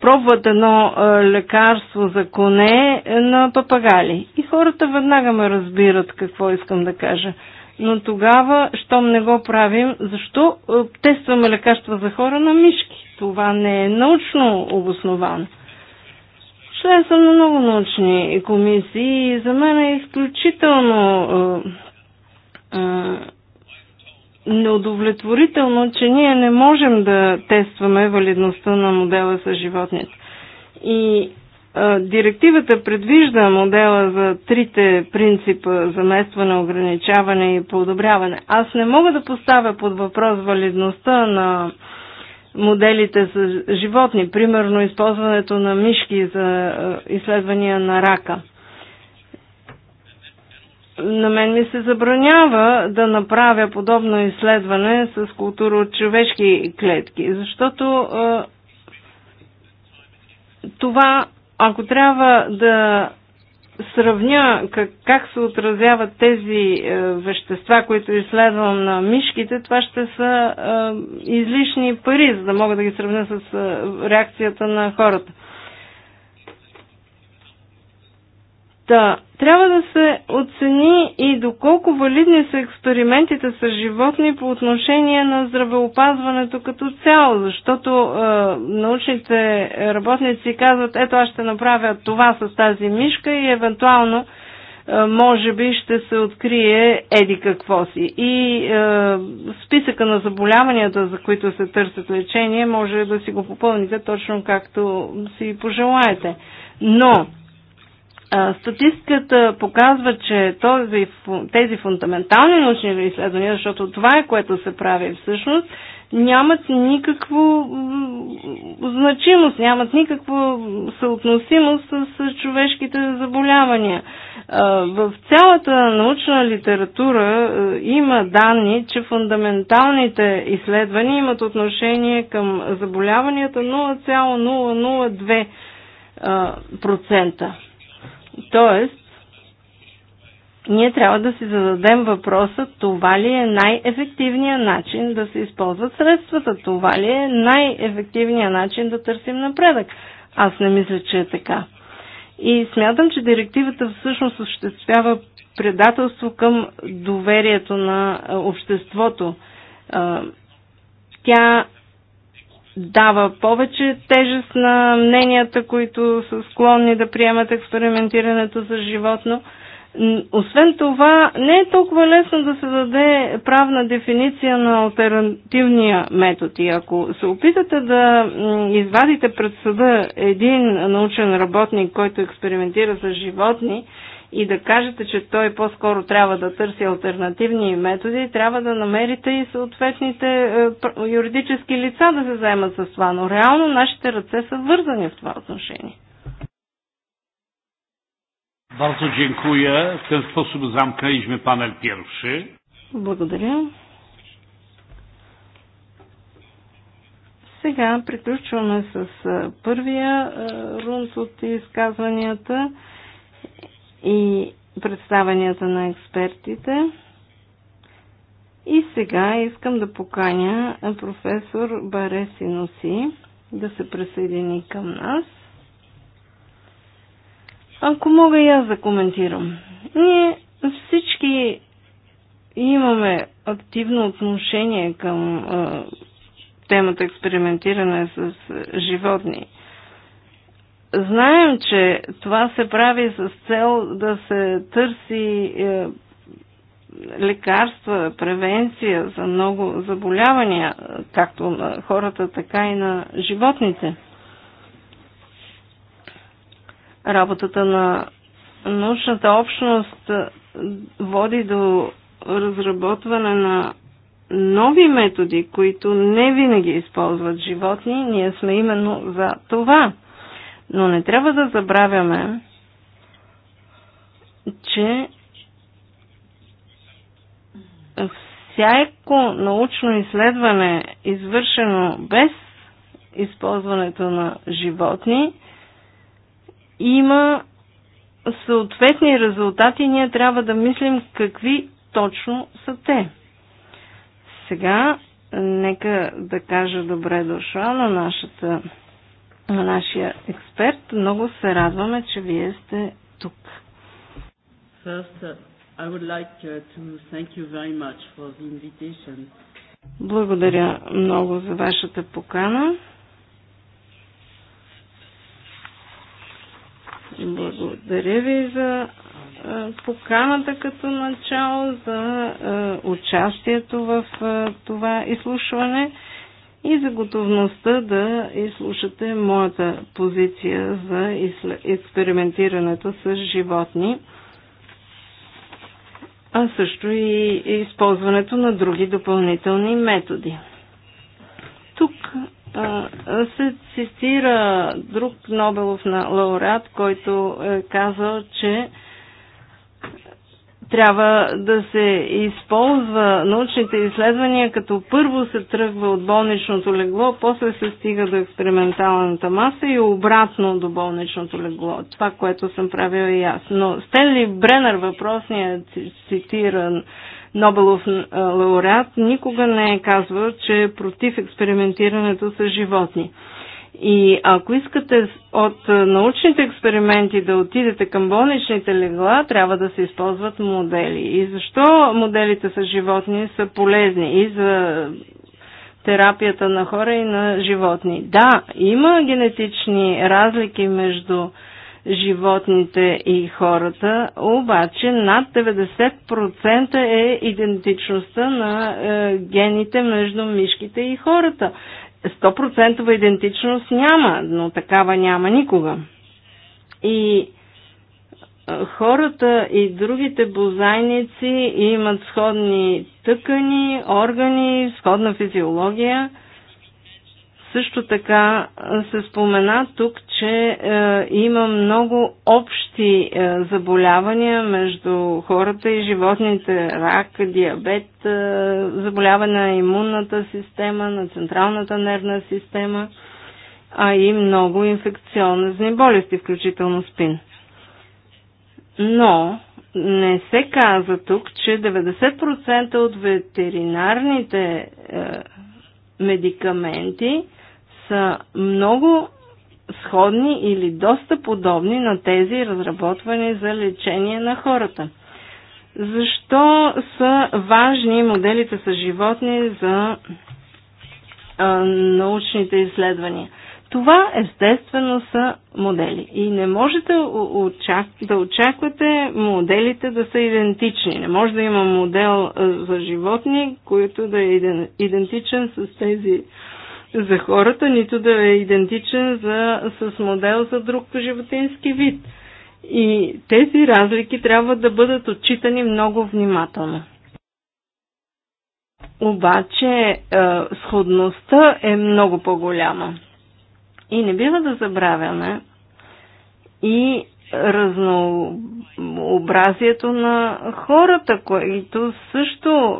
[SPEAKER 4] пробват едно а, лекарство за коне на папагали. И хората веднага ме разбират какво искам да кажа. Но тогава, щом не го правим, защо а, тестваме лекарства за хора на мишки? Това не е научно обосновано. Сега съм на много научни комисии и за мен е изключително е, е, неудовлетворително, че ние не можем да тестваме валидността на модела с животните. И е, директивата предвижда модела за трите принципа заместване, ограничаване и подобряване. Аз не мога да поставя под въпрос валидността на моделите за животни, примерно използването на мишки за е, изследвания на рака. На мен ми се забранява да направя подобно изследване с култура от човешки клетки, защото е, това, ако трябва да сравня как, как се отразяват тези е, вещества, които изследвам на мишките, това ще са е, излишни пари, за да мога да ги сравня с е, реакцията на хората. Та, трябва да се оцени и доколко валидни са експериментите с животни по отношение на здравеопазването като цяло, защото е, научните работници казват, ето аз ще направя това с тази мишка и евентуално е, може би ще се открие еди какво си. И е, списъка на заболяванията, за които се търсят лечение, може да си го попълните точно както си пожелаете. Но Статистиката показва, че този, тези фундаментални научни изследвания, защото това е което се прави всъщност, нямат никакво значимост, нямат никаква съотносимост с, с човешките заболявания. В цялата научна литература има данни, че фундаменталните изследвания имат отношение към заболяванията 0,002%. Тоест, ние трябва да си зададем въпроса, това ли е най-ефективният начин да се използват средствата, това ли е най-ефективният начин да търсим напредък. Аз не мисля, че е така. И смятам, че директивата всъщност осъществява предателство към доверието на обществото. Тя дава повече тежест на мненията, които са склонни да приемат експериментирането за животно. Освен това, не е толкова лесно да се даде правна дефиниция на альтернативния метод. И ако се опитате да извадите пред съда един научен работник, който експериментира с животни, и да кажете, че той по-скоро трябва да търси альтернативни методи, трябва да намерите и съответните е, юридически лица да се заемат с това. Но реално нашите ръце са вързани в това отношение.
[SPEAKER 1] Bardzo dziękuję. W ten sposób zamknęliśmy panel pierwszy.
[SPEAKER 4] Благодаря. Сега приключваме с е, първия е, рунд от изказванията и представенията на експертите. И сега искам да поканя професор Баре Синоси да се присъедини към нас. Ако мога и аз да коментирам. Ние всички имаме активно отношение към е, темата експериментиране с животни. Знаем, че това се прави с цел да се търси е, лекарства, превенция за много заболявания, както на хората, така и на животните. Работата на научната общност води до разработване на нови методи, които не винаги използват животни. Ние сме именно за това. Но не трябва да забравяме, че всяко научно изследване, извършено без използването на животни, има съответни резултати и ние трябва да мислим какви точно са те. Сега, нека да кажа добре дошла на нашата на нашия експерт. Много се радваме, че вие сте тук. First, uh, I would like uh, to thank you very much for the invitation. Благодаря много за вашата покана. Благодаря ви за поканата като начало, за участието в това изслушване и за готовността да изслушате моята позиция за експериментирането с животни, а също и използването на други допълнителни методи. Тук се цитира друг Нобелов на лауреат, който е казал, че трябва да се използва научните изследвания, като първо се тръгва от болничното легло, после се стига до експерименталната маса и обратно до болничното легло. Това, което съм правила и аз. Но Стенли Бренър, въпросният цитиран Нобелов лауреат, никога не е казвал, че е против експериментирането с животни. И ако искате от е, научните експерименти да отидете към болничните легла, трябва да се използват модели. И защо моделите с животни са полезни и за терапията на хора и на животни? Да, има генетични разлики между животните и хората, обаче над 90% е идентичността на е, гените между мишките и хората. 100% идентичност няма, но такава няма никога. И хората и другите бозайници имат сходни тъкани, органи, сходна физиология – също така се спомена тук, че е, има много общи е, заболявания между хората и животните. Рак, диабет, е, заболяване на имунната система, на централната нервна система, а и много инфекционни болести, включително спин. Но не се каза тук, че 90% от ветеринарните е, медикаменти са много сходни или доста подобни на тези разработвани за лечение на хората. Защо са важни моделите с животни за а, научните изследвания? Това естествено са модели и не можете да очаквате моделите да са идентични. Не може да има модел за животни, който да е идентичен с тези за хората, нито да е идентичен за, с модел за друг животински вид. И тези разлики трябва да бъдат отчитани много внимателно. Обаче е, сходността е много по-голяма. И не бива да забравяме и разнообразието на хората, които също е,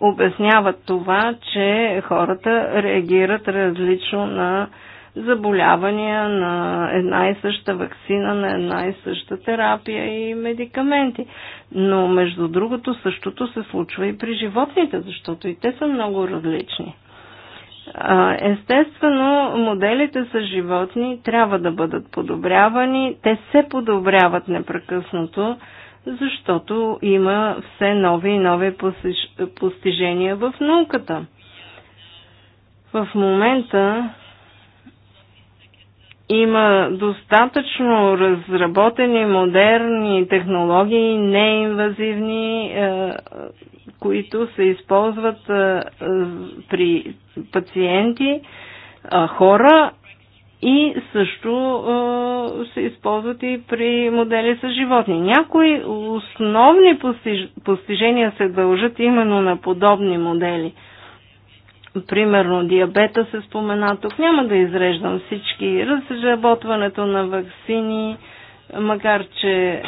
[SPEAKER 4] обясняват това, че хората реагират различно на заболявания, на една и съща вакцина, на една и съща терапия и медикаменти. Но между другото същото се случва и при животните, защото и те са много различни. Естествено, моделите са животни трябва да бъдат подобрявани. Те се подобряват непрекъснато, защото има все нови и нови постижения в науката. В момента има достатъчно разработени модерни технологии, неинвазивни, е, които се използват е, при пациенти, е, хора и също се използват и при модели с животни. Някои основни постижения се дължат именно на подобни модели – примерно диабета се спомена тук, няма да изреждам всички, разработването на вакцини, макар че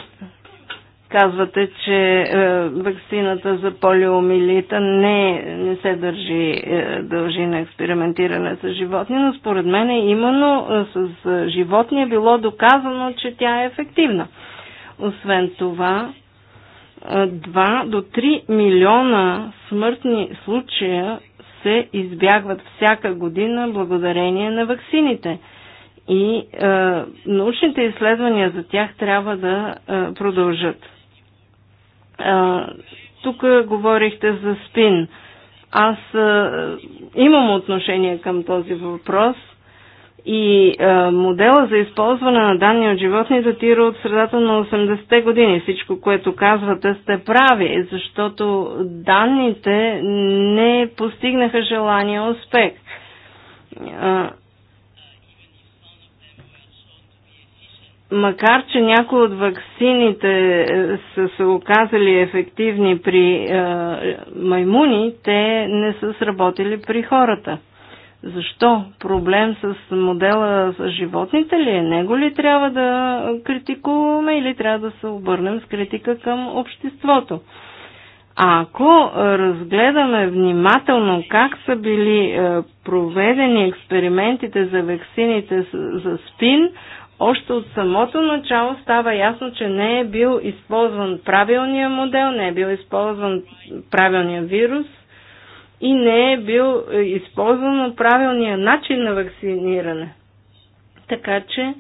[SPEAKER 4] казвате, че е, вакцината за полиомилита не, не се държи, е, дължи на експериментиране с животни, но според мен е именно е, с животни е било доказано, че тя е ефективна. Освен това, 2 е, до 3 милиона смъртни случая се избягват всяка година благодарение на ваксините. И е, научните изследвания за тях трябва да е, продължат. Е, тук говорихте за спин. Аз е, имам отношение към този въпрос. И а, е, модела за използване на данни от животни датира от средата на 80-те години. Всичко, което казвате, сте прави, защото данните не постигнаха желания успех. А, е, макар, че някои от ваксините е, са се оказали ефективни при а, маймуни, те не са сработили при хората. Защо? Проблем с модела с животните ли е? Него ли трябва да критикуваме или трябва да се обърнем с критика към обществото? А ако разгледаме внимателно как са били е, проведени експериментите за вакцините за спин, още от самото начало става ясно, че не е бил използван правилния модел, не е бил използван правилния вирус и не е бил е, използван правилния начин на вакциниране. Така че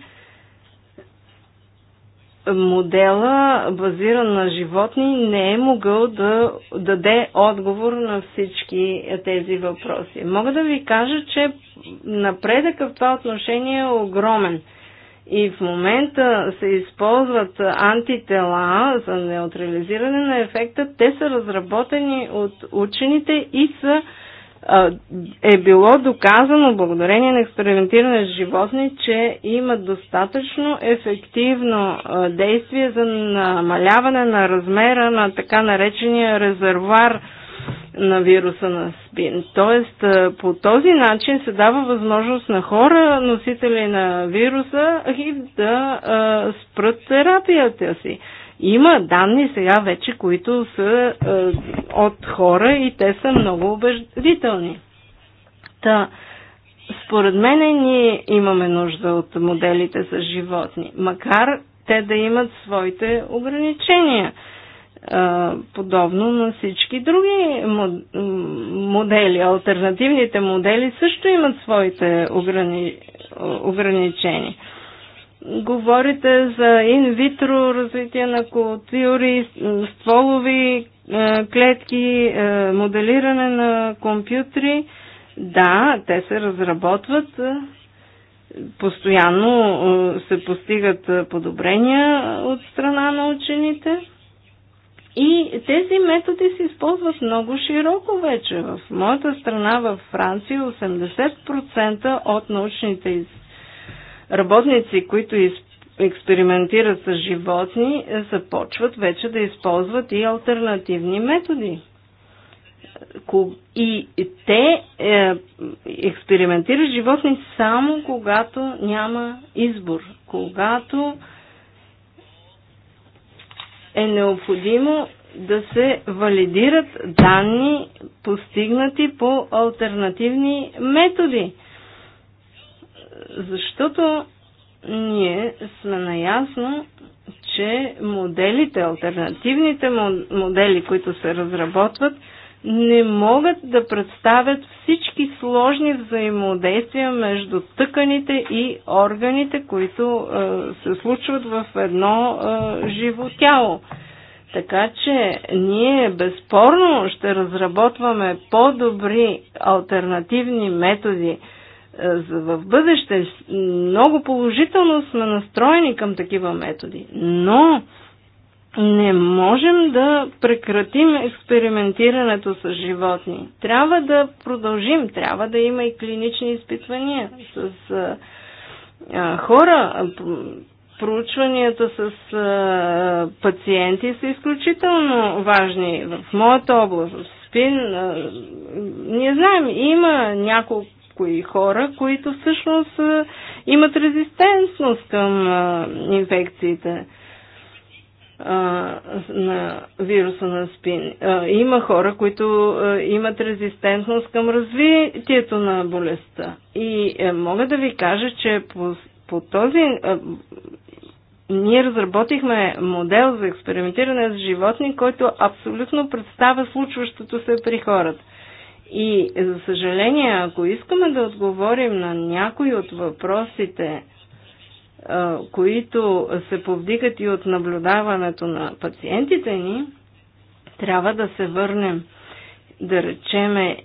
[SPEAKER 4] модела, базиран на животни, не е могъл да даде отговор на всички тези въпроси. Мога да ви кажа, че напредъкът в това отношение е огромен – и в момента се използват антитела за неутрализиране на ефекта. Те са разработени от учените и са е било доказано благодарение на експериментиране с животни, че има достатъчно ефективно действие за намаляване на размера на така наречения резервуар на вируса на спин. Тоест, по този начин се дава възможност на хора, носители на вируса, и да а, спрат терапията си. Има данни сега вече, които са а, от хора и те са много убедителни. Та, според мен ние имаме нужда от моделите за животни, макар те да имат своите ограничения подобно на всички други модели. Альтернативните модели също имат своите ограни... ограничения. Говорите за инвитро развитие на култури, стволови клетки, моделиране на компютри. Да, те се разработват. Постоянно се постигат подобрения от страна на учените и тези методи се използват много широко вече. В моята страна, в Франция, 80% от научните работници, които експериментират с животни, е, започват вече да използват и альтернативни методи. И те е, експериментират животни само когато няма избор, когато е необходимо да се валидират данни, постигнати по альтернативни методи. Защото ние сме наясно, че моделите, альтернативните модели, които се разработват, не могат да представят всички сложни взаимодействия между тъканите и органите, които е, се случват в едно е, живо тяло. Така че ние безспорно ще разработваме по-добри альтернативни методи е, за в бъдеще. Много положително сме настроени към такива методи, но не можем да прекратим експериментирането с животни. Трябва да продължим, трябва да има и клинични изпитвания с а, а, хора. Проучванията с а, пациенти са изключително важни в моята област, в СПИН. А, ние знаем, има няколко някои хора, които всъщност а, имат резистентност към а, инфекциите на вируса на спин. Има хора, които имат резистентност към развитието на болестта. И е, мога да ви кажа, че по, по този. Ние разработихме модел за експериментиране с животни, който абсолютно представя случващото се при хората. И, за съжаление, ако искаме да отговорим на някои от въпросите, които се повдигат и от наблюдаването на пациентите ни, трябва да се върнем, да речеме,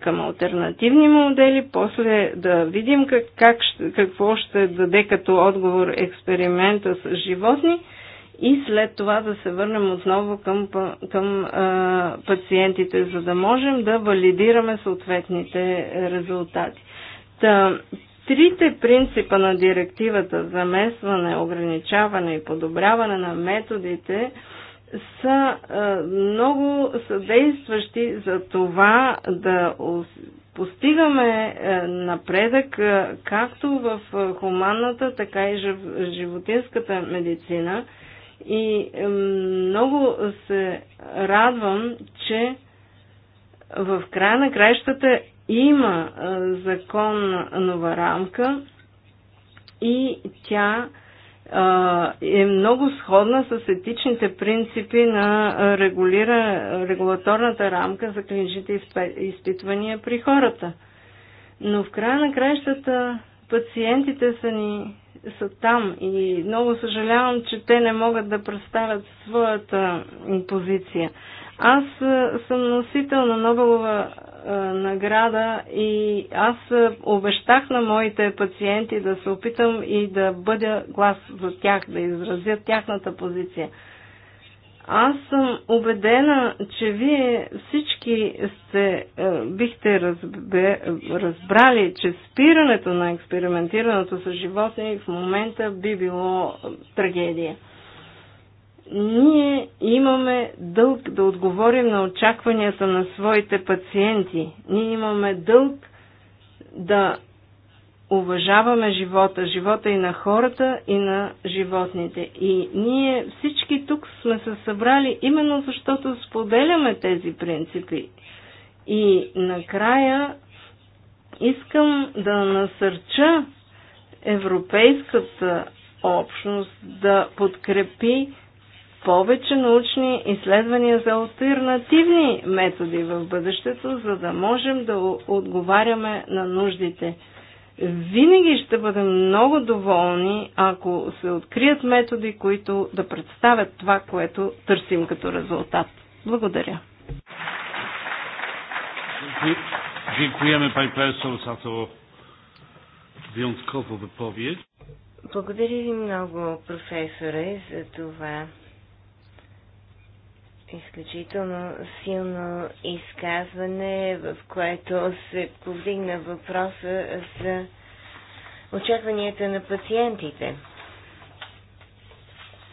[SPEAKER 4] към альтернативни модели, после да видим как, как, какво ще даде като отговор експеримента с животни и след това да се върнем отново към, към а, пациентите, за да можем да валидираме съответните резултати. Та, Трите принципа на директивата замесване, ограничаване и подобряване на методите са много съдействащи за това да постигаме напредък както в хуманната, така и животинската медицина. И много се радвам, че в края на краищата има законова рамка и тя е много сходна с етичните принципи на регулира, регулаторната рамка за клиничните изпитвания при хората. Но в края на краищата пациентите са ни са там и много съжалявам, че те не могат да представят своята позиция. Аз е, съм носител на Нобелова е, награда и аз е, обещах на моите пациенти да се опитам и да бъда глас за тях, да изразя тяхната позиция. Аз съм убедена, че вие всички сте, бихте разбе, разбрали, че спирането на експериментирането с животни в момента би било трагедия ние имаме дълг да отговорим на очакванията на своите пациенти. Ние имаме дълг да уважаваме живота, живота и на хората, и на животните. И ние всички тук сме се събрали именно защото споделяме тези принципи. И накрая искам да насърча европейската общност да подкрепи повече научни изследвания за альтернативни методи в бъдещето, за да можем да отговаряме на нуждите. Винаги ще бъдем много доволни, ако се открият методи, които да представят това, което търсим като резултат. Благодаря.
[SPEAKER 3] Благодаря ви много, професоре, за това изключително силно изказване, в което се повдигна въпроса за очакванията на пациентите.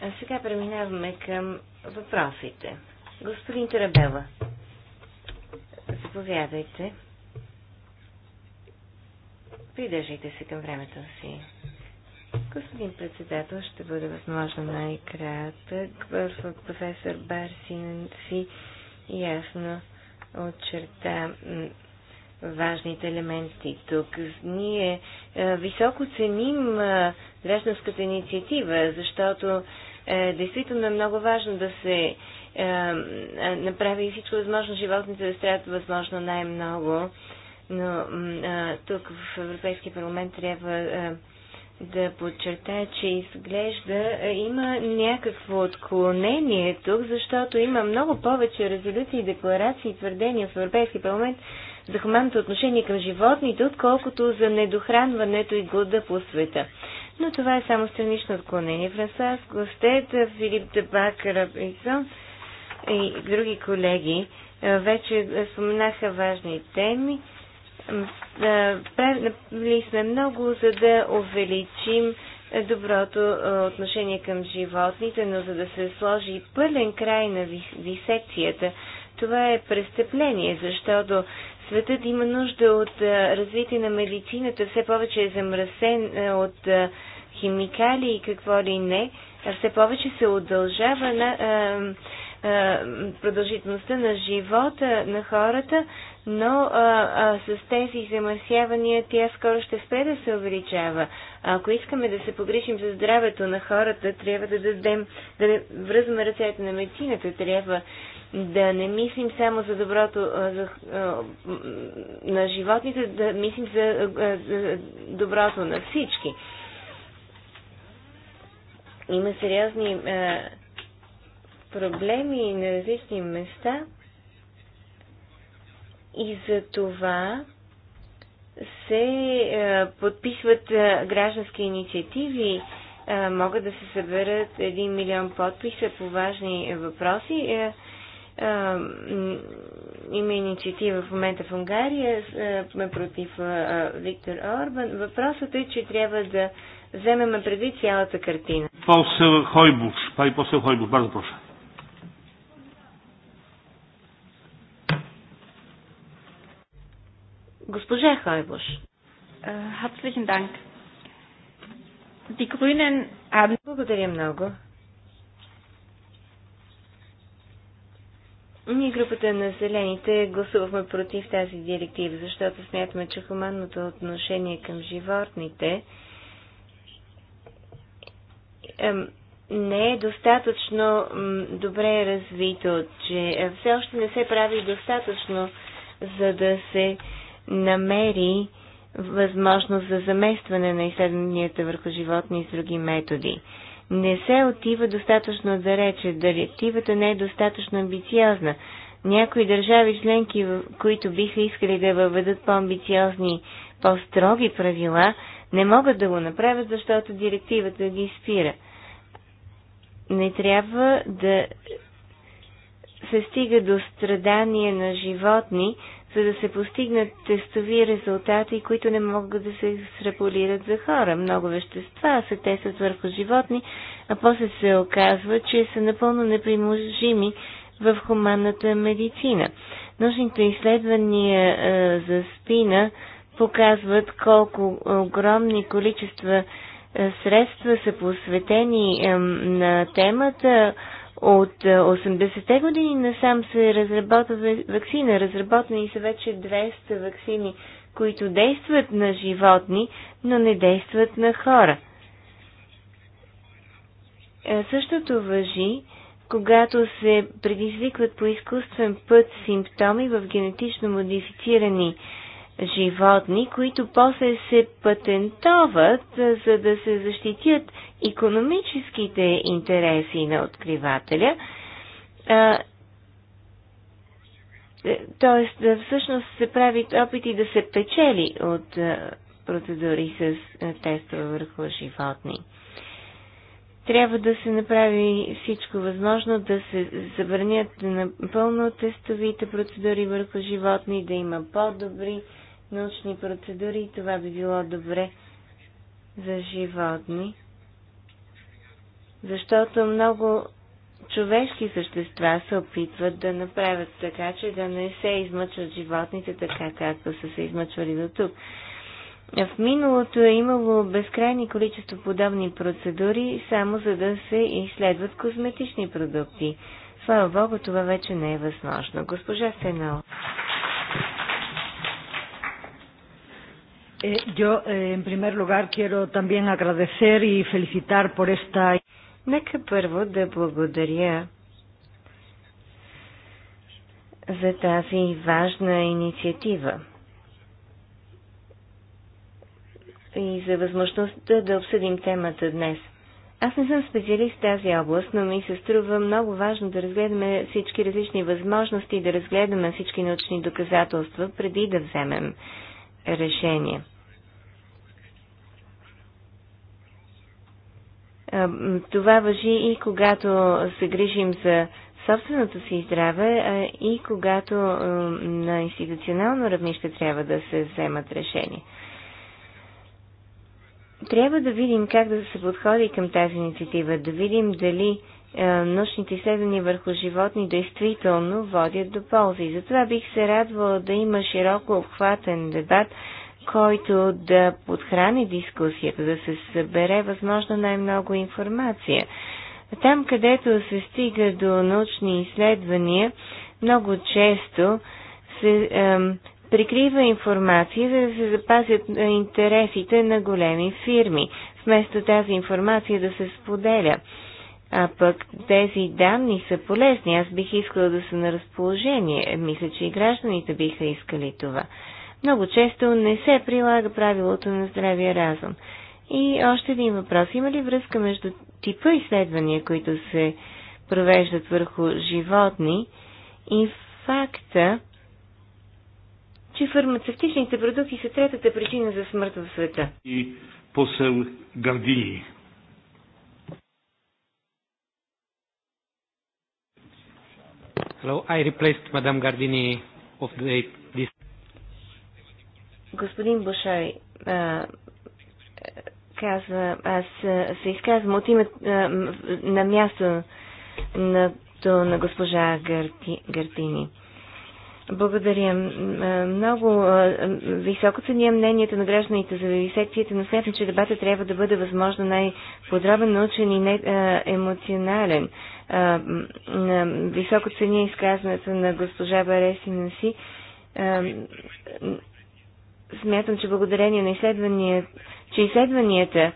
[SPEAKER 3] А сега преминаваме към въпросите. Господин Тарабела, заповядайте. Придържайте се към времето си. Господин председател, ще бъде възможно най-кратък. Професор Барсин си ясно очерта важните елементи тук. Ние е, високо ценим е, гражданската инициатива, защото е действително е много важно да се е, е направи всичко възможно животните да страдат възможно най-много. Но е, тук в Европейския парламент трябва е, да подчертая, че изглежда е, има някакво отклонение тук, защото има много повече резолюции, декларации и твърдения в Европейски парламент за хуманното отношение към животните, отколкото за недохранването и глада по света. Но това е само странично отклонение. Франсуас Гостет, Филип Дебак, Рабинсон и други колеги е, вече споменаха важни теми. Правили сме много, за да увеличим доброто отношение към животните, но за да се сложи пълен край на висекцията, това е престъпление, защото светът има нужда от развитие на медицината, все повече е замръсен от химикали и какво ли не, а все повече се удължава на продължителността на живота на хората, но а, а, с тези замърсявания тя скоро ще спре да се увеличава. Ако искаме да се погрешим за здравето на хората, трябва да дадем, да не връзваме ръцете на медицината, трябва да не мислим само за доброто а, за, а, на животните, да мислим за а, за доброто на всички. Има сериозни а, проблеми на различни места. И за това се е, подписват е, граждански инициативи, е, могат да се съберат 1 милион подписа по важни въпроси. Е, е, има инициатива в момента в Унгария е, против Виктор Орбан. Въпросът е, че трябва да вземем предвид цялата картина.
[SPEAKER 1] Посел Хойбуш, пай посел Хойбуш, бързо проша.
[SPEAKER 3] Госпожа Хайбош. Е, Хапслихен данк. Абн. Благодаря много. Ние групата на зелените гласувахме против тази директива, защото смятаме, че хуманното отношение към животните не е достатъчно добре развито, че е, все още не се прави достатъчно, за да се намери възможност за заместване на изследванията върху животни с други методи. Не се отива достатъчно да рече, директивата не е достатъчно амбициозна. Някои държави членки, които биха искали да въведат по-амбициозни, по-строги правила, не могат да го направят, защото директивата ги спира. Не трябва да се стига до страдания на животни, за да се постигнат тестови резултати, които не могат да се екстраполират за хора. Много вещества се тестват върху животни, а после се оказва, че са напълно неприможими в хуманната медицина. Нужните изследвания а, за спина показват колко огромни количества средства са посветени на темата от 80-те е, години насам се разработва вакцина. Разработени са вече 200 вакцини, които действат на животни, но не действат на хора. Е, същото въжи, когато се предизвикват по изкуствен път симптоми в генетично модифицирани животни, които после се патентоват, за да се защитят економическите интереси на откривателя. Е, тоест, всъщност се правят опити да се печели от процедури с тестове върху животни. Трябва да се направи всичко възможно, да се забранят напълно тестовите процедури върху животни, да има по-добри научни процедури и това би било добре за животни. Защото много човешки същества се опитват да направят така, че да не се измъчват животните така, както са се измъчвали до тук. В миналото е имало безкрайни количество подобни процедури, само за да се изследват козметични продукти. Слава Богу, това вече не е възможно. Госпожа Сенал. Eh, yo,
[SPEAKER 2] eh, en primer lugar, quiero también agradecer y felicitar por esta. Нека
[SPEAKER 3] първо да благодаря за тази важна инициатива и за възможността да обсъдим темата днес. Аз не съм специалист в тази област, но ми се струва много важно да разгледаме всички различни възможности и да разгледаме всички научни доказателства преди да вземем решение. Това въжи и когато се грижим за собственото си здраве и когато на институционално равнище трябва да се вземат решения. Трябва да видим как да се подходи към тази инициатива, да видим дали е, научните изследвания върху животни действително водят до ползи. Затова бих се радвала да има широко обхватен дебат, който да подхрани дискусията, да се събере възможно най-много информация. Там, където се стига до научни изследвания, много често се ем, прикрива информация, за да се запазят интересите на големи фирми, вместо тази информация да се споделя. А пък тези данни са полезни. Аз бих искала да са на разположение. Мисля, че и гражданите биха искали това. Много често не се прилага правилото на здравия разум. И още един въпрос. Има ли връзка между типа изследвания, които се провеждат върху животни и факта, че фармацевтичните продукти са третата причина за смърт в
[SPEAKER 1] света? И посел Гардини. Hello, I replaced Madame Gardini of the, this.
[SPEAKER 3] Господин Бушай, казва, аз се изказвам от името на място на, на госпожа Гарти, Гартини. Благодаря. Много високо ценя мнението на гражданите за висекцията, но смятам, че дебата трябва да бъде възможно най-подробен, научен и не, емоционален високо цени изказването на госпожа Баресина си. Смятам, че благодарение на изследванията, че изследванията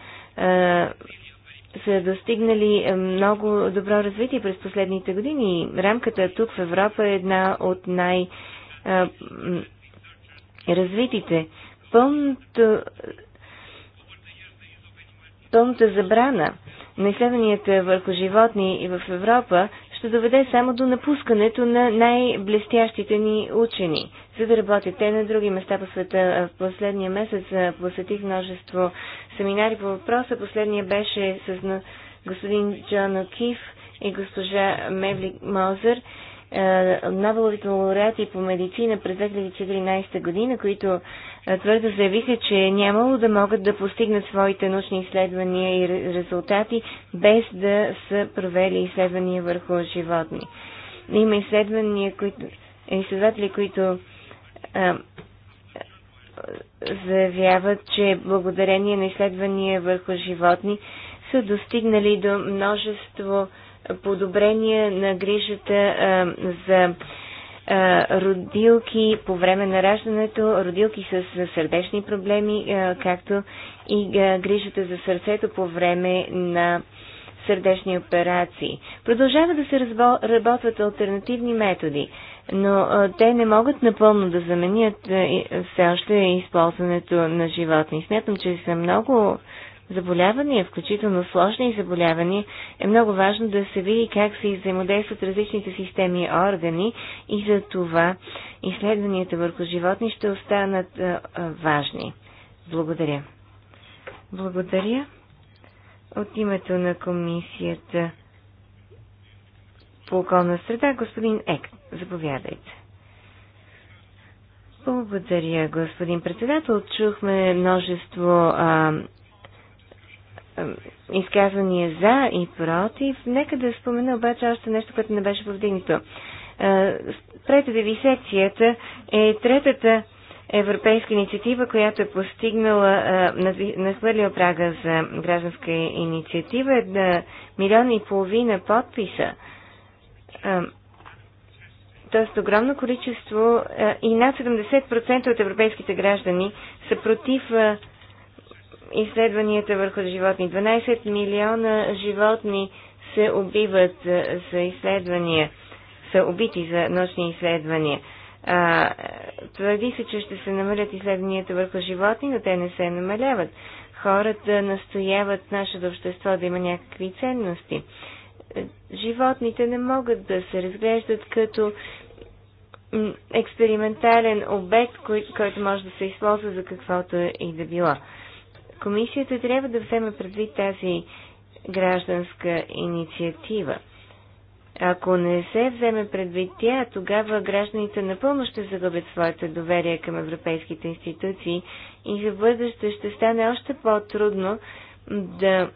[SPEAKER 3] са достигнали много добро развитие през последните години. Рамката тук в Европа е една от най- развитите. Пълното, пълната забрана на изследванията върху животни и в Европа ще доведе само до напускането на най-блестящите ни учени, за да работят те на други места по света. В последния месец посетих множество семинари по въпроса. Последния беше с господин Джон Окиф и госпожа Мевли Мозер, Нобеловите лауреати по медицина през 2014 година, които твърдо заявиха, че е нямало да могат да постигнат своите научни изследвания и резултати без да са провели изследвания върху животни. Има изследвания, които, изследователи, които а, заявяват, че благодарение на изследвания върху животни са достигнали до множество подобрения на грижата а, за родилки по време на раждането, родилки с сърдечни проблеми, както и грижата за сърцето по време на сърдечни операции. Продължава да се разработват альтернативни методи, но те не могат напълно да заменят все още използването на животни. Смятам, че са много заболявания, включително сложни заболявания, е много важно да се види как се взаимодействат различните системи и органи и за това изследванията върху животни ще останат а, а, важни. Благодаря. Благодаря. От името на комисията по околна среда, господин Ек, заповядайте. Благодаря, господин председател. Чухме множество а, изказвания за и против. Нека да спомена обаче още нещо, което не беше повдигнато. секцията е третата европейска инициатива, която е постигнала, нахвърлила прага за гражданска инициатива, една милион и половина подписа. Тоест огромно количество и над 70% от европейските граждани са против изследванията върху животни. 12 милиона животни се убиват за изследвания, са убити за научни изследвания. А, твърди се, че ще се намалят изследванията върху животни, но те не се намаляват. Хората настояват нашето общество да има някакви ценности. Животните не могат да се разглеждат като експериментален обект, кой, който може да се използва за каквото и да било. Комисията трябва да вземе предвид тази гражданска инициатива. Ако не се вземе предвид тя, тогава гражданите напълно ще загубят своето доверие към европейските институции и за бъдеще ще стане още по-трудно да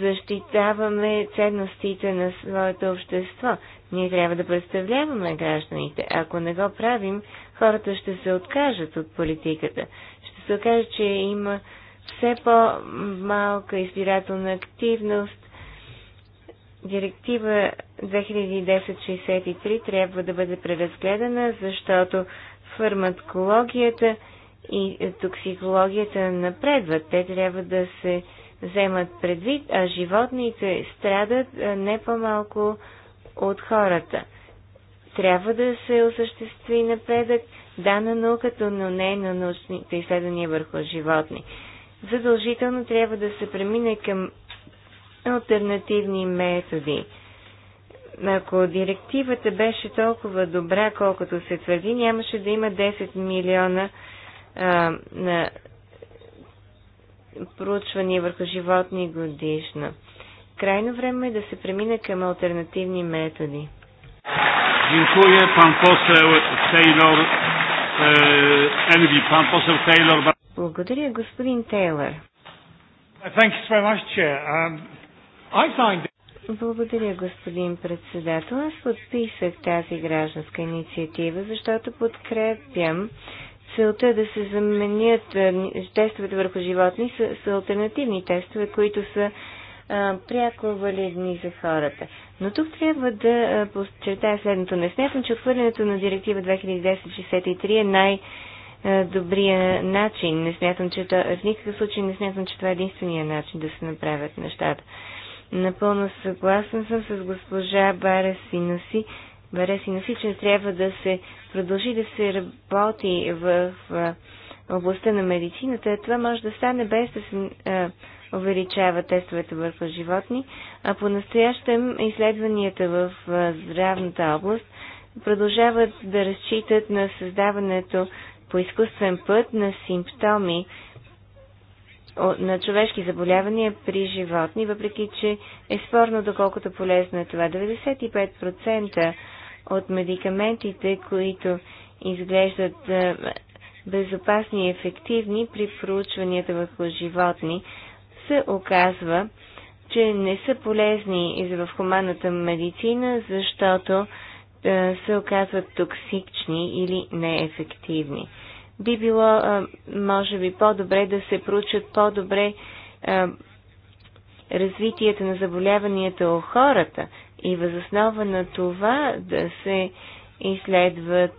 [SPEAKER 3] защитаваме ценностите на своето общество. Ние трябва да представляваме гражданите. Ако не го правим, хората ще се откажат от политиката се окаже, че има все по-малка избирателна активност. Директива 2010-63 трябва да бъде преразгледана, защото фармакологията и токсикологията напредват. Те трябва да се вземат предвид, а животните страдат не по-малко от хората. Трябва да се осъществи напредък да на науката, но не на научните изследвания върху животни. Задължително трябва да се премине към альтернативни методи. Ако директивата беше толкова добра, колкото се твърди, нямаше да има 10 милиона а, на проучвания върху животни годишно. Крайно време е да се премине към альтернативни методи. Е, Благодаря, господин Тейлор. Um, Благодаря, господин председател. Аз подписах тази гражданска инициатива, защото подкрепям целта да се заменят тестовете върху животни с, с альтернативни тестове, които са а, пряко валидни за хората. Но тук трябва да подчертая следното. Не смятам, че отхвърлянето на директива 2010-63 е най- добрия начин. Не смятам, че това, в никакъв случай не смятам, че това е единствения начин да се направят нещата. Напълно съгласен съм с госпожа Барес и Носи, Барес и Носи, че трябва да се продължи да се работи в, в областта на медицината. Това може да стане без да се а, увеличава тестовете върху животни, а по-настоящем изследванията в здравната област продължават да разчитат на създаването по изкуствен път на симптоми на човешки заболявания при животни, въпреки че е спорно доколкото полезно е това. 95% от медикаментите, които изглеждат безопасни и ефективни при проучванията върху животни, се оказва, че не са полезни и в хуманната медицина, защото е, се оказват токсични или неефективни. Би било, е, може би, по-добре да се проучат по-добре е, развитието на заболяванията у хората и възоснова на това да се изследват,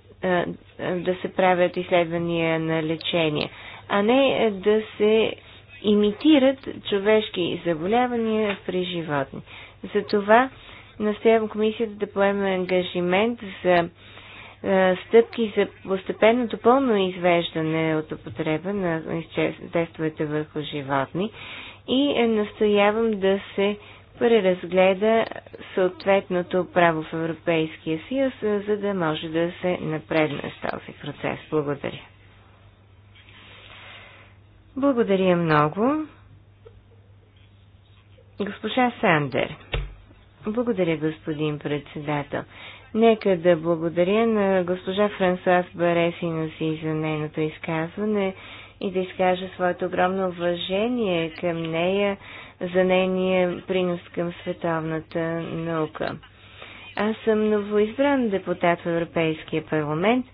[SPEAKER 3] да се правят изследвания на лечение, а не да се имитират човешки заболявания при животни. Затова настоявам комисията да поеме ангажимент за е, стъпки за постепенното пълно извеждане от употреба на тестовете върху животни и е, настоявам да се преразгледа съответното право в Европейския съюз, е, за да може да се напредне с този процес. Благодаря. Благодаря много. Госпожа Сандер. Благодаря, господин председател. Нека да благодаря на госпожа Франсуаз си за нейното изказване и да изкажа своето огромно уважение към нея за нейния принос към световната наука. Аз съм новоизбран депутат в Европейския парламент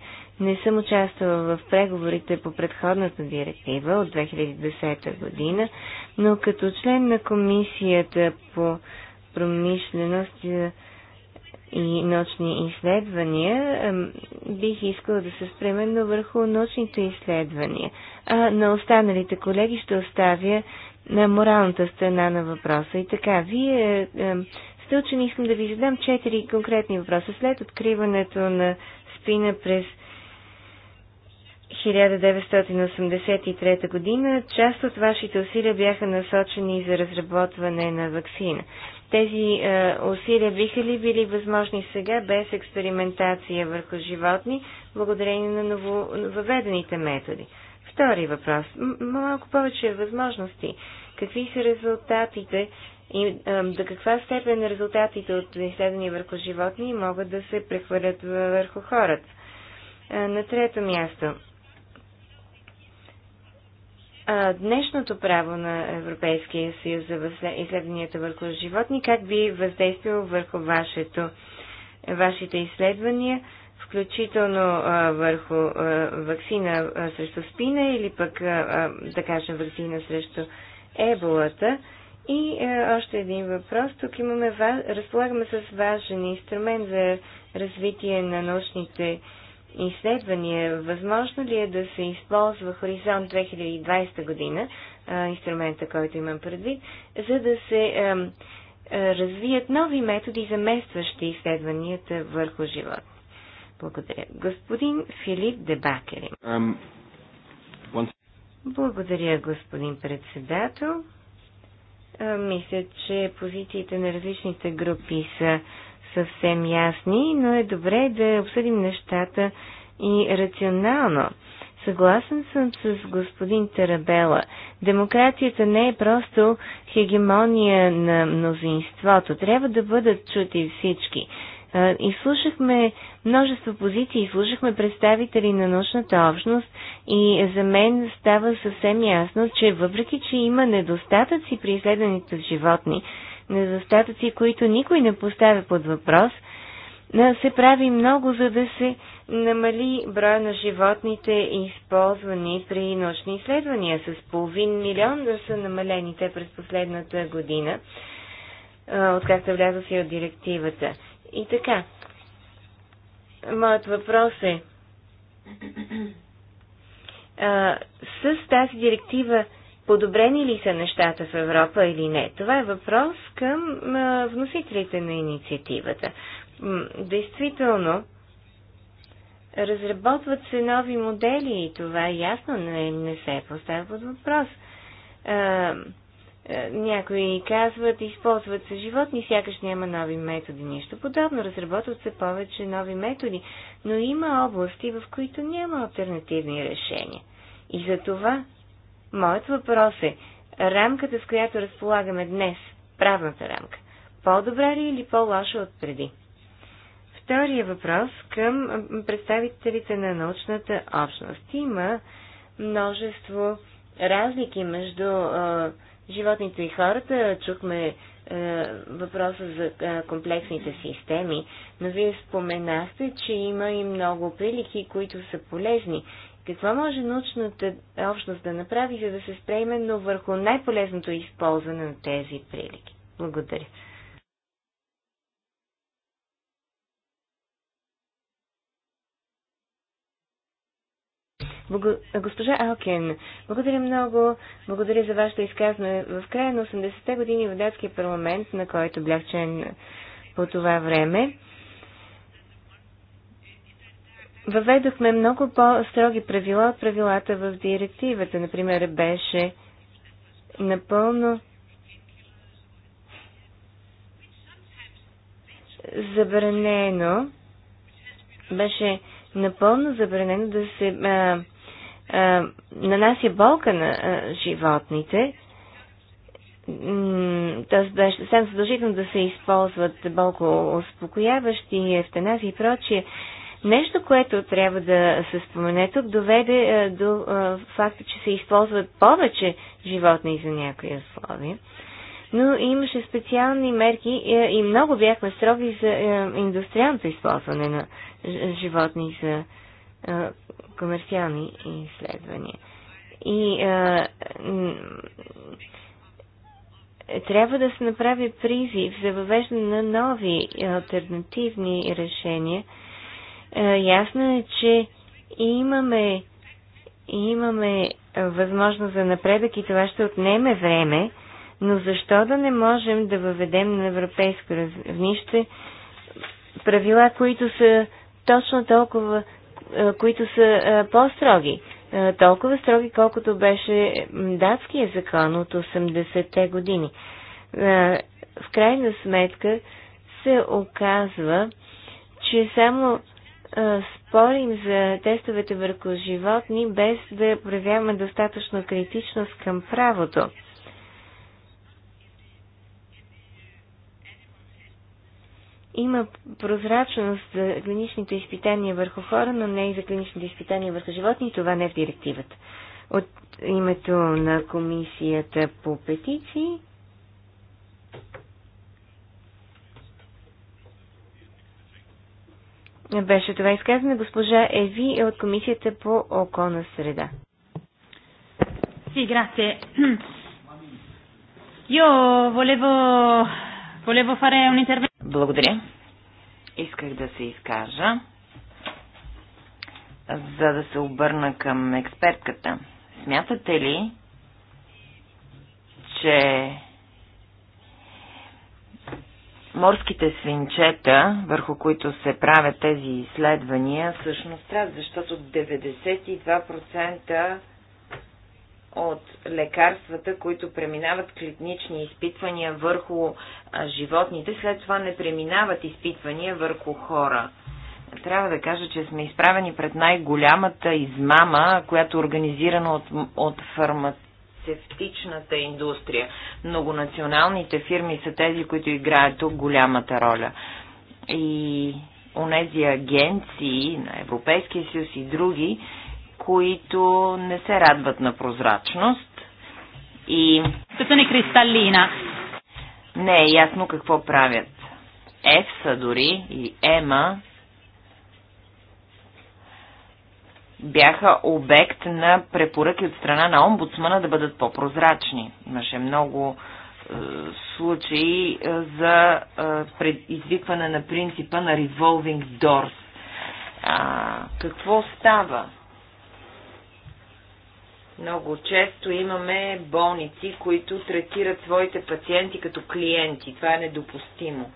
[SPEAKER 3] не съм участвала в преговорите по предходната директива от 2010 година, но като член на комисията по промишленост е, и научни изследвания, бих искала да се спременно върху научните изследвания. А на останалите колеги ще оставя на моралната страна на въпроса. И така, вие е, сте учени, искам да ви задам четири конкретни въпроса. След откриването на спина през 1983 година част от вашите усилия бяха насочени за разработване на вакцина. Тези е, усилия биха ли били възможни сега без експериментация върху животни, благодарение на нововъведените методи? Втори въпрос. Малко повече възможности. Какви са резултатите и е, до каква степен резултатите от изследвания върху животни могат да се прехвърлят върху хората? Е, на трето място, днешното право на Европейския съюз за изследванията върху животни, как би въздействало върху вашето, вашите изследвания, включително върху вакцина срещу спина или пък, да кажем, вакцина срещу еболата. И още един въпрос. Тук имаме, разполагаме с важен инструмент за развитие на научните изследвания, възможно ли е да се използва Хоризонт 2020 година, инструмента, който имам предвид, за да се развият нови методи, заместващи изследванията върху живот? Благодаря. Господин Филип Дебакери. Um, Благодаря, господин председател. Мисля, че позициите на различните групи са съвсем ясни, но е добре да обсъдим нещата и рационално. Съгласен съм с господин Тарабела. Демокрацията не е просто хегемония на мнозинството. Трябва да бъдат чути всички. И слушахме множество позиции, слушахме представители на научната общност и за мен става съвсем ясно, че въпреки, че има недостатъци при изследваните животни, недостатъци, които никой не поставя под въпрос, се прави много, за да се намали броя на животните, използвани при научни изследвания. С половин милион да са намалени те през последната година, откакто вляза си от директивата. И така, моят въпрос е, с тази директива Подобрени ли са нещата в Европа или не? Това е въпрос към вносителите на инициативата. Действително, разработват се нови модели и това е ясно но не се поставя под въпрос. някои казват, използват се животни, сякаш няма нови методи, нищо подобно, разработват се повече нови методи, но има области, в които няма альтернативни решения. И за това Моят въпрос е, рамката, с която разполагаме днес, правната рамка, по-добра ли или по-лоша от преди? Втория въпрос към представителите на научната общност. Има множество разлики между е, животните и хората. Чухме е, въпроса за е, комплексните системи, но вие споменахте, че има и много прилики, които са полезни какво може научната общност да направи, за да се спре именно върху най-полезното използване на тези прилики? Благодаря. Госпожа Алкен, благодаря много. Благодаря за вашето изказване. В края на 80-те години в датския парламент, на който бях член по това време, въведохме много по-строги правила от правилата в директивата. Например, беше напълно забранено, беше напълно забранено да се а, а, нанася болка на а, животните. Тоест беше съвсем задължително да се използват болко успокояващи, ефтаназия и прочие. Нещо, което трябва да се спомене тук, доведе е, до е, факта, че се използват повече животни за някои условия. Но имаше специални мерки е, и много бяхме строги за индустриалното използване на животни за комерциални изследвания. И а, трябва да се направи призив за въвеждане на нови альтернативни решения, е, ясно е, че имаме, имаме възможност за напредък и това ще отнеме време, но защо да не можем да въведем на европейско равнище правила, които са точно толкова, е, които са е, по-строги? Толкова строги, колкото беше датския закон от 80-те години. В крайна сметка се оказва, че само спорим за тестовете върху животни, без да проявяваме достатъчно критичност към правото. Има прозрачност за клиничните изпитания върху хора, но не и за клиничните изпитания върху животни. Това не е в директивата. От името на комисията по петиции беше това изказване. Госпожа Еви е от Комисията по околна среда.
[SPEAKER 2] Сиграте. grazie. Io волево, volevo fare Благодаря. Исках да се изкажа, за да се обърна към експертката. Смятате ли, че морските свинчета, върху които се правят тези изследвания, всъщност трябва, защото 92% от лекарствата, които преминават клинични изпитвания върху животните, след това не преминават изпитвания върху хора. Трябва да кажа, че сме изправени пред най-голямата измама, която е организирана от, от фармацевтите фармацевтичната индустрия. Многонационалните фирми са тези, които играят тук голямата роля. И онези агенции на Европейския съюз и други, които не се радват на прозрачност и... Като не кристалина. Не е ясно какво правят. ЕФСА дори и ЕМА бяха обект на препоръки от страна на омбудсмана да бъдат по-прозрачни. Имаше много е, случаи е, за е, предизвикване на принципа на revolving doors. А, какво става? Много често имаме болници, които третират своите пациенти като клиенти. Това е недопустимо.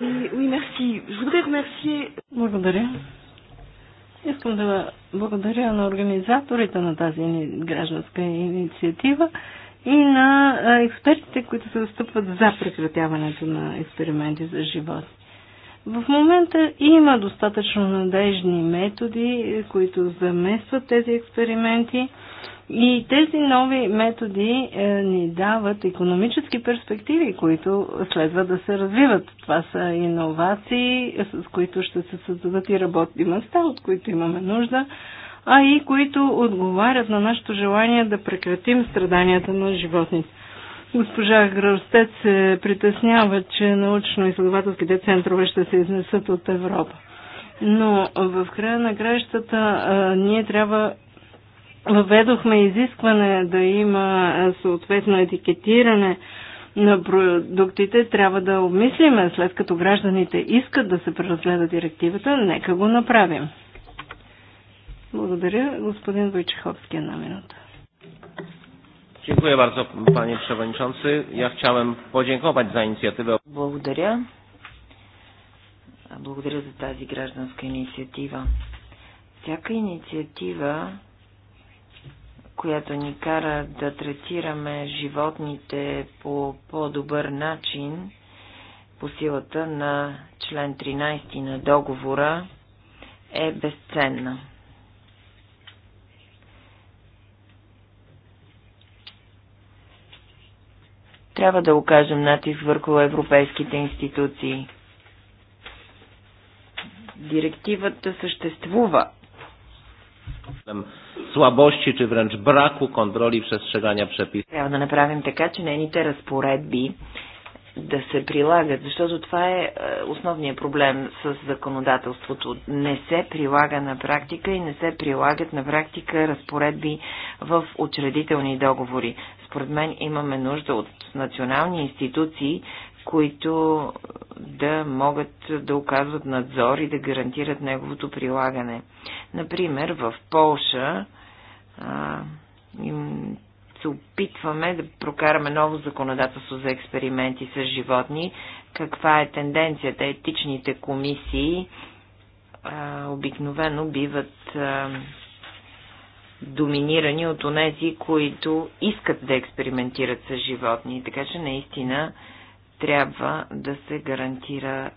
[SPEAKER 4] Oui, merci. Je voudrais remercier... Благодаря. Искам да благодаря на организаторите на тази гражданска инициатива и на експертите, които се застъпват за прекратяването на експерименти за живот. В момента има достатъчно надежни методи, които заместват тези експерименти и тези нови методи е, ни дават економически перспективи, които следва да се развиват. Това са иновации, с които ще се създадат и работни места, от които имаме нужда, а и които отговарят на нашето желание да прекратим страданията на животните. Госпожа Гръстец се притеснява, че научно-изследователските центрове ще се изнесат от Европа. Но в края на краищата ние трябва Въведохме изискване да има съответно етикетиране на продуктите. Трябва да обмислиме, след като гражданите искат да се преразгледа директивата, нека го направим. Благодаря. Господин Войчеховски, една минута.
[SPEAKER 1] Dziękuję bardzo, panie przewodniczący. Ja chciałem podziękować za
[SPEAKER 2] inicjatywę. Благодаря. Благодаря за тази гражданска инициатива. Всяка инициатива която ни кара да третираме животните по по-добър начин, по силата на член 13 на договора, е безценна. Трябва да окажем натиск върху европейските институции. Директивата съществува,
[SPEAKER 1] слабости, че wręcz браку контроли przestrzegania przepisów.
[SPEAKER 2] Трябва да направим така, че нейните разпоредби да се прилагат, защото това е, е основният проблем с законодателството. Не се прилага на практика и не се прилагат на практика разпоредби в учредителни договори. Според мен имаме нужда от национални институции, които да могат да оказват надзор и да гарантират неговото прилагане. Например, в Полша а, се опитваме да прокараме ново законодателство за експерименти с животни. Каква е тенденцията? Етичните комисии а, обикновено биват а, доминирани от онези, които искат да експериментират с животни. Така че наистина а, трябва да се гарантира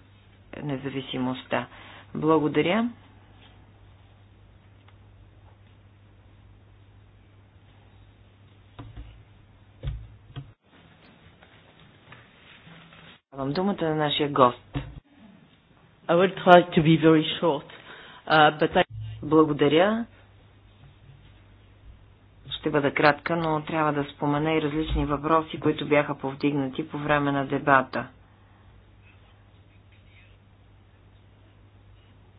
[SPEAKER 2] независимостта. Благодаря. Давам думата на нашия гост. I to be very short, uh, but I... Благодаря. Ще бъда кратка, но трябва да спомена и различни въпроси, които бяха повдигнати по време на дебата.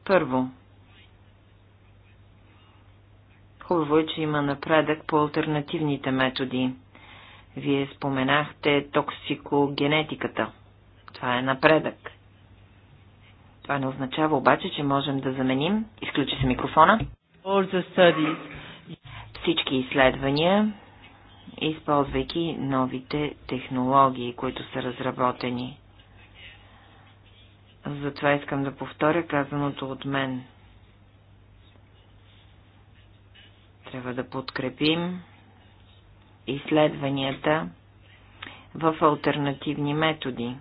[SPEAKER 2] Първо. Хубаво е, че има напредък по альтернативните методи. Вие споменахте токсикогенетиката. Това е напредък. Това не означава обаче, че можем да заменим. Изключи се микрофона. All the studies всички изследвания, използвайки новите технологии, които са разработени. Затова искам да повторя казаното от мен. Трябва да подкрепим изследванията в альтернативни методи.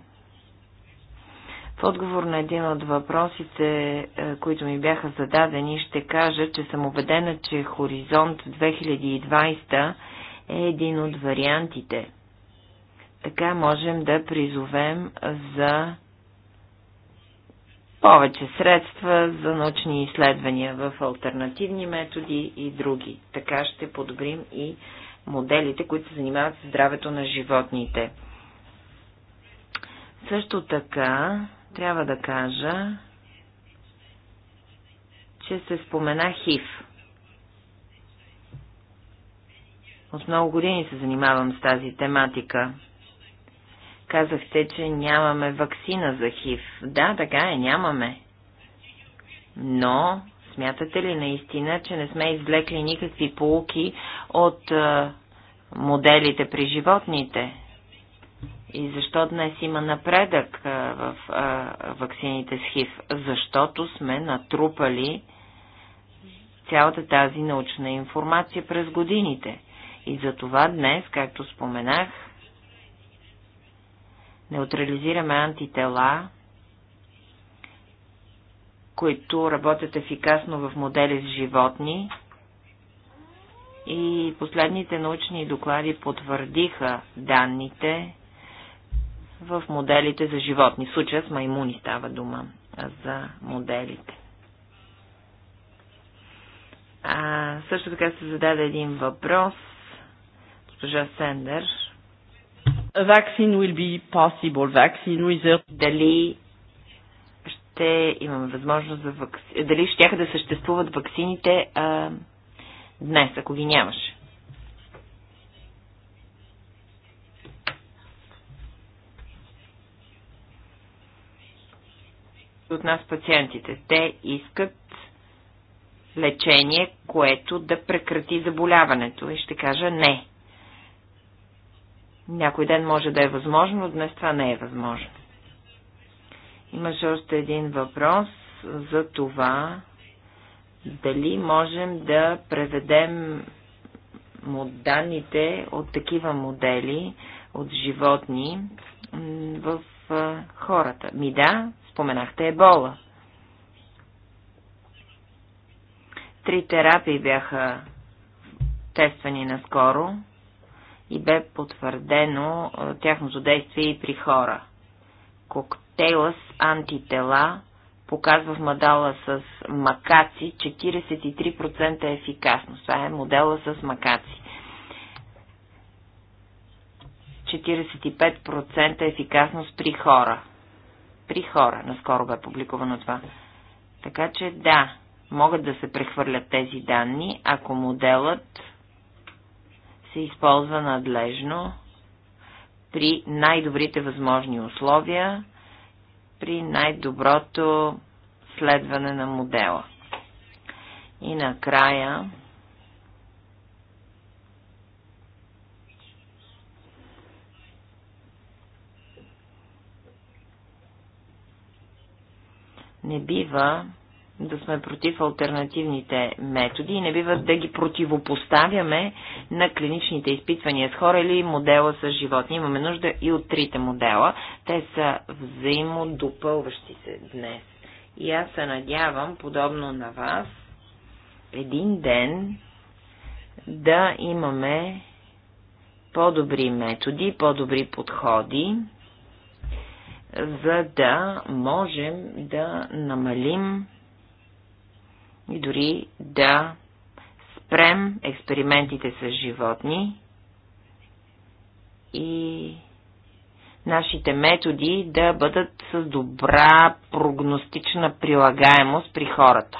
[SPEAKER 2] В отговор на един от въпросите, е, които ми бяха зададени, ще кажа, че съм убедена, че Хоризонт 2020 е един от вариантите. Така можем да призовем за повече средства за научни изследвания в альтернативни методи и други. Така ще подобрим и моделите, които се занимават с здравето на животните. Също така трябва да кажа, че се спомена ХИВ. От много години се занимавам с тази тематика. Казахте, че нямаме вакцина за ХИВ. Да, така е, нямаме. Но смятате ли наистина, че не сме извлекли никакви полуки от а, моделите при животните? И защо днес има напредък в ваксините с ХИВ? Защото сме натрупали цялата тази научна информация през годините. И за това днес, както споменах, неутрализираме антитела, които работят ефикасно в модели с животни. И последните научни доклади потвърдиха данните, в моделите за животни. В случая с маймуни става дума за моделите. А, също така се зададе един въпрос. Госпожа Сендер. Vaccine will be possible. Vaccine wizard. Дали ще имаме възможност за вакци... Дали ще да съществуват вакцините а, днес, ако ги нямаше? от нас пациентите. Те искат лечение, което да прекрати заболяването. И ще кажа не. Някой ден може да е възможно, но днес това не е възможно. Имаше още един въпрос за това, дали можем да преведем данните от такива модели, от животни в хората. Ми да, Споменахте ебола. Три терапии бяха тествани наскоро и бе потвърдено е, тяхното действие и при хора. Коктейла с антитела показва в модела с макаци 43% ефикасност. Това е модела с макаци. 45% ефикасност при хора при хора. Наскоро бе публикувано това. Така че да, могат да се прехвърлят тези данни, ако моделът се използва надлежно при най-добрите възможни условия, при най-доброто следване на модела. И накрая Не бива да сме против альтернативните методи и не бива да ги противопоставяме на клиничните изпитвания с хора или модела с животни. Имаме нужда и от трите модела. Те са взаимодопълващи се днес. И аз се надявам, подобно на вас, един ден да имаме по-добри методи, по-добри подходи, за да можем да намалим и дори да спрем експериментите с животни и нашите методи да бъдат с добра прогностична прилагаемост при хората.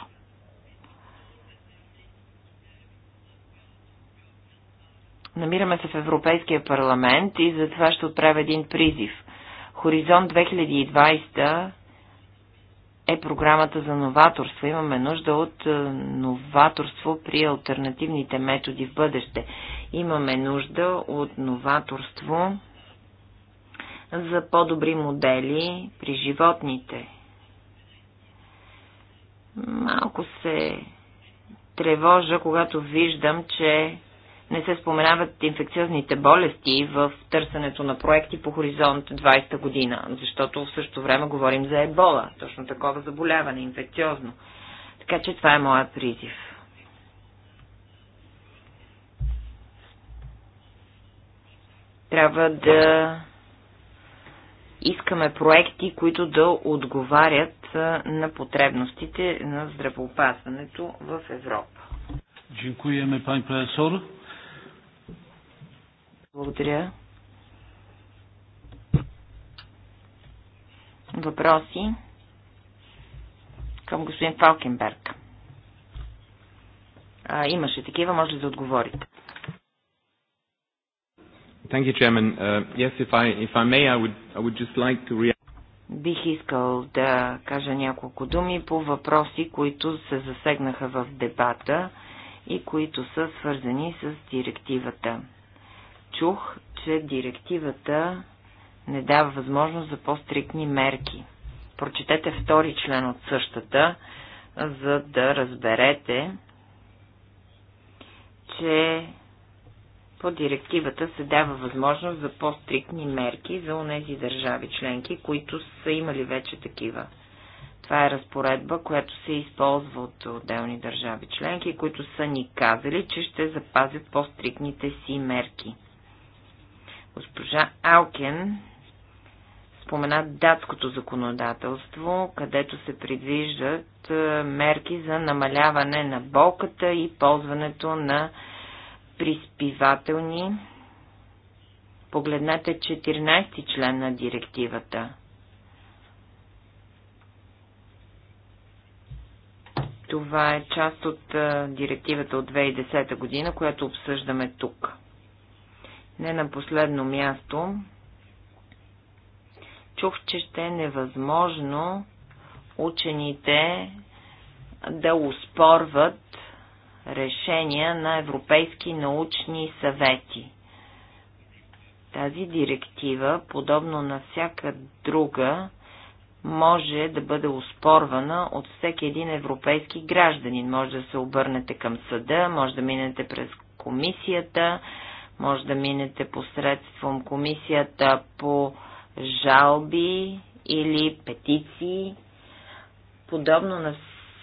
[SPEAKER 2] Намираме се в Европейския парламент и затова ще отправя един призив – Хоризонт 2020 е програмата за новаторство. Имаме нужда от е, новаторство при альтернативните методи в бъдеще. Имаме нужда от новаторство за по-добри модели при животните. Малко се тревожа, когато виждам, че не се споменават инфекциозните болести в търсенето на проекти по хоризонт 20 година, защото в същото време говорим за ебола, точно такова заболяване, инфекциозно. Така че това е моят призив. Трябва да искаме проекти, които да отговарят на потребностите на здравеопазването в Европа.
[SPEAKER 1] Dziękujemy, pani profesor.
[SPEAKER 2] Благодаря. Въпроси към господин Фалкенберг. А, имаше такива, може да отговорите.
[SPEAKER 3] Thank you, Chairman. Uh, yes, if I, if I may, I would, I would just like to react
[SPEAKER 2] бих искал да кажа няколко думи по въпроси, които се засегнаха в дебата и които са свързани с директивата чух, че директивата не дава възможност за по-стрикни мерки. Прочетете втори член от същата, за да разберете, че по директивата се дава възможност за по-стриктни мерки за онези държави членки, които са имали вече такива. Това е разпоредба, която се използва от отделни държави членки, които са ни казали, че ще запазят по-стрикните си мерки. Госпожа Алкен спомена датското законодателство, където се предвиждат е, мерки за намаляване на болката и ползването на приспивателни. Погледнете 14 член на директивата. Това е част от е, директивата от 2010 година, която обсъждаме тук. Не на последно място, чух, че ще е невъзможно учените да успорват решения на европейски научни съвети. Тази директива, подобно на всяка друга, може да бъде успорвана от всеки един европейски гражданин. Може да се обърнете към съда, може да минете през комисията, може да минете посредством комисията по жалби или петиции. Подобно на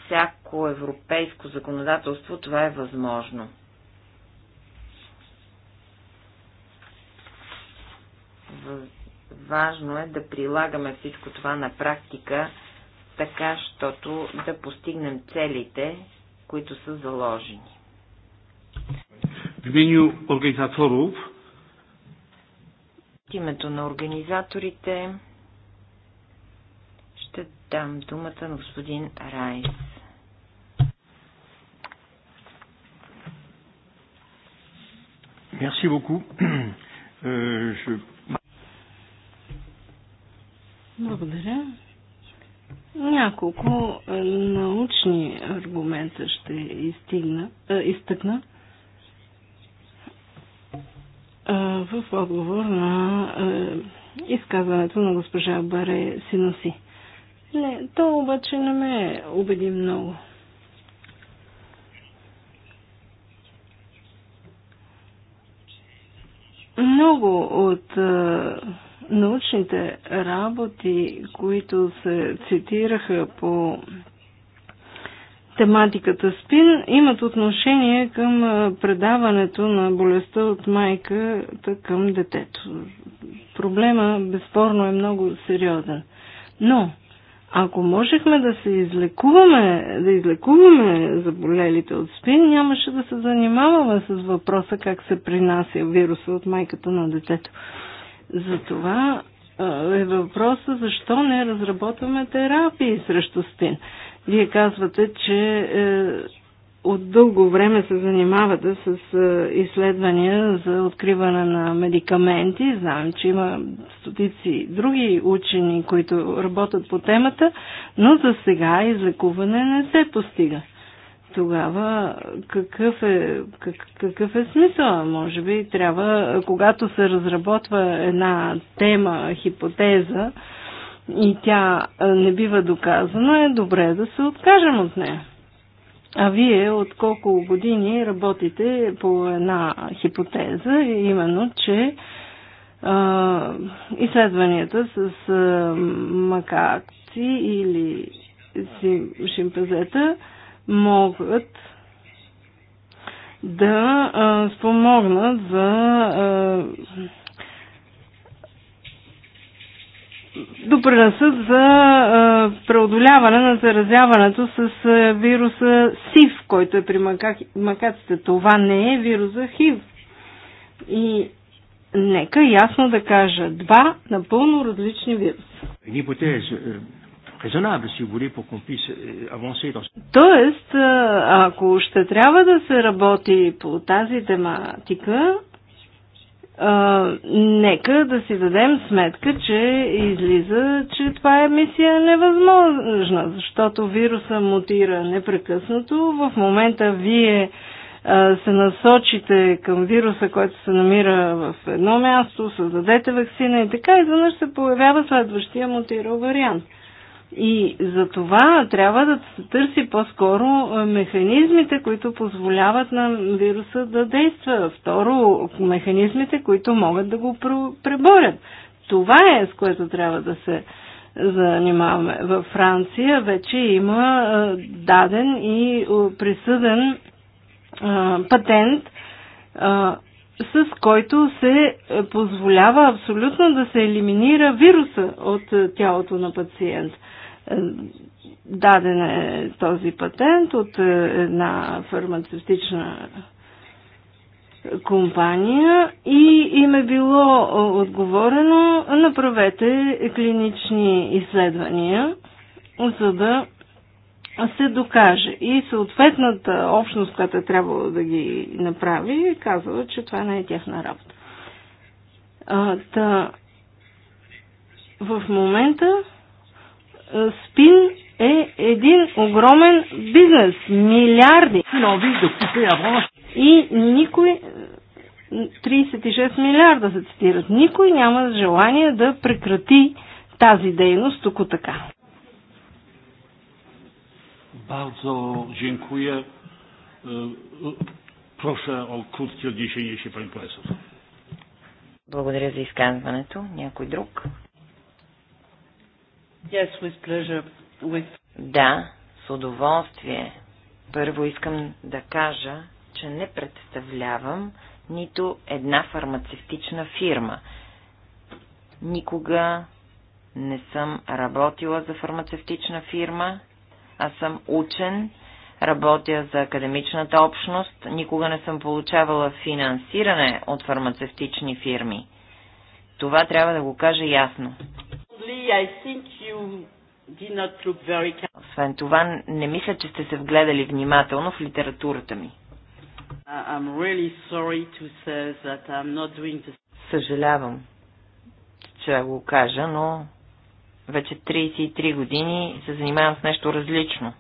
[SPEAKER 2] всяко европейско законодателство това е възможно. Важно е да прилагаме всичко това на практика, така, щото да постигнем целите, които са заложени.
[SPEAKER 1] W imieniu organizatorów.
[SPEAKER 2] От името на организаторите ще дам думата на господин Райс.
[SPEAKER 1] Merci beaucoup. Euh, je...
[SPEAKER 4] Благодаря. Няколко е, научни аргумента ще изтигна, е, изтъкна в отговор на изказването на госпожа Баре Синоси. Не, то обаче не ме убеди много. Много от научните работи, които се цитираха по тематиката СПИН имат отношение към предаването на болестта от майката към детето. Проблема безспорно е много сериозен. Но, ако можехме да се излекуваме, да излекуваме заболелите от спин, нямаше да се занимаваме с въпроса как се принася вируса от майката на детето. Затова е въпроса защо не разработваме терапии срещу спин. Вие казвате, че е, от дълго време се занимавате с е, изследвания за откриване на медикаменти. Знам, че има стотици други учени, които работят по темата, но за сега излекуване не се постига. Тогава какъв е, как, какъв е смисъл? Може би трябва, когато се разработва една тема, хипотеза, и тя не бива доказана, е добре да се откажем от нея. А вие от колко години работите по една хипотеза, именно, че а, изследванията с а, макакци или шимпазета могат да а, спомогнат за а, допринесат за преодоляване на заразяването с вируса СИВ, който е при макаците. Това не е вируса ХИВ. И нека ясно да кажа, два напълно различни вируса.
[SPEAKER 1] Euh, euh,
[SPEAKER 4] Тоест, ако ще трябва да се работи по тази тематика, а, нека да си дадем сметка, че излиза, че това е мисия невъзможна, защото вируса мутира непрекъснато. В момента вие а, се насочите към вируса, който се намира в едно място, създадете вакцина и така, изведнъж се появява следващия мутирал вариант – и за това трябва да се търси по-скоро е, механизмите, които позволяват на вируса да действа. Второ, механизмите, които могат да го преборят. Това е с което трябва да се занимаваме. Във Франция вече има е, даден и е, присъден патент, с който се позволява абсолютно да се елиминира вируса от тялото на пациент. Даден е този патент от една фармацевтична компания и им е било отговорено направете клинични изследвания, за да се докаже. И съответната общност, която е трябвало да ги направи, е казва, че това не е тяхна работа. А, та, в момента спин е един огромен бизнес. Милиарди. И никой 36 милиарда се цитират. Никой няма желание да прекрати тази дейност тук така.
[SPEAKER 1] Bardzo dziękuję. Proszę o krótkie odniesienie się, pani profesor.
[SPEAKER 2] Благодаря за изказването. Някой друг? Yes, with pleasure. With... Да, с удоволствие. Първо искам да кажа, че не представлявам нито една фармацевтична фирма. Никога не съм работила за фармацевтична фирма, аз съм учен, работя за академичната общност, никога не съм получавала финансиране от фармацевтични фирми. Това трябва да го кажа ясно very... Освен това, не мисля, че сте се вгледали внимателно в литературата ми. Really Съжалявам, че го кажа, но вече 33 години се занимавам с нещо различно.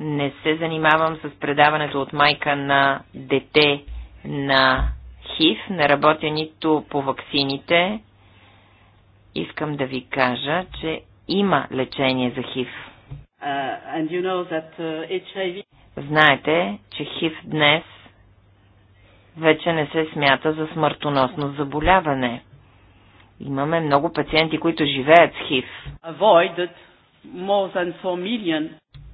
[SPEAKER 2] Не се занимавам с предаването от майка на дете на ХИВ, не работя нито по ваксините, искам да ви кажа, че има лечение за ХИВ.
[SPEAKER 4] Uh, you know that, uh, HIV...
[SPEAKER 2] Знаете, че ХИВ днес вече не се смята за смъртоносно заболяване. Имаме много пациенти, които живеят с ХИВ.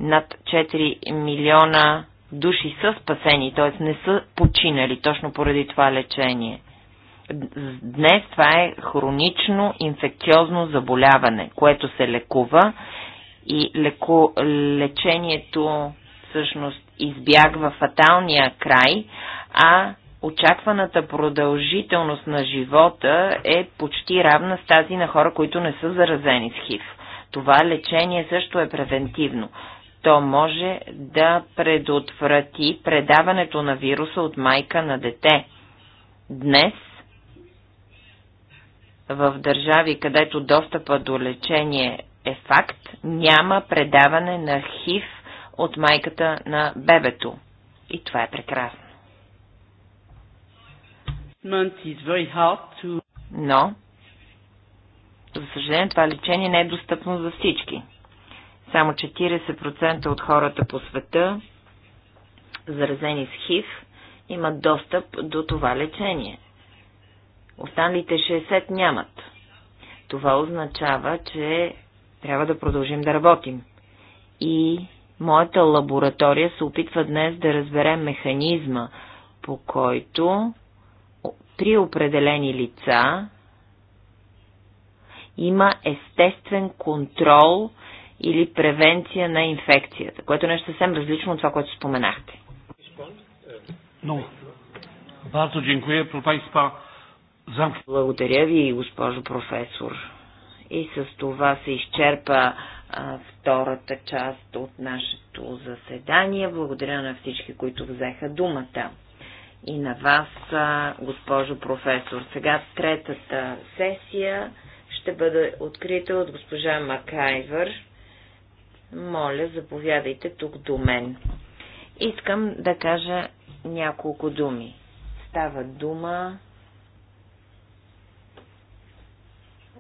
[SPEAKER 2] Над 4 милиона души са спасени, т.е. не са починали точно поради това лечение. Днес това е хронично инфекциозно заболяване, което се лекува и леко, лечението всъщност избягва фаталния край, а очакваната продължителност на живота е почти равна с тази на хора, които не са заразени с ХИВ. Това лечение също е превентивно. То може да предотврати предаването на вируса от майка на дете. Днес в държави, където достъпа до лечение е факт, няма предаване на ХИВ от майката на бебето. И това е прекрасно. Но, за съжаление, това лечение не е достъпно за всички. Само 40% от хората по света, заразени с ХИВ, имат достъп до това лечение. Останалите 60 нямат. Това означава, че трябва да продължим да работим. И моята лаборатория се опитва днес да разберем механизма, по който при определени лица има естествен контрол или превенция на инфекцията, което е нещо съвсем различно от това, което споменахте. Много.
[SPEAKER 1] Благодаря, dziękuję,
[SPEAKER 2] благодаря ви, госпожо професор. И с това се изчерпа а, втората част от нашето заседание. Благодаря на всички, които взеха думата. И на вас, а, госпожо професор. Сега третата сесия ще бъде открита от госпожа Макайвър. Моля, заповядайте тук до мен. Искам да кажа няколко думи. Става дума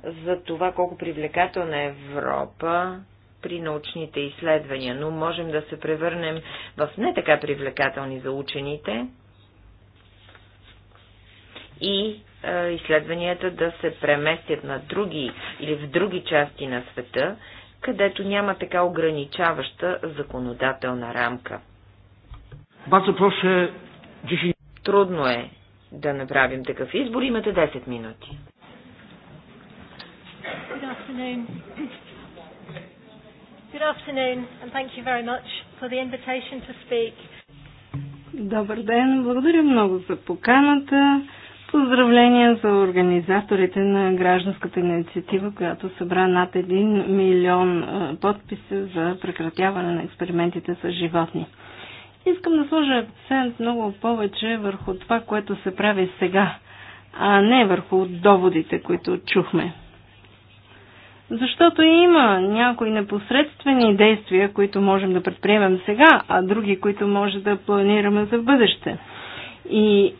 [SPEAKER 2] за това колко привлекателна е Европа при научните изследвания, но можем да се превърнем в не така привлекателни за учените и е, изследванията да се преместят на други или в други части на света, където няма така ограничаваща законодателна рамка. Трудно е да направим такъв избор. Имате 10 минути
[SPEAKER 3] afternoon. Good afternoon, and thank you very much for the invitation to speak.
[SPEAKER 4] Добър ден, благодаря много за поканата. Поздравления за организаторите на гражданската инициатива, която събра над 1 милион е, подписа за прекратяване на експериментите с животни. Искам да сложа акцент много повече върху това, което се прави сега, а не върху доводите, които чухме. Защото има някои непосредствени действия, които можем да предприемем сега, а други, които може да планираме за бъдеще. И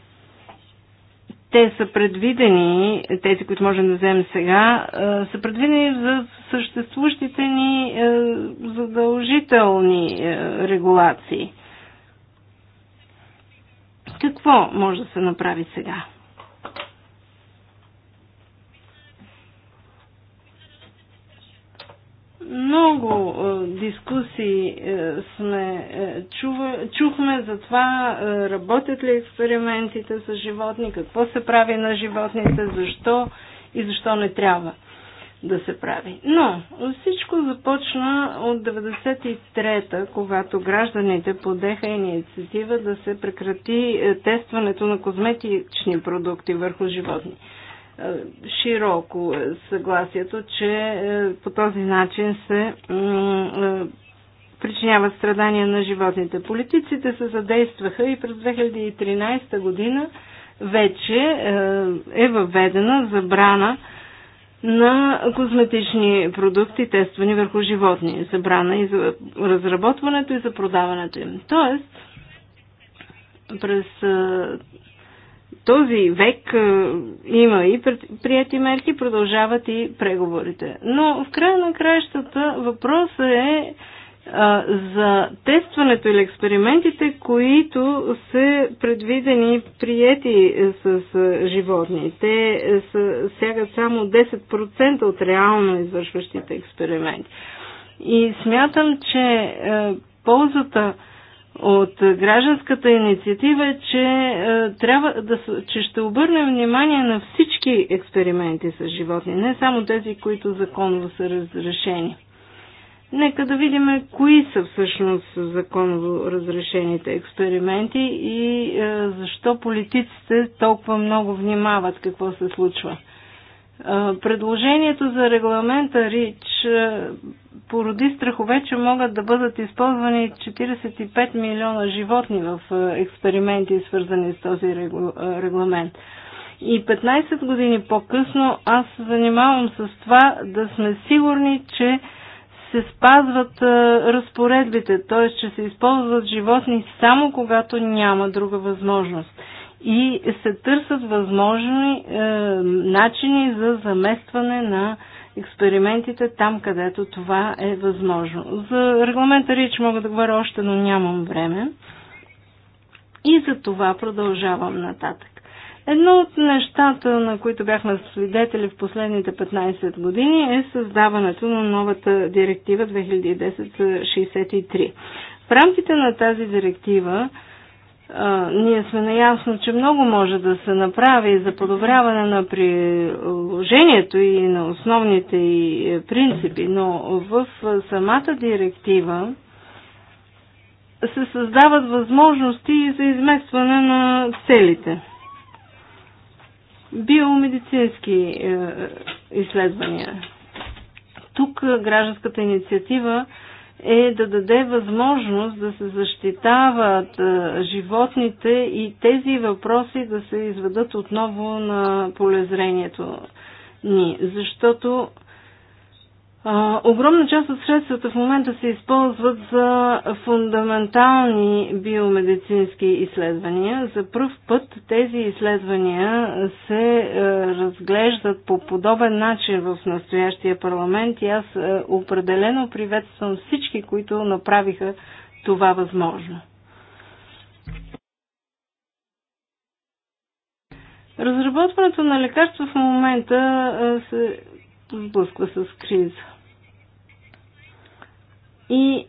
[SPEAKER 4] те са предвидени, тези, които можем да вземем сега, са предвидени за съществуващите ни задължителни регулации. Какво може да се направи сега? Много е, дискусии е, сме е, чува, чухме за това, работят ли експериментите с животни, какво се прави на животните, защо и защо не трябва да се прави. Но всичко започна от 93-та, когато гражданите подеха инициатива да се прекрати тестването на козметични продукти върху животни. Е, широко е съгласието, че е, по този начин се причиняват страдания на животните. Политиците се задействаха и през 2013 година вече е въведена забрана на козметични продукти, тествани върху животни. Забрана и за разработването и за продаването им. Тоест, през този век е, има и прияти мерки, продължават и преговорите. Но в края на краищата въпросът е, е за тестването или експериментите, които са предвидени приети с е, животни. Те сягат само 10% от реално извършващите експерименти. И смятам, че ползата от гражданската инициатива е, че, трябва да, че ще обърнем внимание на всички експерименти с животни, не само тези, които законово са разрешени. Нека да видим кои са всъщност законово разрешените експерименти и е, защо политиците толкова много внимават какво се случва. Предложението за регламента РИЧ породи страхове, че могат да бъдат използвани 45 милиона животни в експерименти, свързани с този регламент. И 15 години по-късно аз се занимавам с това да сме сигурни, че се спазват разпоредбите, т.е. че се използват животни само когато няма друга възможност и се търсят възможни е, начини за заместване на експериментите там, където това е възможно. За регламента РИЧ мога да говоря още, но нямам време. И за това продължавам нататък. Едно от нещата, на които бяхме свидетели в последните 15 години, е създаването на новата директива 2010-63. В рамките на тази директива ние сме наясно, че много може да се направи за подобряване на приложението и на основните и е, принципи, но в е, самата директива се създават възможности за изместване на целите. Биомедицински е, изследвания. Тук гражданската инициатива е да даде възможност да се защитават е, животните и тези въпроси да се изведат отново на полезрението ни. Защото а, огромна част от средствата в момента се използват за фундаментални биомедицински изследвания. За първ път тези изследвания се е, разглеждат по подобен начин в настоящия парламент и аз е, определено приветствам всички, които направиха това възможно. Разработването на лекарства в момента е, се сблъсква с криза. И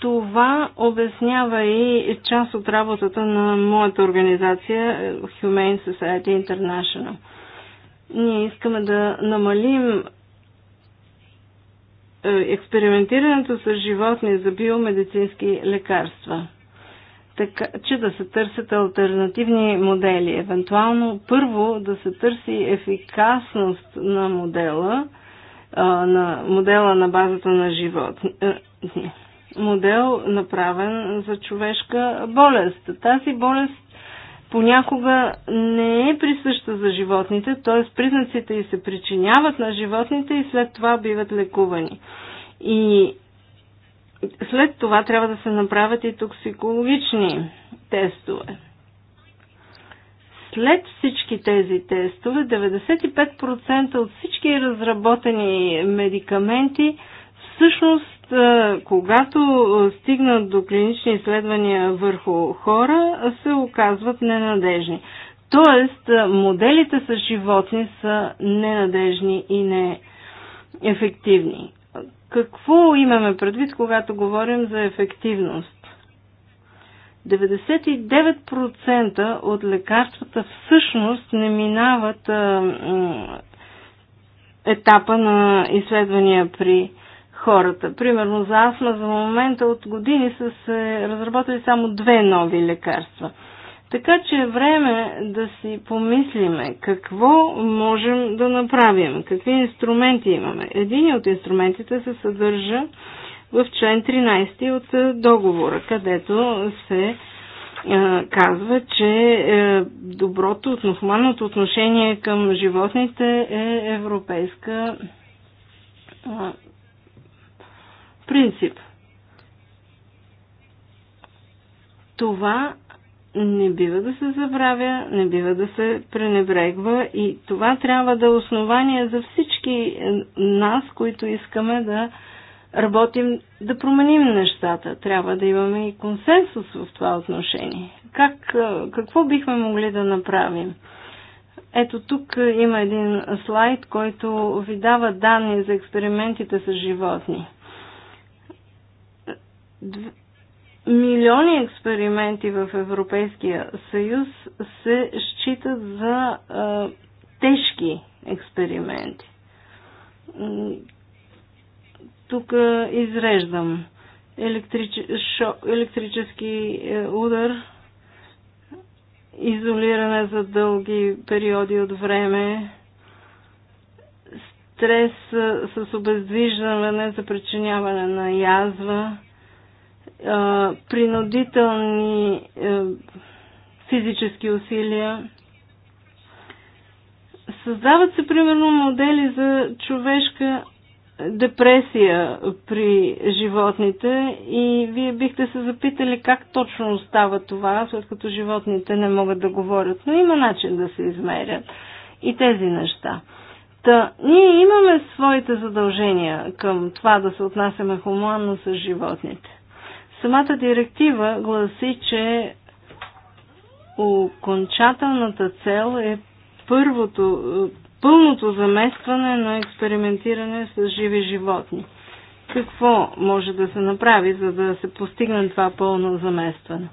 [SPEAKER 4] това обяснява и част от работата на моята организация е, Humane Society International. Ние искаме да намалим е, експериментирането с животни за биомедицински лекарства, така че да се търсят альтернативни модели. Евентуално първо да се търси ефикасност на модела – на модела на базата на живот. Е, Модел направен за човешка болест. Тази болест понякога не е присъща за животните, т.е. признаците й се причиняват на животните и след това биват лекувани. И след това трябва да се направят и токсикологични тестове след всички тези тестове 95% от всички разработени медикаменти всъщност когато стигнат до клинични изследвания върху хора, се оказват ненадежни. Тоест, моделите с животни са ненадежни и неефективни. Какво имаме предвид, когато говорим за ефективност? 99% от лекарствата всъщност не минават етапа на изследвания при хората. Примерно за астма за момента от години са се разработили само две нови лекарства. Така че е време да си помислиме какво можем да направим, какви инструменти имаме. Един от инструментите се съдържа в член 13 от е, договора, където се е, казва, че е, доброто, нахуманното отношение към животните е европейска принцип. Това не бива да се забравя, не бива да се пренебрегва и това трябва да е основание за всички нас, които искаме да работим да променим нещата. Трябва да имаме и консенсус в това отношение. Как, какво бихме могли да направим? Ето тук има един слайд, който ви дава данни за експериментите с животни. Милиони експерименти в Европейския съюз се считат за а, тежки експерименти тук изреждам. Електрич... Шо... Електрически е, удар, изолиране за дълги периоди от време, стрес с обездвижване за причиняване на язва, принудителни е, физически усилия. Създават се, примерно, модели за човешка депресия при животните и вие бихте се запитали как точно става това, след като животните не могат да говорят. Но има начин да се измерят и тези неща. Та, ние имаме своите задължения към това да се отнасяме хуманно с животните. Самата директива гласи, че окончателната цел е първото пълното заместване на експериментиране с живи животни. Какво може да се направи, за да се постигне това пълно заместване?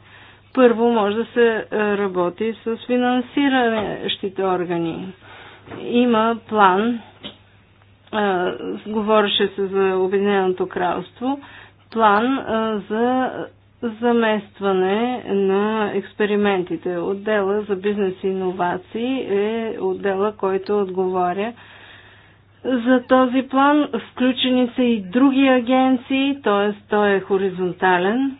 [SPEAKER 4] Първо може да се е, работи с финансиращите органи. Има план, е, говореше се за Обединеното кралство, план е, за заместване на експериментите. Отдела за бизнес и иновации е отдела, който отговаря за този план. Включени са и други агенции, т.е. той е хоризонтален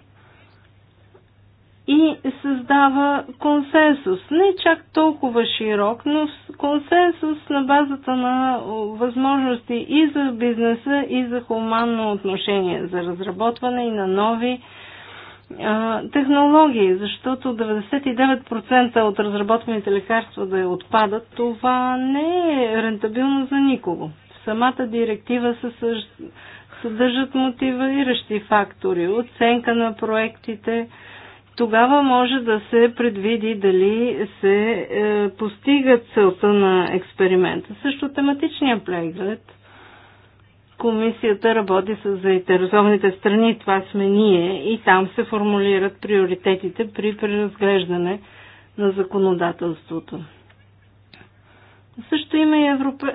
[SPEAKER 4] и създава консенсус. Не чак толкова широк, но консенсус на базата на възможности и за бизнеса, и за хуманно отношение, за разработване и на нови технологии, защото 99% от разработваните лекарства да отпадат, това не е рентабилно за никого. Самата директива се съдържат мотивиращи фактори, оценка на проектите. Тогава може да се предвиди дали се е, постига целта на експеримента. Също тематичния преглед – Комисията работи с заинтересованите страни, това сме ние, и там се формулират приоритетите при преразглеждане на законодателството. Също има и европе...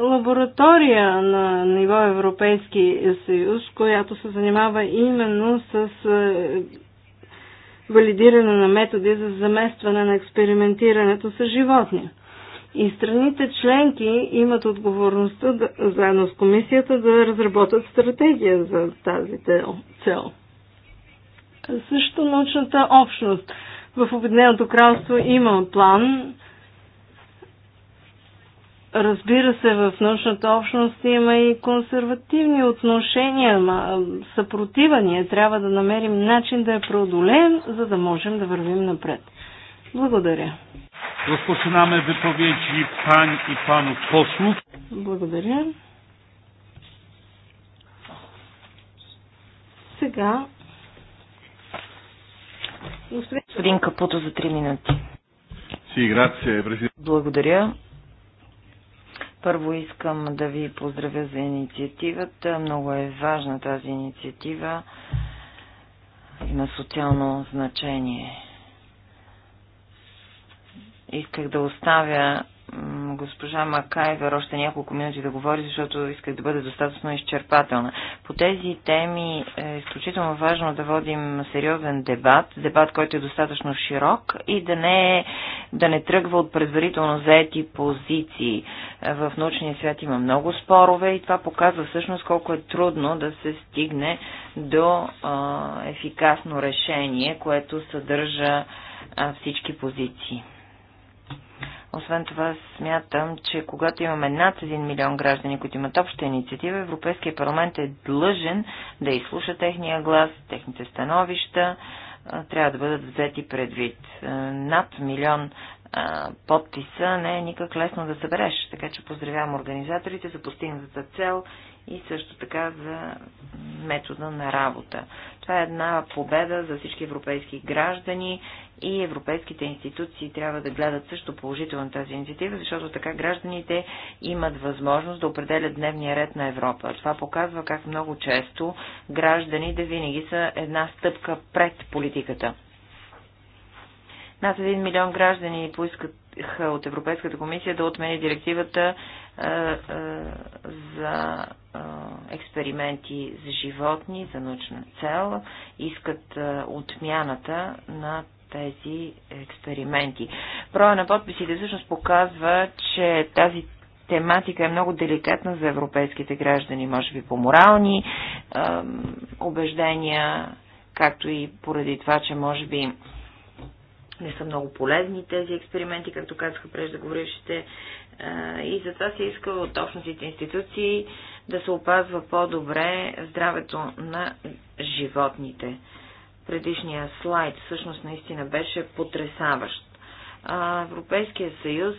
[SPEAKER 4] лаборатория на ниво Европейски съюз, която се занимава именно с е, валидиране на методи за заместване на експериментирането с животни. И страните членки имат отговорността да, заедно с комисията да разработят стратегия за тази цел. Също научната общност. В Обединеното кралство има план. Разбира се, в научната общност има и консервативни отношения, съпротива ние. Трябва да намерим начин да я преодолеем, за да можем да вървим напред. Благодаря.
[SPEAKER 1] Rozpoczynamy wypowiedzi pań i panów posłów.
[SPEAKER 4] Благодаря.
[SPEAKER 2] Сега господин Капуто за 3 минути.
[SPEAKER 1] Благодаря.
[SPEAKER 2] Първо искам да ви поздравя за инициативата. Много е важна тази инициатива. Има социално значение. Исках да оставя госпожа Макайвер още няколко минути да говори, защото исках да бъде достатъчно изчерпателна. По тези теми е изключително важно да водим сериозен дебат, дебат, който е достатъчно широк и да не, е, да не тръгва от предварително заети позиции. Е, в научния свят има много спорове и това показва всъщност колко е трудно да се стигне до ефикасно решение, което съдържа всички позиции. Освен това, смятам, че когато имаме над 1 милион граждани, които имат обща инициатива, Европейския парламент е длъжен да изслуша техния глас, техните становища, трябва да бъдат взети предвид. Над милион подписа не е никак лесно да събереш, така че поздравявам организаторите за постигната цел и също така за метода на работа. Това е една победа за всички европейски граждани и европейските институции трябва да гледат също положително тази инициатива, защото така гражданите имат възможност да определят дневния ред на Европа. Това показва как много често гражданите винаги са една стъпка пред политиката. Над 1 милион граждани поискаха от Европейската комисия да отмени директивата за експерименти за животни, за научна цел, искат отмяната на тези експерименти. Броя на подписите всъщност показва, че тази тематика е много деликатна за европейските граждани, може би по морални убеждения, както и поради това, че може би не са много полезни тези експерименти, както казаха преждеговорившите. Е, и затова се иска от общностите институции да се опазва по-добре здравето на животните. Предишния слайд всъщност наистина беше потрясаващ. Европейския съюз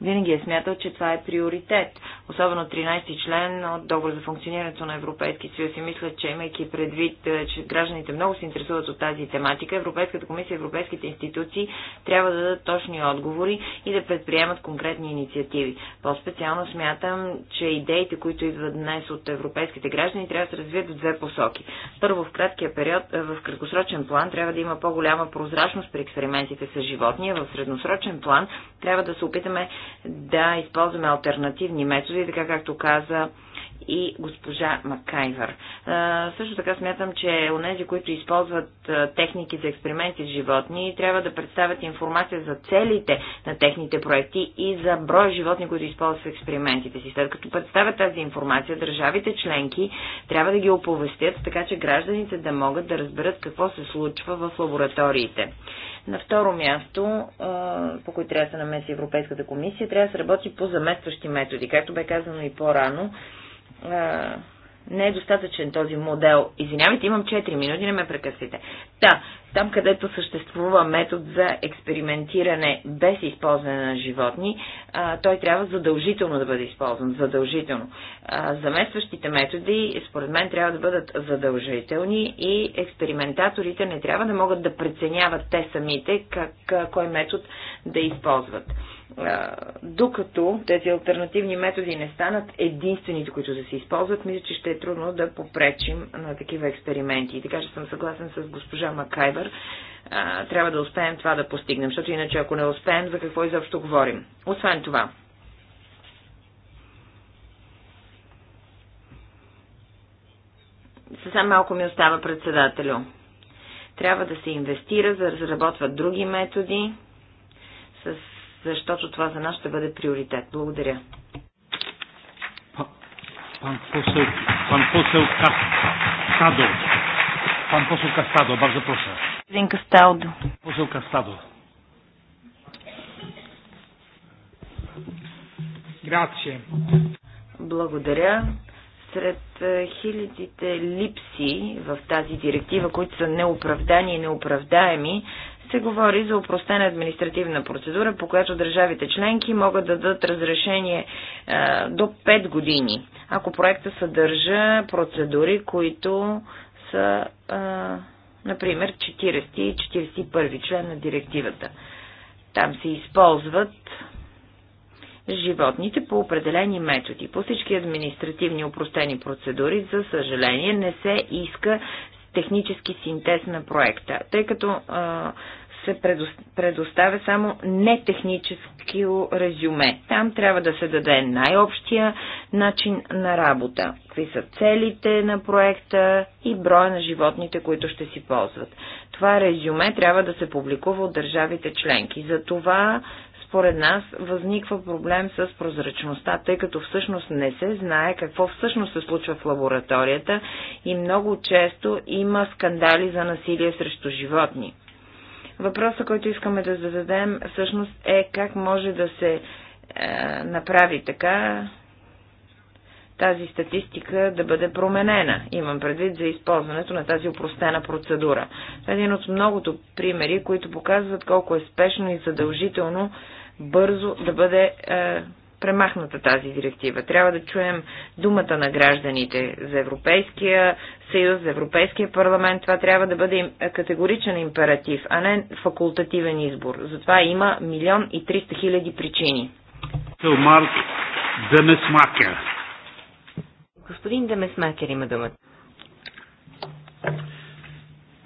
[SPEAKER 2] винаги е смятал, че това е приоритет, особено 13 ти член от договор за функционирането на Европейски съюз и мисля, че имайки предвид, е, че гражданите много се интересуват от тази тематика, Европейската комисия и европейските институции трябва да дадат точни отговори и да предприемат конкретни инициативи. По-специално смятам, че идеите, които идват днес от европейските граждани, трябва да се развият в две посоки. Първо, в краткия период, е, в краткосрочен план, трябва да има по-голяма прозрачност при експериментите с животни, а в средносрочен план трябва да се опитаме да използваме альтернативни методи, така както каза и госпожа Маккайвър. Също така смятам, че онези, които използват техники за експерименти с животни, трябва да представят информация за целите на техните проекти и за броя животни, които използват в експериментите си. След като представят тази информация, държавите членки трябва да ги оповестят, така че гражданите да могат да разберат какво се случва в лабораториите. На второ място, по който трябва да се намеси Европейската комисия, трябва да се работи по заместващи методи. Както бе казано и по-рано, не е достатъчен този модел. Извинявайте, имам 4 минути, не ме прекъсвайте. Та, там където съществува метод за експериментиране без използване на животни, а, той трябва задължително да бъде използван. Задължително. А, заместващите методи, според мен, трябва да бъдат задължителни и експериментаторите не трябва да могат да преценяват те самите как, кой метод да използват докато тези альтернативни методи не станат единствените, които да се използват, мисля, че ще е трудно да попречим на такива експерименти. И така че съм съгласен с госпожа Макайвър. Трябва да успеем това да постигнем, защото иначе ако не успеем, за какво изобщо говорим. Освен това, съвсем малко ми остава председателю. Трябва да се инвестира, за да разработват други методи с защото това за нас ще бъде приоритет. Благодаря.
[SPEAKER 1] Pan poseł, pan poseł Castado. Pan poseł Castado, bardzo proszę. Pan Castaldo. Poseł Castado.
[SPEAKER 2] Grazie. Благодаря. Сред е, хилядите липси в тази директива, които са неоправдани и неоправдаеми, се говори за упростена административна процедура, по която държавите членки могат да дадат разрешение а, е, до 5 години, ако проекта съдържа процедури, които са, а, е, например, 40 и 41 член на директивата. Там се използват животните по определени методи. По всички административни упростени процедури, за съжаление, не се иска технически синтез на проекта, тъй като а, се предоставя само нетехнически резюме. Там трябва да се даде най-общия начин на работа. Какви са целите на проекта и броя на животните, които ще си ползват. Това резюме трябва да се публикува от държавите членки. За това според нас възниква проблем с прозрачността, тъй като всъщност не се знае какво всъщност се случва в лабораторията и много често има скандали за насилие срещу животни. Въпросът, който искаме да зададем всъщност е как може да се е, направи така, тази статистика да бъде променена. Имам предвид за използването на тази упростена процедура. Това е един от многото примери, които показват колко е спешно и задължително бързо да бъде е, премахната тази директива. Трябва да чуем думата на гражданите за Европейския съюз, за Европейския парламент. Това трябва да бъде е, категоричен императив, а не факултативен избор. Затова има милион и триста хиляди причини. Марк
[SPEAKER 1] Демесмакер.
[SPEAKER 3] Господин Демесмакер има думата.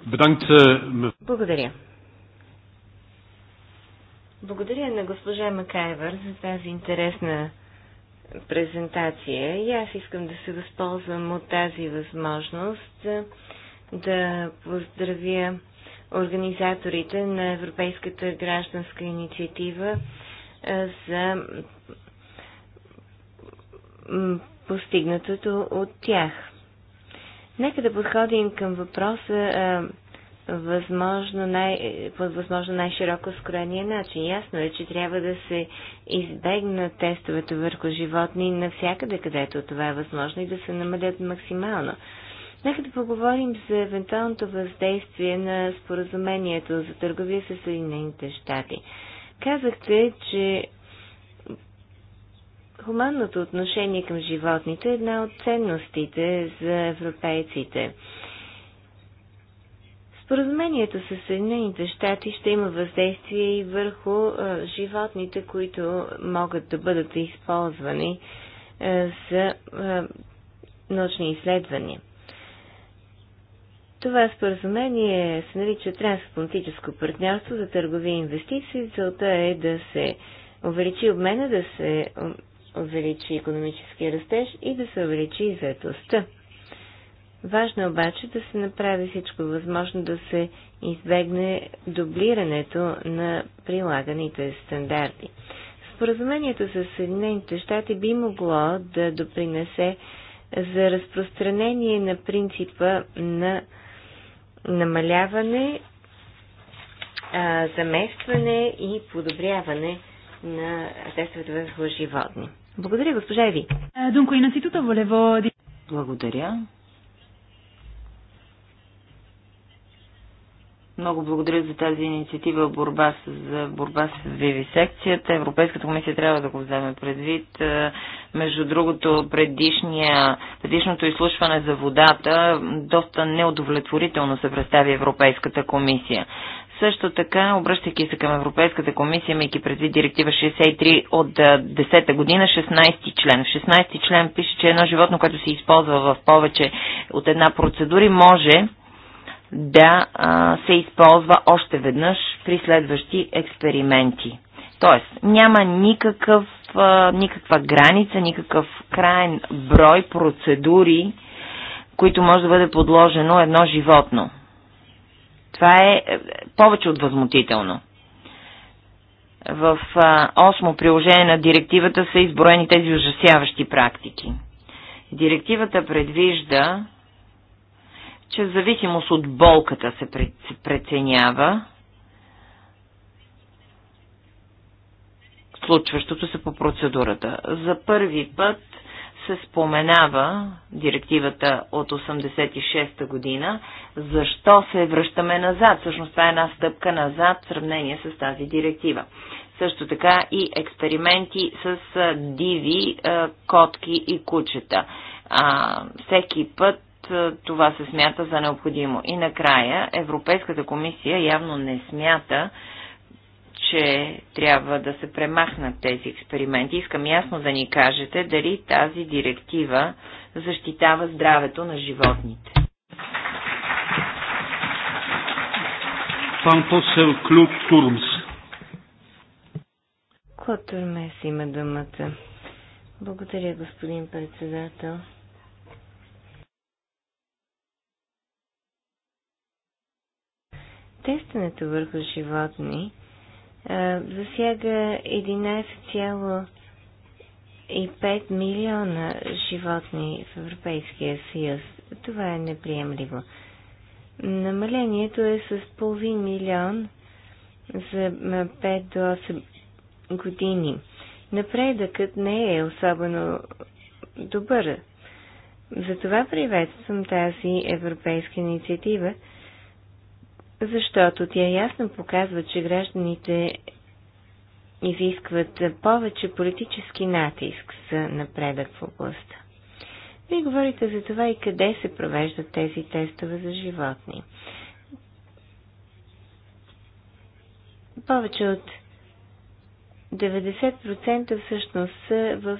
[SPEAKER 1] Eh,
[SPEAKER 3] Благодаря. Благодаря на госпожа Макайвър за тази интересна презентация и аз искам да се възползвам от тази възможност е, да поздравя организаторите на Европейската гражданска инициатива е, за постигнатото от тях. Нека да подходим към въпроса а, възможно най, под възможно най-широко скроения начин. Ясно е, че трябва да се избегнат тестовете върху животни навсякъде, където това е възможно и да се намалят максимално. Нека да поговорим за евентуалното въздействие на споразумението за търговия с Съединените щати. Казахте, че Хуманното отношение към животните е една от ценностите за европейците. Споразумението с Съединените щати ще има въздействие и върху животните, които могат да бъдат използвани за научни изследвания. Това споразумение се нарича трансатлантическо партньорство за търговия и инвестиции. Целта е да се увеличи обмена, да се увеличи економическия растеж и да се увеличи и заетостта. Важно е обаче да се направи всичко възможно да се избегне дублирането на прилаганите стандарти. Споразумението с Съединените щати би могло да допринесе за разпространение на принципа на намаляване, заместване и подобряване на тестовете върху животни. Благодаря, госпожа Еви.
[SPEAKER 2] Е, дунко, инацитутът волево... Благодаря. Много благодаря за тази инициатива борба с, за борба с вивисекцията. Европейската комисия трябва да го вземе предвид. Е, между другото, предишното изслушване за водата доста неудовлетворително се представи Европейската комисия. Също така, обръщайки се към Европейската комисия, имайки предвид директива 63 от 10 година, 16 член. В 16 член пише, че едно животно, което се използва в повече от една процедури, може да а, се използва още веднъж при следващи експерименти. Тоест, няма никакъв, а, никаква граница, никакъв крайен брой процедури, които може да бъде подложено едно животно. Това е повече от възмутително. В осмо приложение на директивата са изброени тези ужасяващи практики. Директивата предвижда, че в зависимост от болката се преценява случващото се по процедурата. За първи път се споменава директивата от 86-та година, защо се връщаме назад. Всъщност това е една стъпка назад в сравнение с тази директива. Също така и експерименти с диви котки и кучета. всеки път това се смята за необходимо. И накрая Европейската комисия явно не смята, че трябва да се премахнат тези експерименти. Искам ясно да ни кажете дали тази директива защитава здравето на животните.
[SPEAKER 1] Пан Клюк Турмс.
[SPEAKER 3] Клод Турмес има думата. Благодаря, господин председател. Тестването върху животни е, засяга 11,5 милиона животни в Европейския съюз. Това е неприемливо. Намалението е с половин милион за 5 до 8 години. Напредъкът не е особено добър. Затова приветствам тази европейска инициатива – защото тя ясно показва, че гражданите изискват повече политически натиск за напредък в областта. Вие говорите за това и къде се провеждат тези тестове за животни. Повече от 90% всъщност са в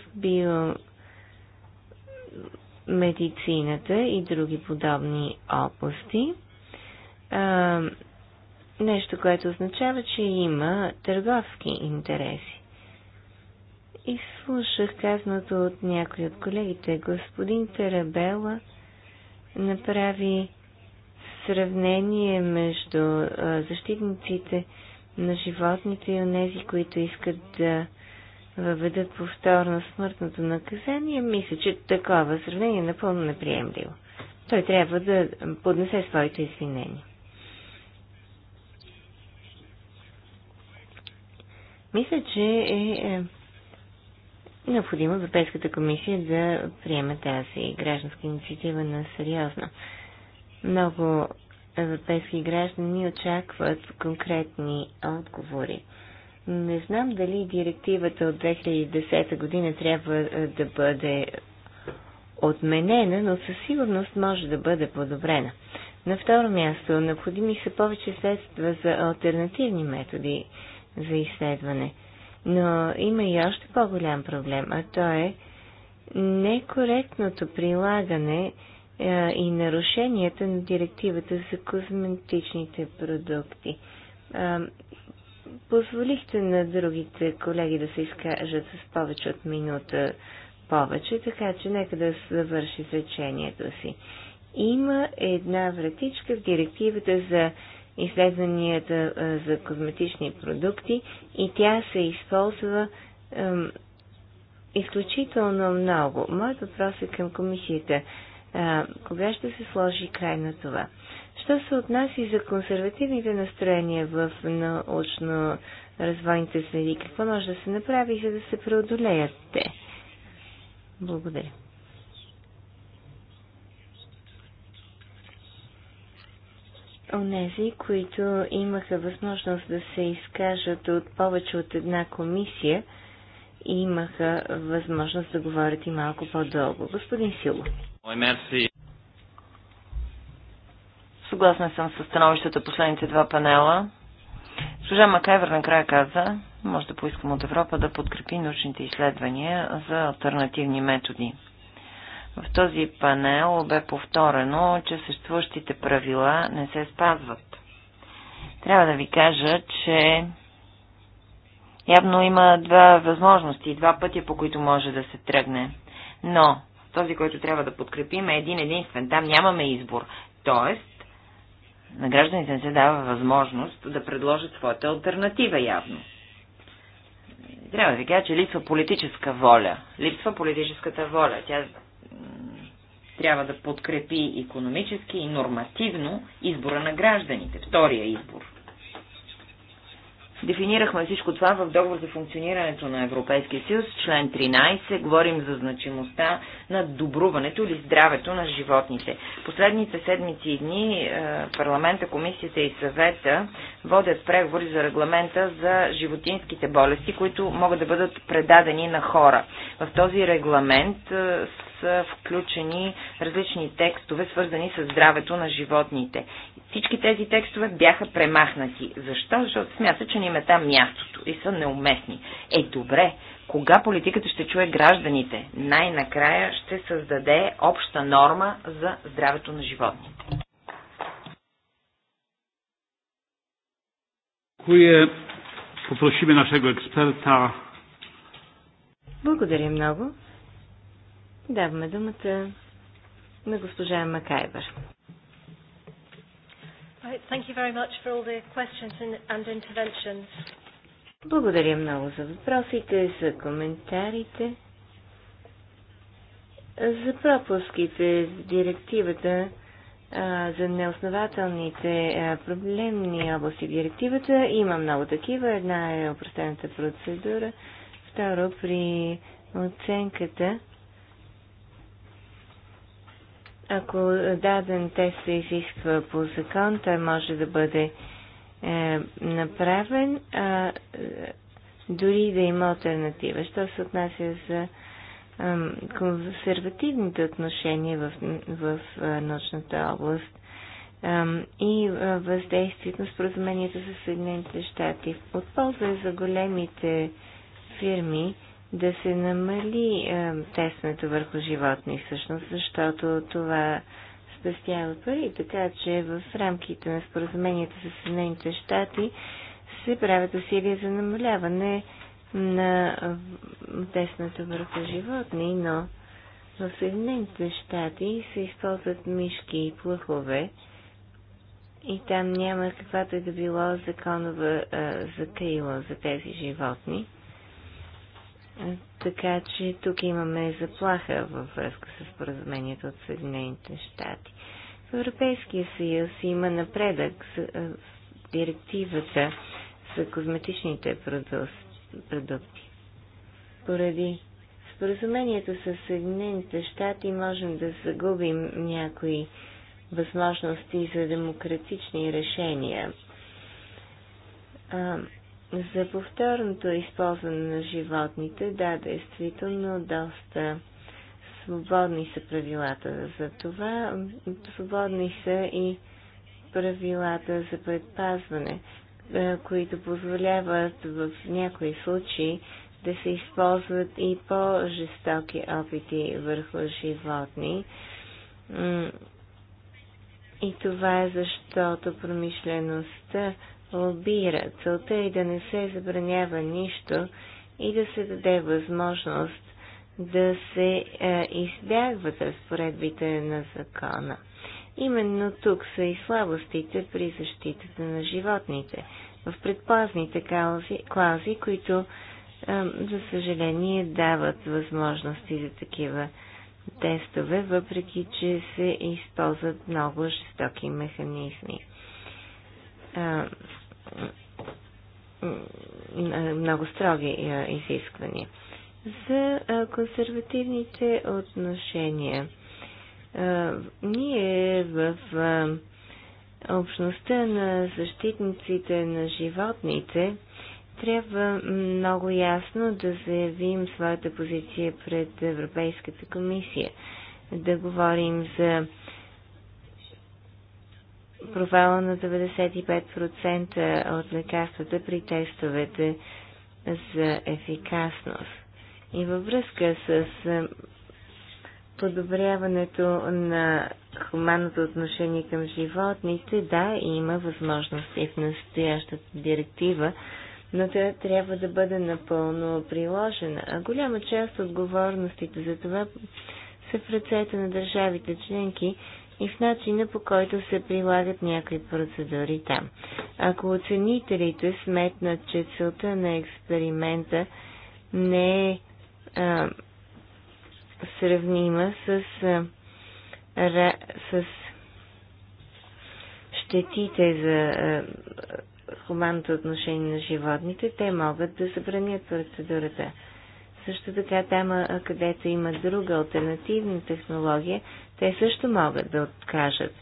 [SPEAKER 3] биомедицината и други подобни области – а, нещо, което означава, че има търговски интереси. И слушах казаното от някой от колегите. Господин Тарабела направи сравнение между защитниците на животните и онези, които искат да въведат повторно смъртното наказание, мисля, че такова сравнение е напълно неприемливо. Той трябва да поднесе своите извинения. Мисля, че е, е необходимо Европейската комисия да приеме тази гражданска инициатива на сериозно. Много европейски граждани очакват конкретни отговори. Не знам дали директивата от 2010 година трябва е, да бъде отменена, но със сигурност може да бъде подобрена. На второ място, необходими са повече средства за альтернативни методи за изследване. Но има и още по-голям проблем, а то е некоректното прилагане а, е, и нарушенията на директивата за козметичните продукти. А, е, позволихте на другите колеги да се изкажат с повече от минута повече, така че нека да завърши изречението си. Има една вратичка в директивата за изследванията за козметични продукти и тя се използва изключително много. Моят въпрос е към комисията. кога ще се сложи край на това? Що се отнася за консервативните настроения в научно-развойните среди? Какво може да се направи, за да се преодолеят те? Благодаря. онези, които имаха възможност да се изкажат от повече от една комисия, и имаха възможност да говорят и малко по-дълго. Господин Сило.
[SPEAKER 2] Съгласна съм с становищата последните два панела. Служа Макайвер накрая каза, може да поискам от Европа да подкрепи научните изследвания за альтернативни методи. В този панел бе повторено, че съществуващите правила не се спазват. Трябва да ви кажа, че явно има два възможности, два пътя, по които може да се тръгне. Но този, който трябва да подкрепим е един единствен. Там нямаме избор. Тоест, на гражданите не се дава възможност да предложат своята альтернатива явно. Трябва да ви кажа, че липсва политическа воля. Липсва политическата воля. Тя трябва да подкрепи економически и нормативно избора на гражданите, втория избор. Дефинирахме всичко това в договор за функционирането на Европейския съюз, член 13, говорим за значимостта на добруването или здравето на животните. Последните седмици и дни е, парламента, комисията и съвета водят преговори за регламента за животинските болести, които могат да бъдат предадени на хора. В този регламент е, са включени различни текстове, свързани с здравето на животните. Всички тези текстове бяха премахнати. Защо? Защото смята, че не им е там мястото и са неуместни. Е, добре, кога политиката ще чуе гражданите? Най-накрая ще създаде обща норма за здравето на животните.
[SPEAKER 1] Кое Poprosimy нашего експерта.
[SPEAKER 3] Благодаря много. Даваме думата на госпожа Макайбър. Thank you very much for all the questions and interventions. Благодаря много за въпросите, за коментарите. За пропуските в директивата, за неоснователните проблемни области в директивата, има много такива. Една е опростената процедура, второ при оценката ако даден тест се изисква по закон, той може да бъде е, направен, а, е, дори да има альтернатива. Що се отнася за е, консервативните отношения в, в е, научната област е, и е, въздействието на споразумението с Съединените щати. От полза е за големите фирми, да се намали е, тестването върху животни всъщност, защото това спестява пари, така че в рамките на споразумението с Съединените щати се правят усилия за намаляване на е, тесната върху животни, но в Съединените щати се използват мишки и плъхове и там няма каквато и да било законова е, закрила за тези животни. Така че тук имаме заплаха във връзка с поразумението от Съединените щати. В Европейския съюз има напредък с, с директивата за козметичните продукти. Поради споразумението с Съединените щати можем да загубим някои възможности за демократични решения. За повторното използване на животните, да, действително, доста свободни са правилата за това. Свободни са и правилата за предпазване, е, които позволяват в някои случаи да се използват и по-жестоки опити върху животни. И това е защото промишлеността лобира. Целта е да не се забранява нищо и да се даде възможност да се е, избягват разпоредбите на закона. Именно тук са и слабостите при защитата на животните, в предпазните клаузи, клаузи които, е, за съжаление, дават възможности за такива тестове, въпреки че се използват много жестоки механизми. Е, много строги е, изисквания. За е, консервативните отношения. Е, ние в общността на защитниците на животните трябва много ясно да заявим своята позиция пред Европейската комисия. Да говорим за провала на 95% от лекарствата при тестовете за ефикасност. И във връзка с е, подобряването на хуманното отношение към животните, да, има възможности в настоящата директива, но тя трябва да бъде напълно приложена. А голяма част от отговорностите за това са в ръцете на държавите членки, и в начина по който се прилагат някои процедури там. Ако оценителите сметнат, че целта на експеримента не е а, сравнима с, а, ра, с щетите за а, хуманното отношение на животните, те могат да забранят процедурата. Също така там, където има друга альтернативна технология, те също могат да откажат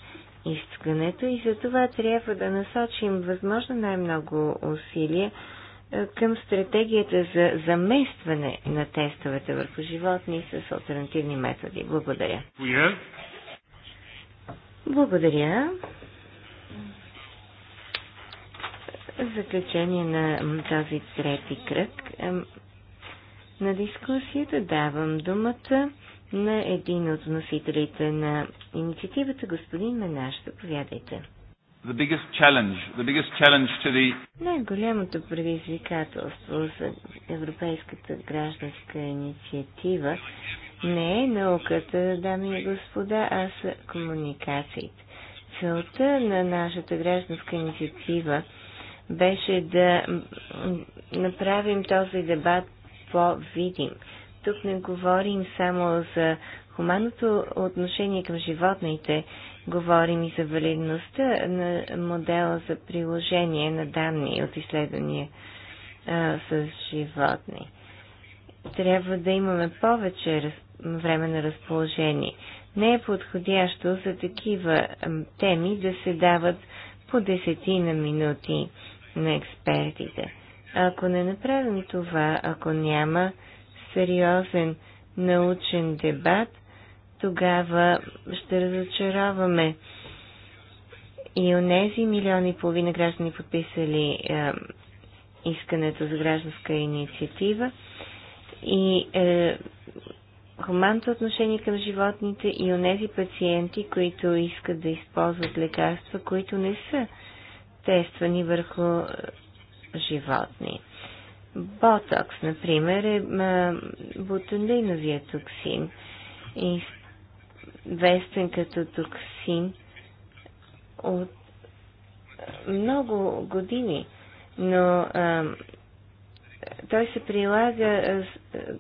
[SPEAKER 3] искането и за това трябва да насочим възможно най-много усилия е, към стратегията за заместване на тестовете върху животни с альтернативни методи. Благодаря. Благодаря. В заключение на този трети кръг на дискусията давам думата на един от носителите на инициативата, господин Менаш. Заповядайте.
[SPEAKER 1] The biggest challenge, the biggest challenge to the...
[SPEAKER 3] Най-голямото предизвикателство за Европейската гражданска инициатива не е науката, дами и господа, а са комуникациите. Целта на нашата гражданска инициатива беше да направим този дебат по-видим, тук не говорим само за хуманното отношение към животните, говорим и за валидността на модела за приложение на данни от изследвания а, с животни. Трябва да имаме повече раз... време на разположение. Не е подходящо за такива теми да се дават по десетина минути на експертите. Ако не направим това, ако няма сериозен научен дебат, тогава ще разочароваме и онези милиони и половина граждани подписали е, искането за гражданска инициатива и е, хуманното отношение към животните и онези пациенти, които искат да използват лекарства, които не са тествани върху е, животни. Ботокс, например, е бутандиновия токсин, известен като токсин от много години, но а, той се прилага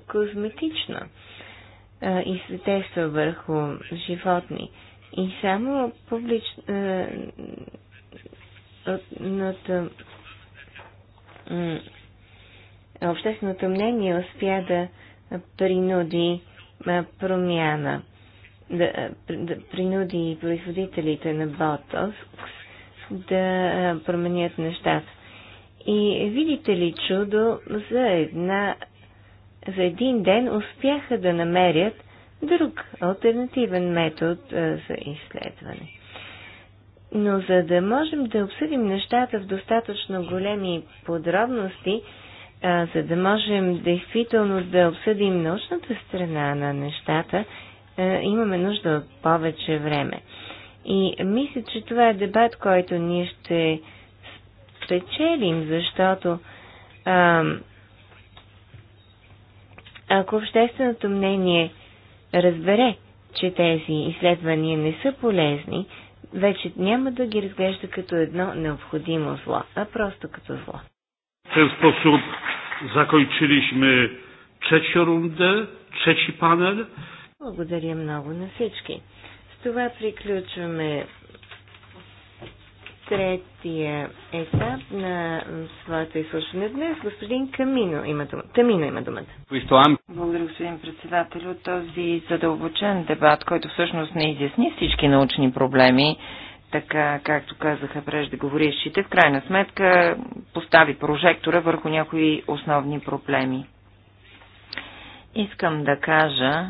[SPEAKER 3] козметично а, и се тества върху животни. И само публично общественото мнение успя да принуди промяна, да, да принуди производителите на Ботокс да променят нещата. И видите ли чудо, за, една, за един ден успяха да намерят друг альтернативен метод за изследване. Но за да можем да обсъдим нещата в достатъчно големи подробности, а, за да можем действително да обсъдим научната страна на нещата, а, имаме нужда от повече време. И мисля, че това е дебат, който ние ще спечелим, защото а, ако общественото мнение разбере, че тези изследвания не са полезни, вече няма да ги разглежда като едно необходимо зло, а просто като зло.
[SPEAKER 1] W ten sposób zakończyliśmy trzecią rundę, trzeci panel.
[SPEAKER 3] Благодаря много на всички. С това приключваме третия етап на своето изслушване днес. Господин Камино има думата. Камино има думата. Благодаря, господин председател, от този
[SPEAKER 2] задълбочен дебат, който всъщност не изясни всички научни проблеми така както казаха преждеговорившите, в крайна сметка постави прожектора върху някои основни проблеми. Искам да кажа,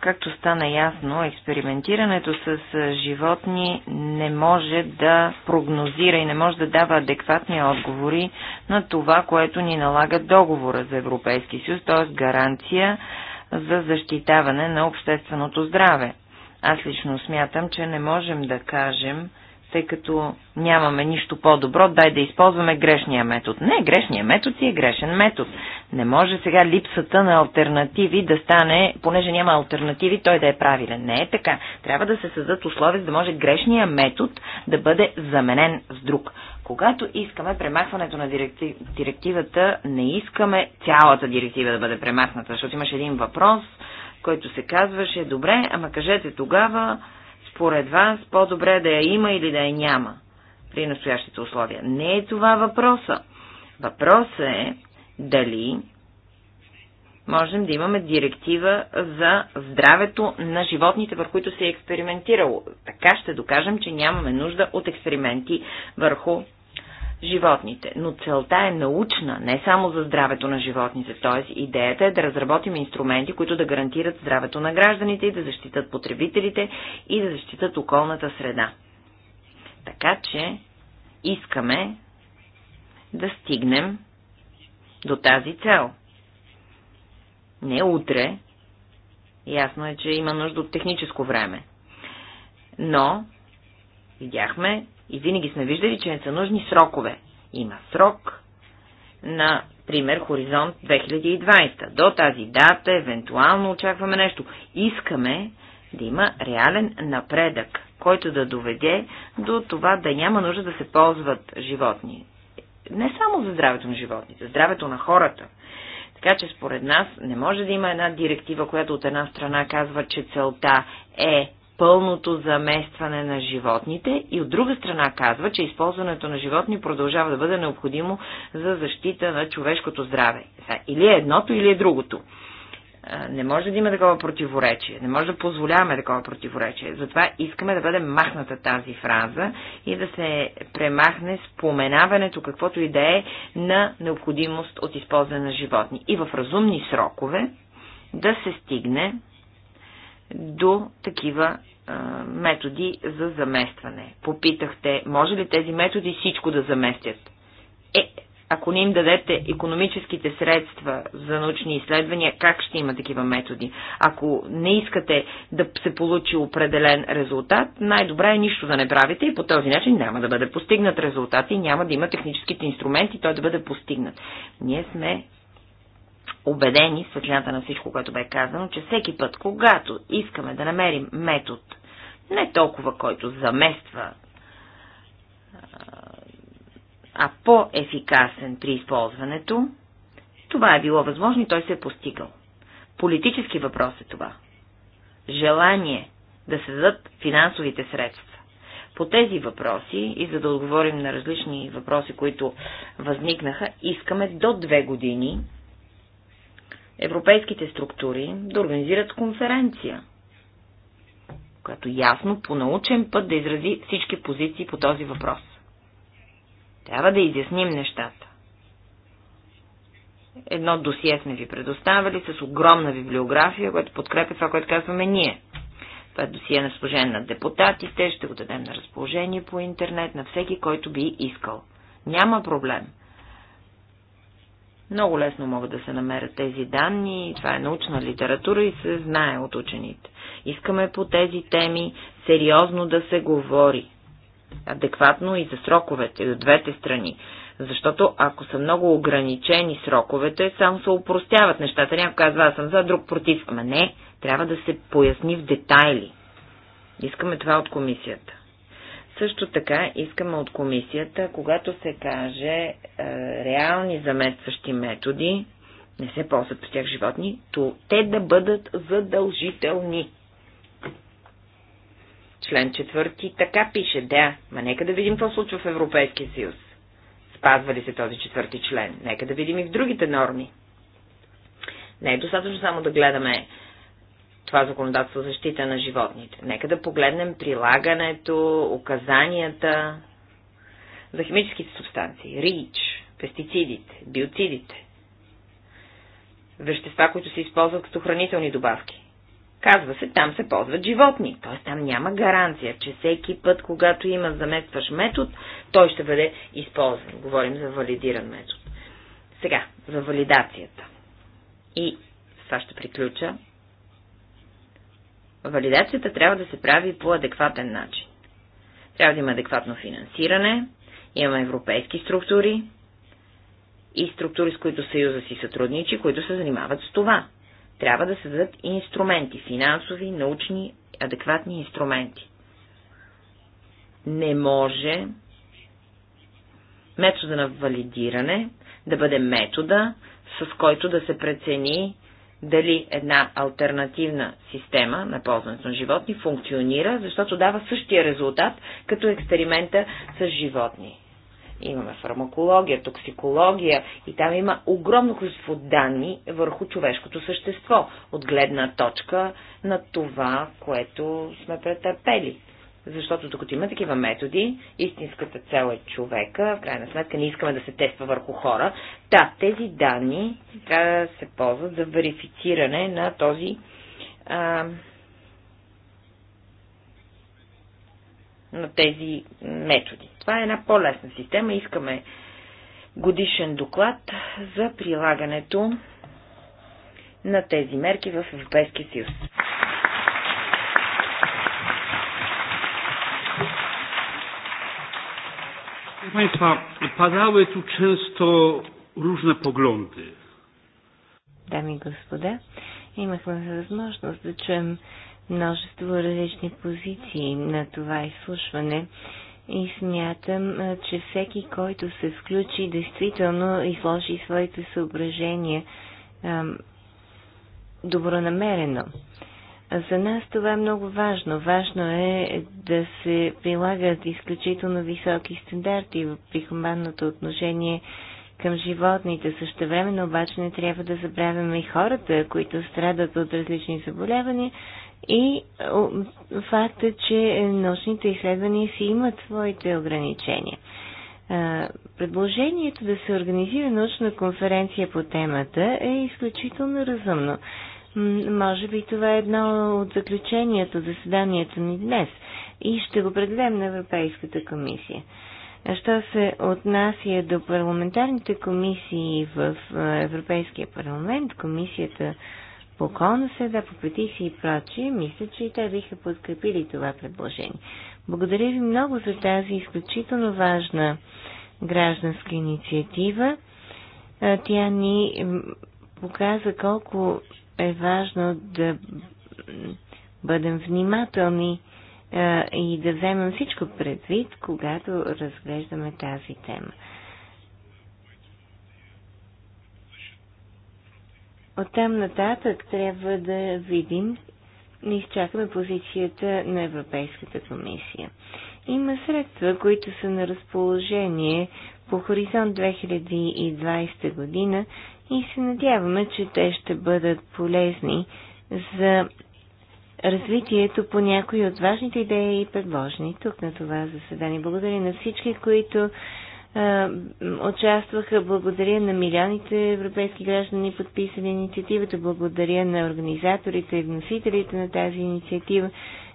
[SPEAKER 2] както стана ясно, експериментирането с животни не може да прогнозира и не може да дава адекватни отговори на това, което ни налага договора за Европейски съюз, т.е. гаранция за защитаване на общественото здраве. Аз лично смятам, че не можем да кажем, тъй като нямаме нищо по-добро, дай да използваме грешния метод. Не, грешния метод си е грешен метод. Не може сега липсата на альтернативи да стане, понеже няма альтернативи, той да е правилен. Не е така. Трябва да се създадат условия, за да може грешния метод да бъде заменен с друг. Когато искаме премахването на директивата, не искаме цялата директива да бъде премахната, защото имаше един въпрос, който се казваше, добре, ама кажете тогава, според вас, по-добре да я има или да я няма при настоящите условия. Не е това въпроса. Въпросът е дали можем да имаме директива за здравето на животните, върху които се е експериментирало. Така ще докажем, че нямаме нужда от експерименти върху животните. Но целта е научна, не само за здравето на животните. Т.е. идеята е да разработим инструменти, които да гарантират здравето на гражданите и да защитат потребителите и да защитат околната среда. Така че искаме да стигнем до тази цел. Не утре. Ясно е, че има нужда от техническо време. Но видяхме, и винаги сме виждали, че не са нужни срокове. Има срок, на пример, хоризонт 2020. До тази дата, евентуално, очакваме нещо. Искаме да има реален напредък, който да доведе до това да няма нужда да се ползват животни. Не само за здравето на животните, за здравето на хората. Така че според нас не може да има една директива, която от една страна казва, че целта е пълното заместване на животните и от друга страна казва, че използването на животни продължава да бъде необходимо за защита на човешкото здраве. Или е едното, или е другото. Не може да има такова противоречие. Не може да позволяваме такова противоречие. Затова искаме да бъде махната тази фраза и да се премахне споменаването, каквото и да е, на необходимост от използване на животни. И в разумни срокове да се стигне до такива методи за заместване. Попитахте, може ли тези методи всичко да заместят? Е, ако не им дадете економическите средства за научни изследвания, как ще има такива методи? Ако не искате да се получи определен резултат, най-добре е нищо да не правите и по този начин няма да бъде постигнат резултат и няма да има техническите инструменти той да бъде постигнат. Ние сме убедени, в светлината на всичко, което бе казано, че всеки път, когато искаме да намерим метод, не толкова който замества, а по-ефикасен при използването, това е било възможно и той се е постигал. Политически въпрос е това. Желание да се дадат финансовите средства по тези въпроси и за да отговорим на различни въпроси, които възникнаха, искаме до две години европейските структури да организират конференция, която ясно по научен път да изрази всички позиции по този въпрос. Трябва да изясним нещата. Едно досие сме ви предоставили с огромна библиография, което подкрепя това, което казваме ние. Това е досие на служение на депутатите, ще го дадем на разположение по интернет на всеки, който би искал. Няма проблем. Много лесно могат да се намерят тези данни, това е научна литература и се знае от учените. Искаме по тези теми сериозно да се говори, адекватно и за сроковете от двете страни. Защото ако са много ограничени сроковете, само се упростяват нещата. Някой казва, аз съм за, друг против. Ама не, трябва да се поясни в детайли. Искаме това от комисията. Също така искаме от комисията, когато се каже е, реални заместващи методи, не се ползват при тях животни, то те да бъдат задължителни. Член четвърти така пише, да, ма нека да видим какво случва в Европейския съюз. Спазва ли се този четвърти член? Нека да видим и в другите норми. Не е достатъчно само да гледаме това законодателство защита на животните. Нека да погледнем прилагането, указанията за химическите субстанции, рич, пестицидите, биоцидите, вещества, които се използват като хранителни добавки. Казва се, там се ползват животни, т.е. там няма гаранция, че всеки път, когато има заместващ метод, той ще бъде използван. Говорим за валидиран метод. Сега, за валидацията. И това ще приключа. Валидацията трябва да се прави по адекватен начин. Трябва да има адекватно финансиране, имаме европейски структури и структури, с които Съюза си сътрудничи, които се занимават с това. Трябва да се дадат инструменти, финансови, научни, адекватни инструменти. Не може метода на валидиране да бъде метода, с който да се прецени дали една альтернативна система на ползването на животни функционира, защото дава същия резултат като експеримента с животни. Имаме фармакология, токсикология и там има огромно количество данни върху човешкото същество, от гледна точка на това, което сме претърпели. Защото докато има такива методи, истинската цел е човека, в крайна сметка не искаме да се тества върху хора. Да, тези данни трябва да се ползват за верифициране на този а, на тези методи. Това е една по-лесна система. Искаме годишен доклад за прилагането на тези мерки в Европейския съюз.
[SPEAKER 1] Proszę Państwa, padały tu często różne poglądy.
[SPEAKER 3] Dami господа, имахме възможност да чуем множество различни позиции на това изслушване и смятам, че всеки, който се включи, действително изложи своите съображения добронамерено. За нас това е много важно. Важно е да се прилагат изключително високи стандарти в хуманното отношение към животните. Също време, обаче не трябва да забравяме и хората, които страдат от различни заболявания и факта, че научните изследвания си имат своите ограничения. Предложението да се организира научна конференция по темата е изключително разумно. Може би това е едно от заключението заседанието ни днес и ще го предадем на Европейската комисия. Що се отнася до парламентарните комисии в Европейския парламент, комисията по околна среда, по петиции и прочие, мисля, че и те биха подкрепили това предложение. Благодаря ви много за тази изключително важна гражданска инициатива. Тя ни показа колко е важно да бъдем внимателни а, е, и да вземем всичко предвид, когато разглеждаме тази тема. Оттам нататък трябва да видим и изчакаме позицията на Европейската комисия. Има средства, които са на разположение по Хоризонт 2020 година и се надяваме, че те ще бъдат полезни за развитието по някои от важните идеи, и предложени тук на това заседание. Благодаря на всички, които участваха. Благодаря на милионите европейски граждани, подписали инициативата. Благодаря на организаторите и вносителите на тази инициатива.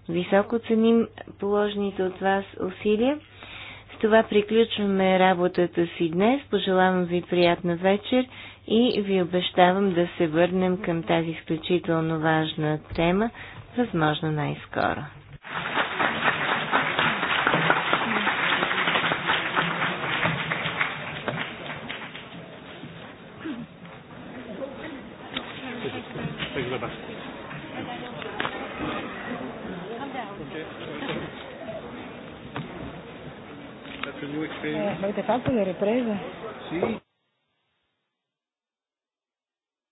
[SPEAKER 3] Високо ценим положените от вас усилия. С това приключваме работата си днес. Пожелавам ви приятна вечер и ви обещавам да се върнем към тази изключително важна тема, възможно най-скоро.
[SPEAKER 2] Avete
[SPEAKER 1] е,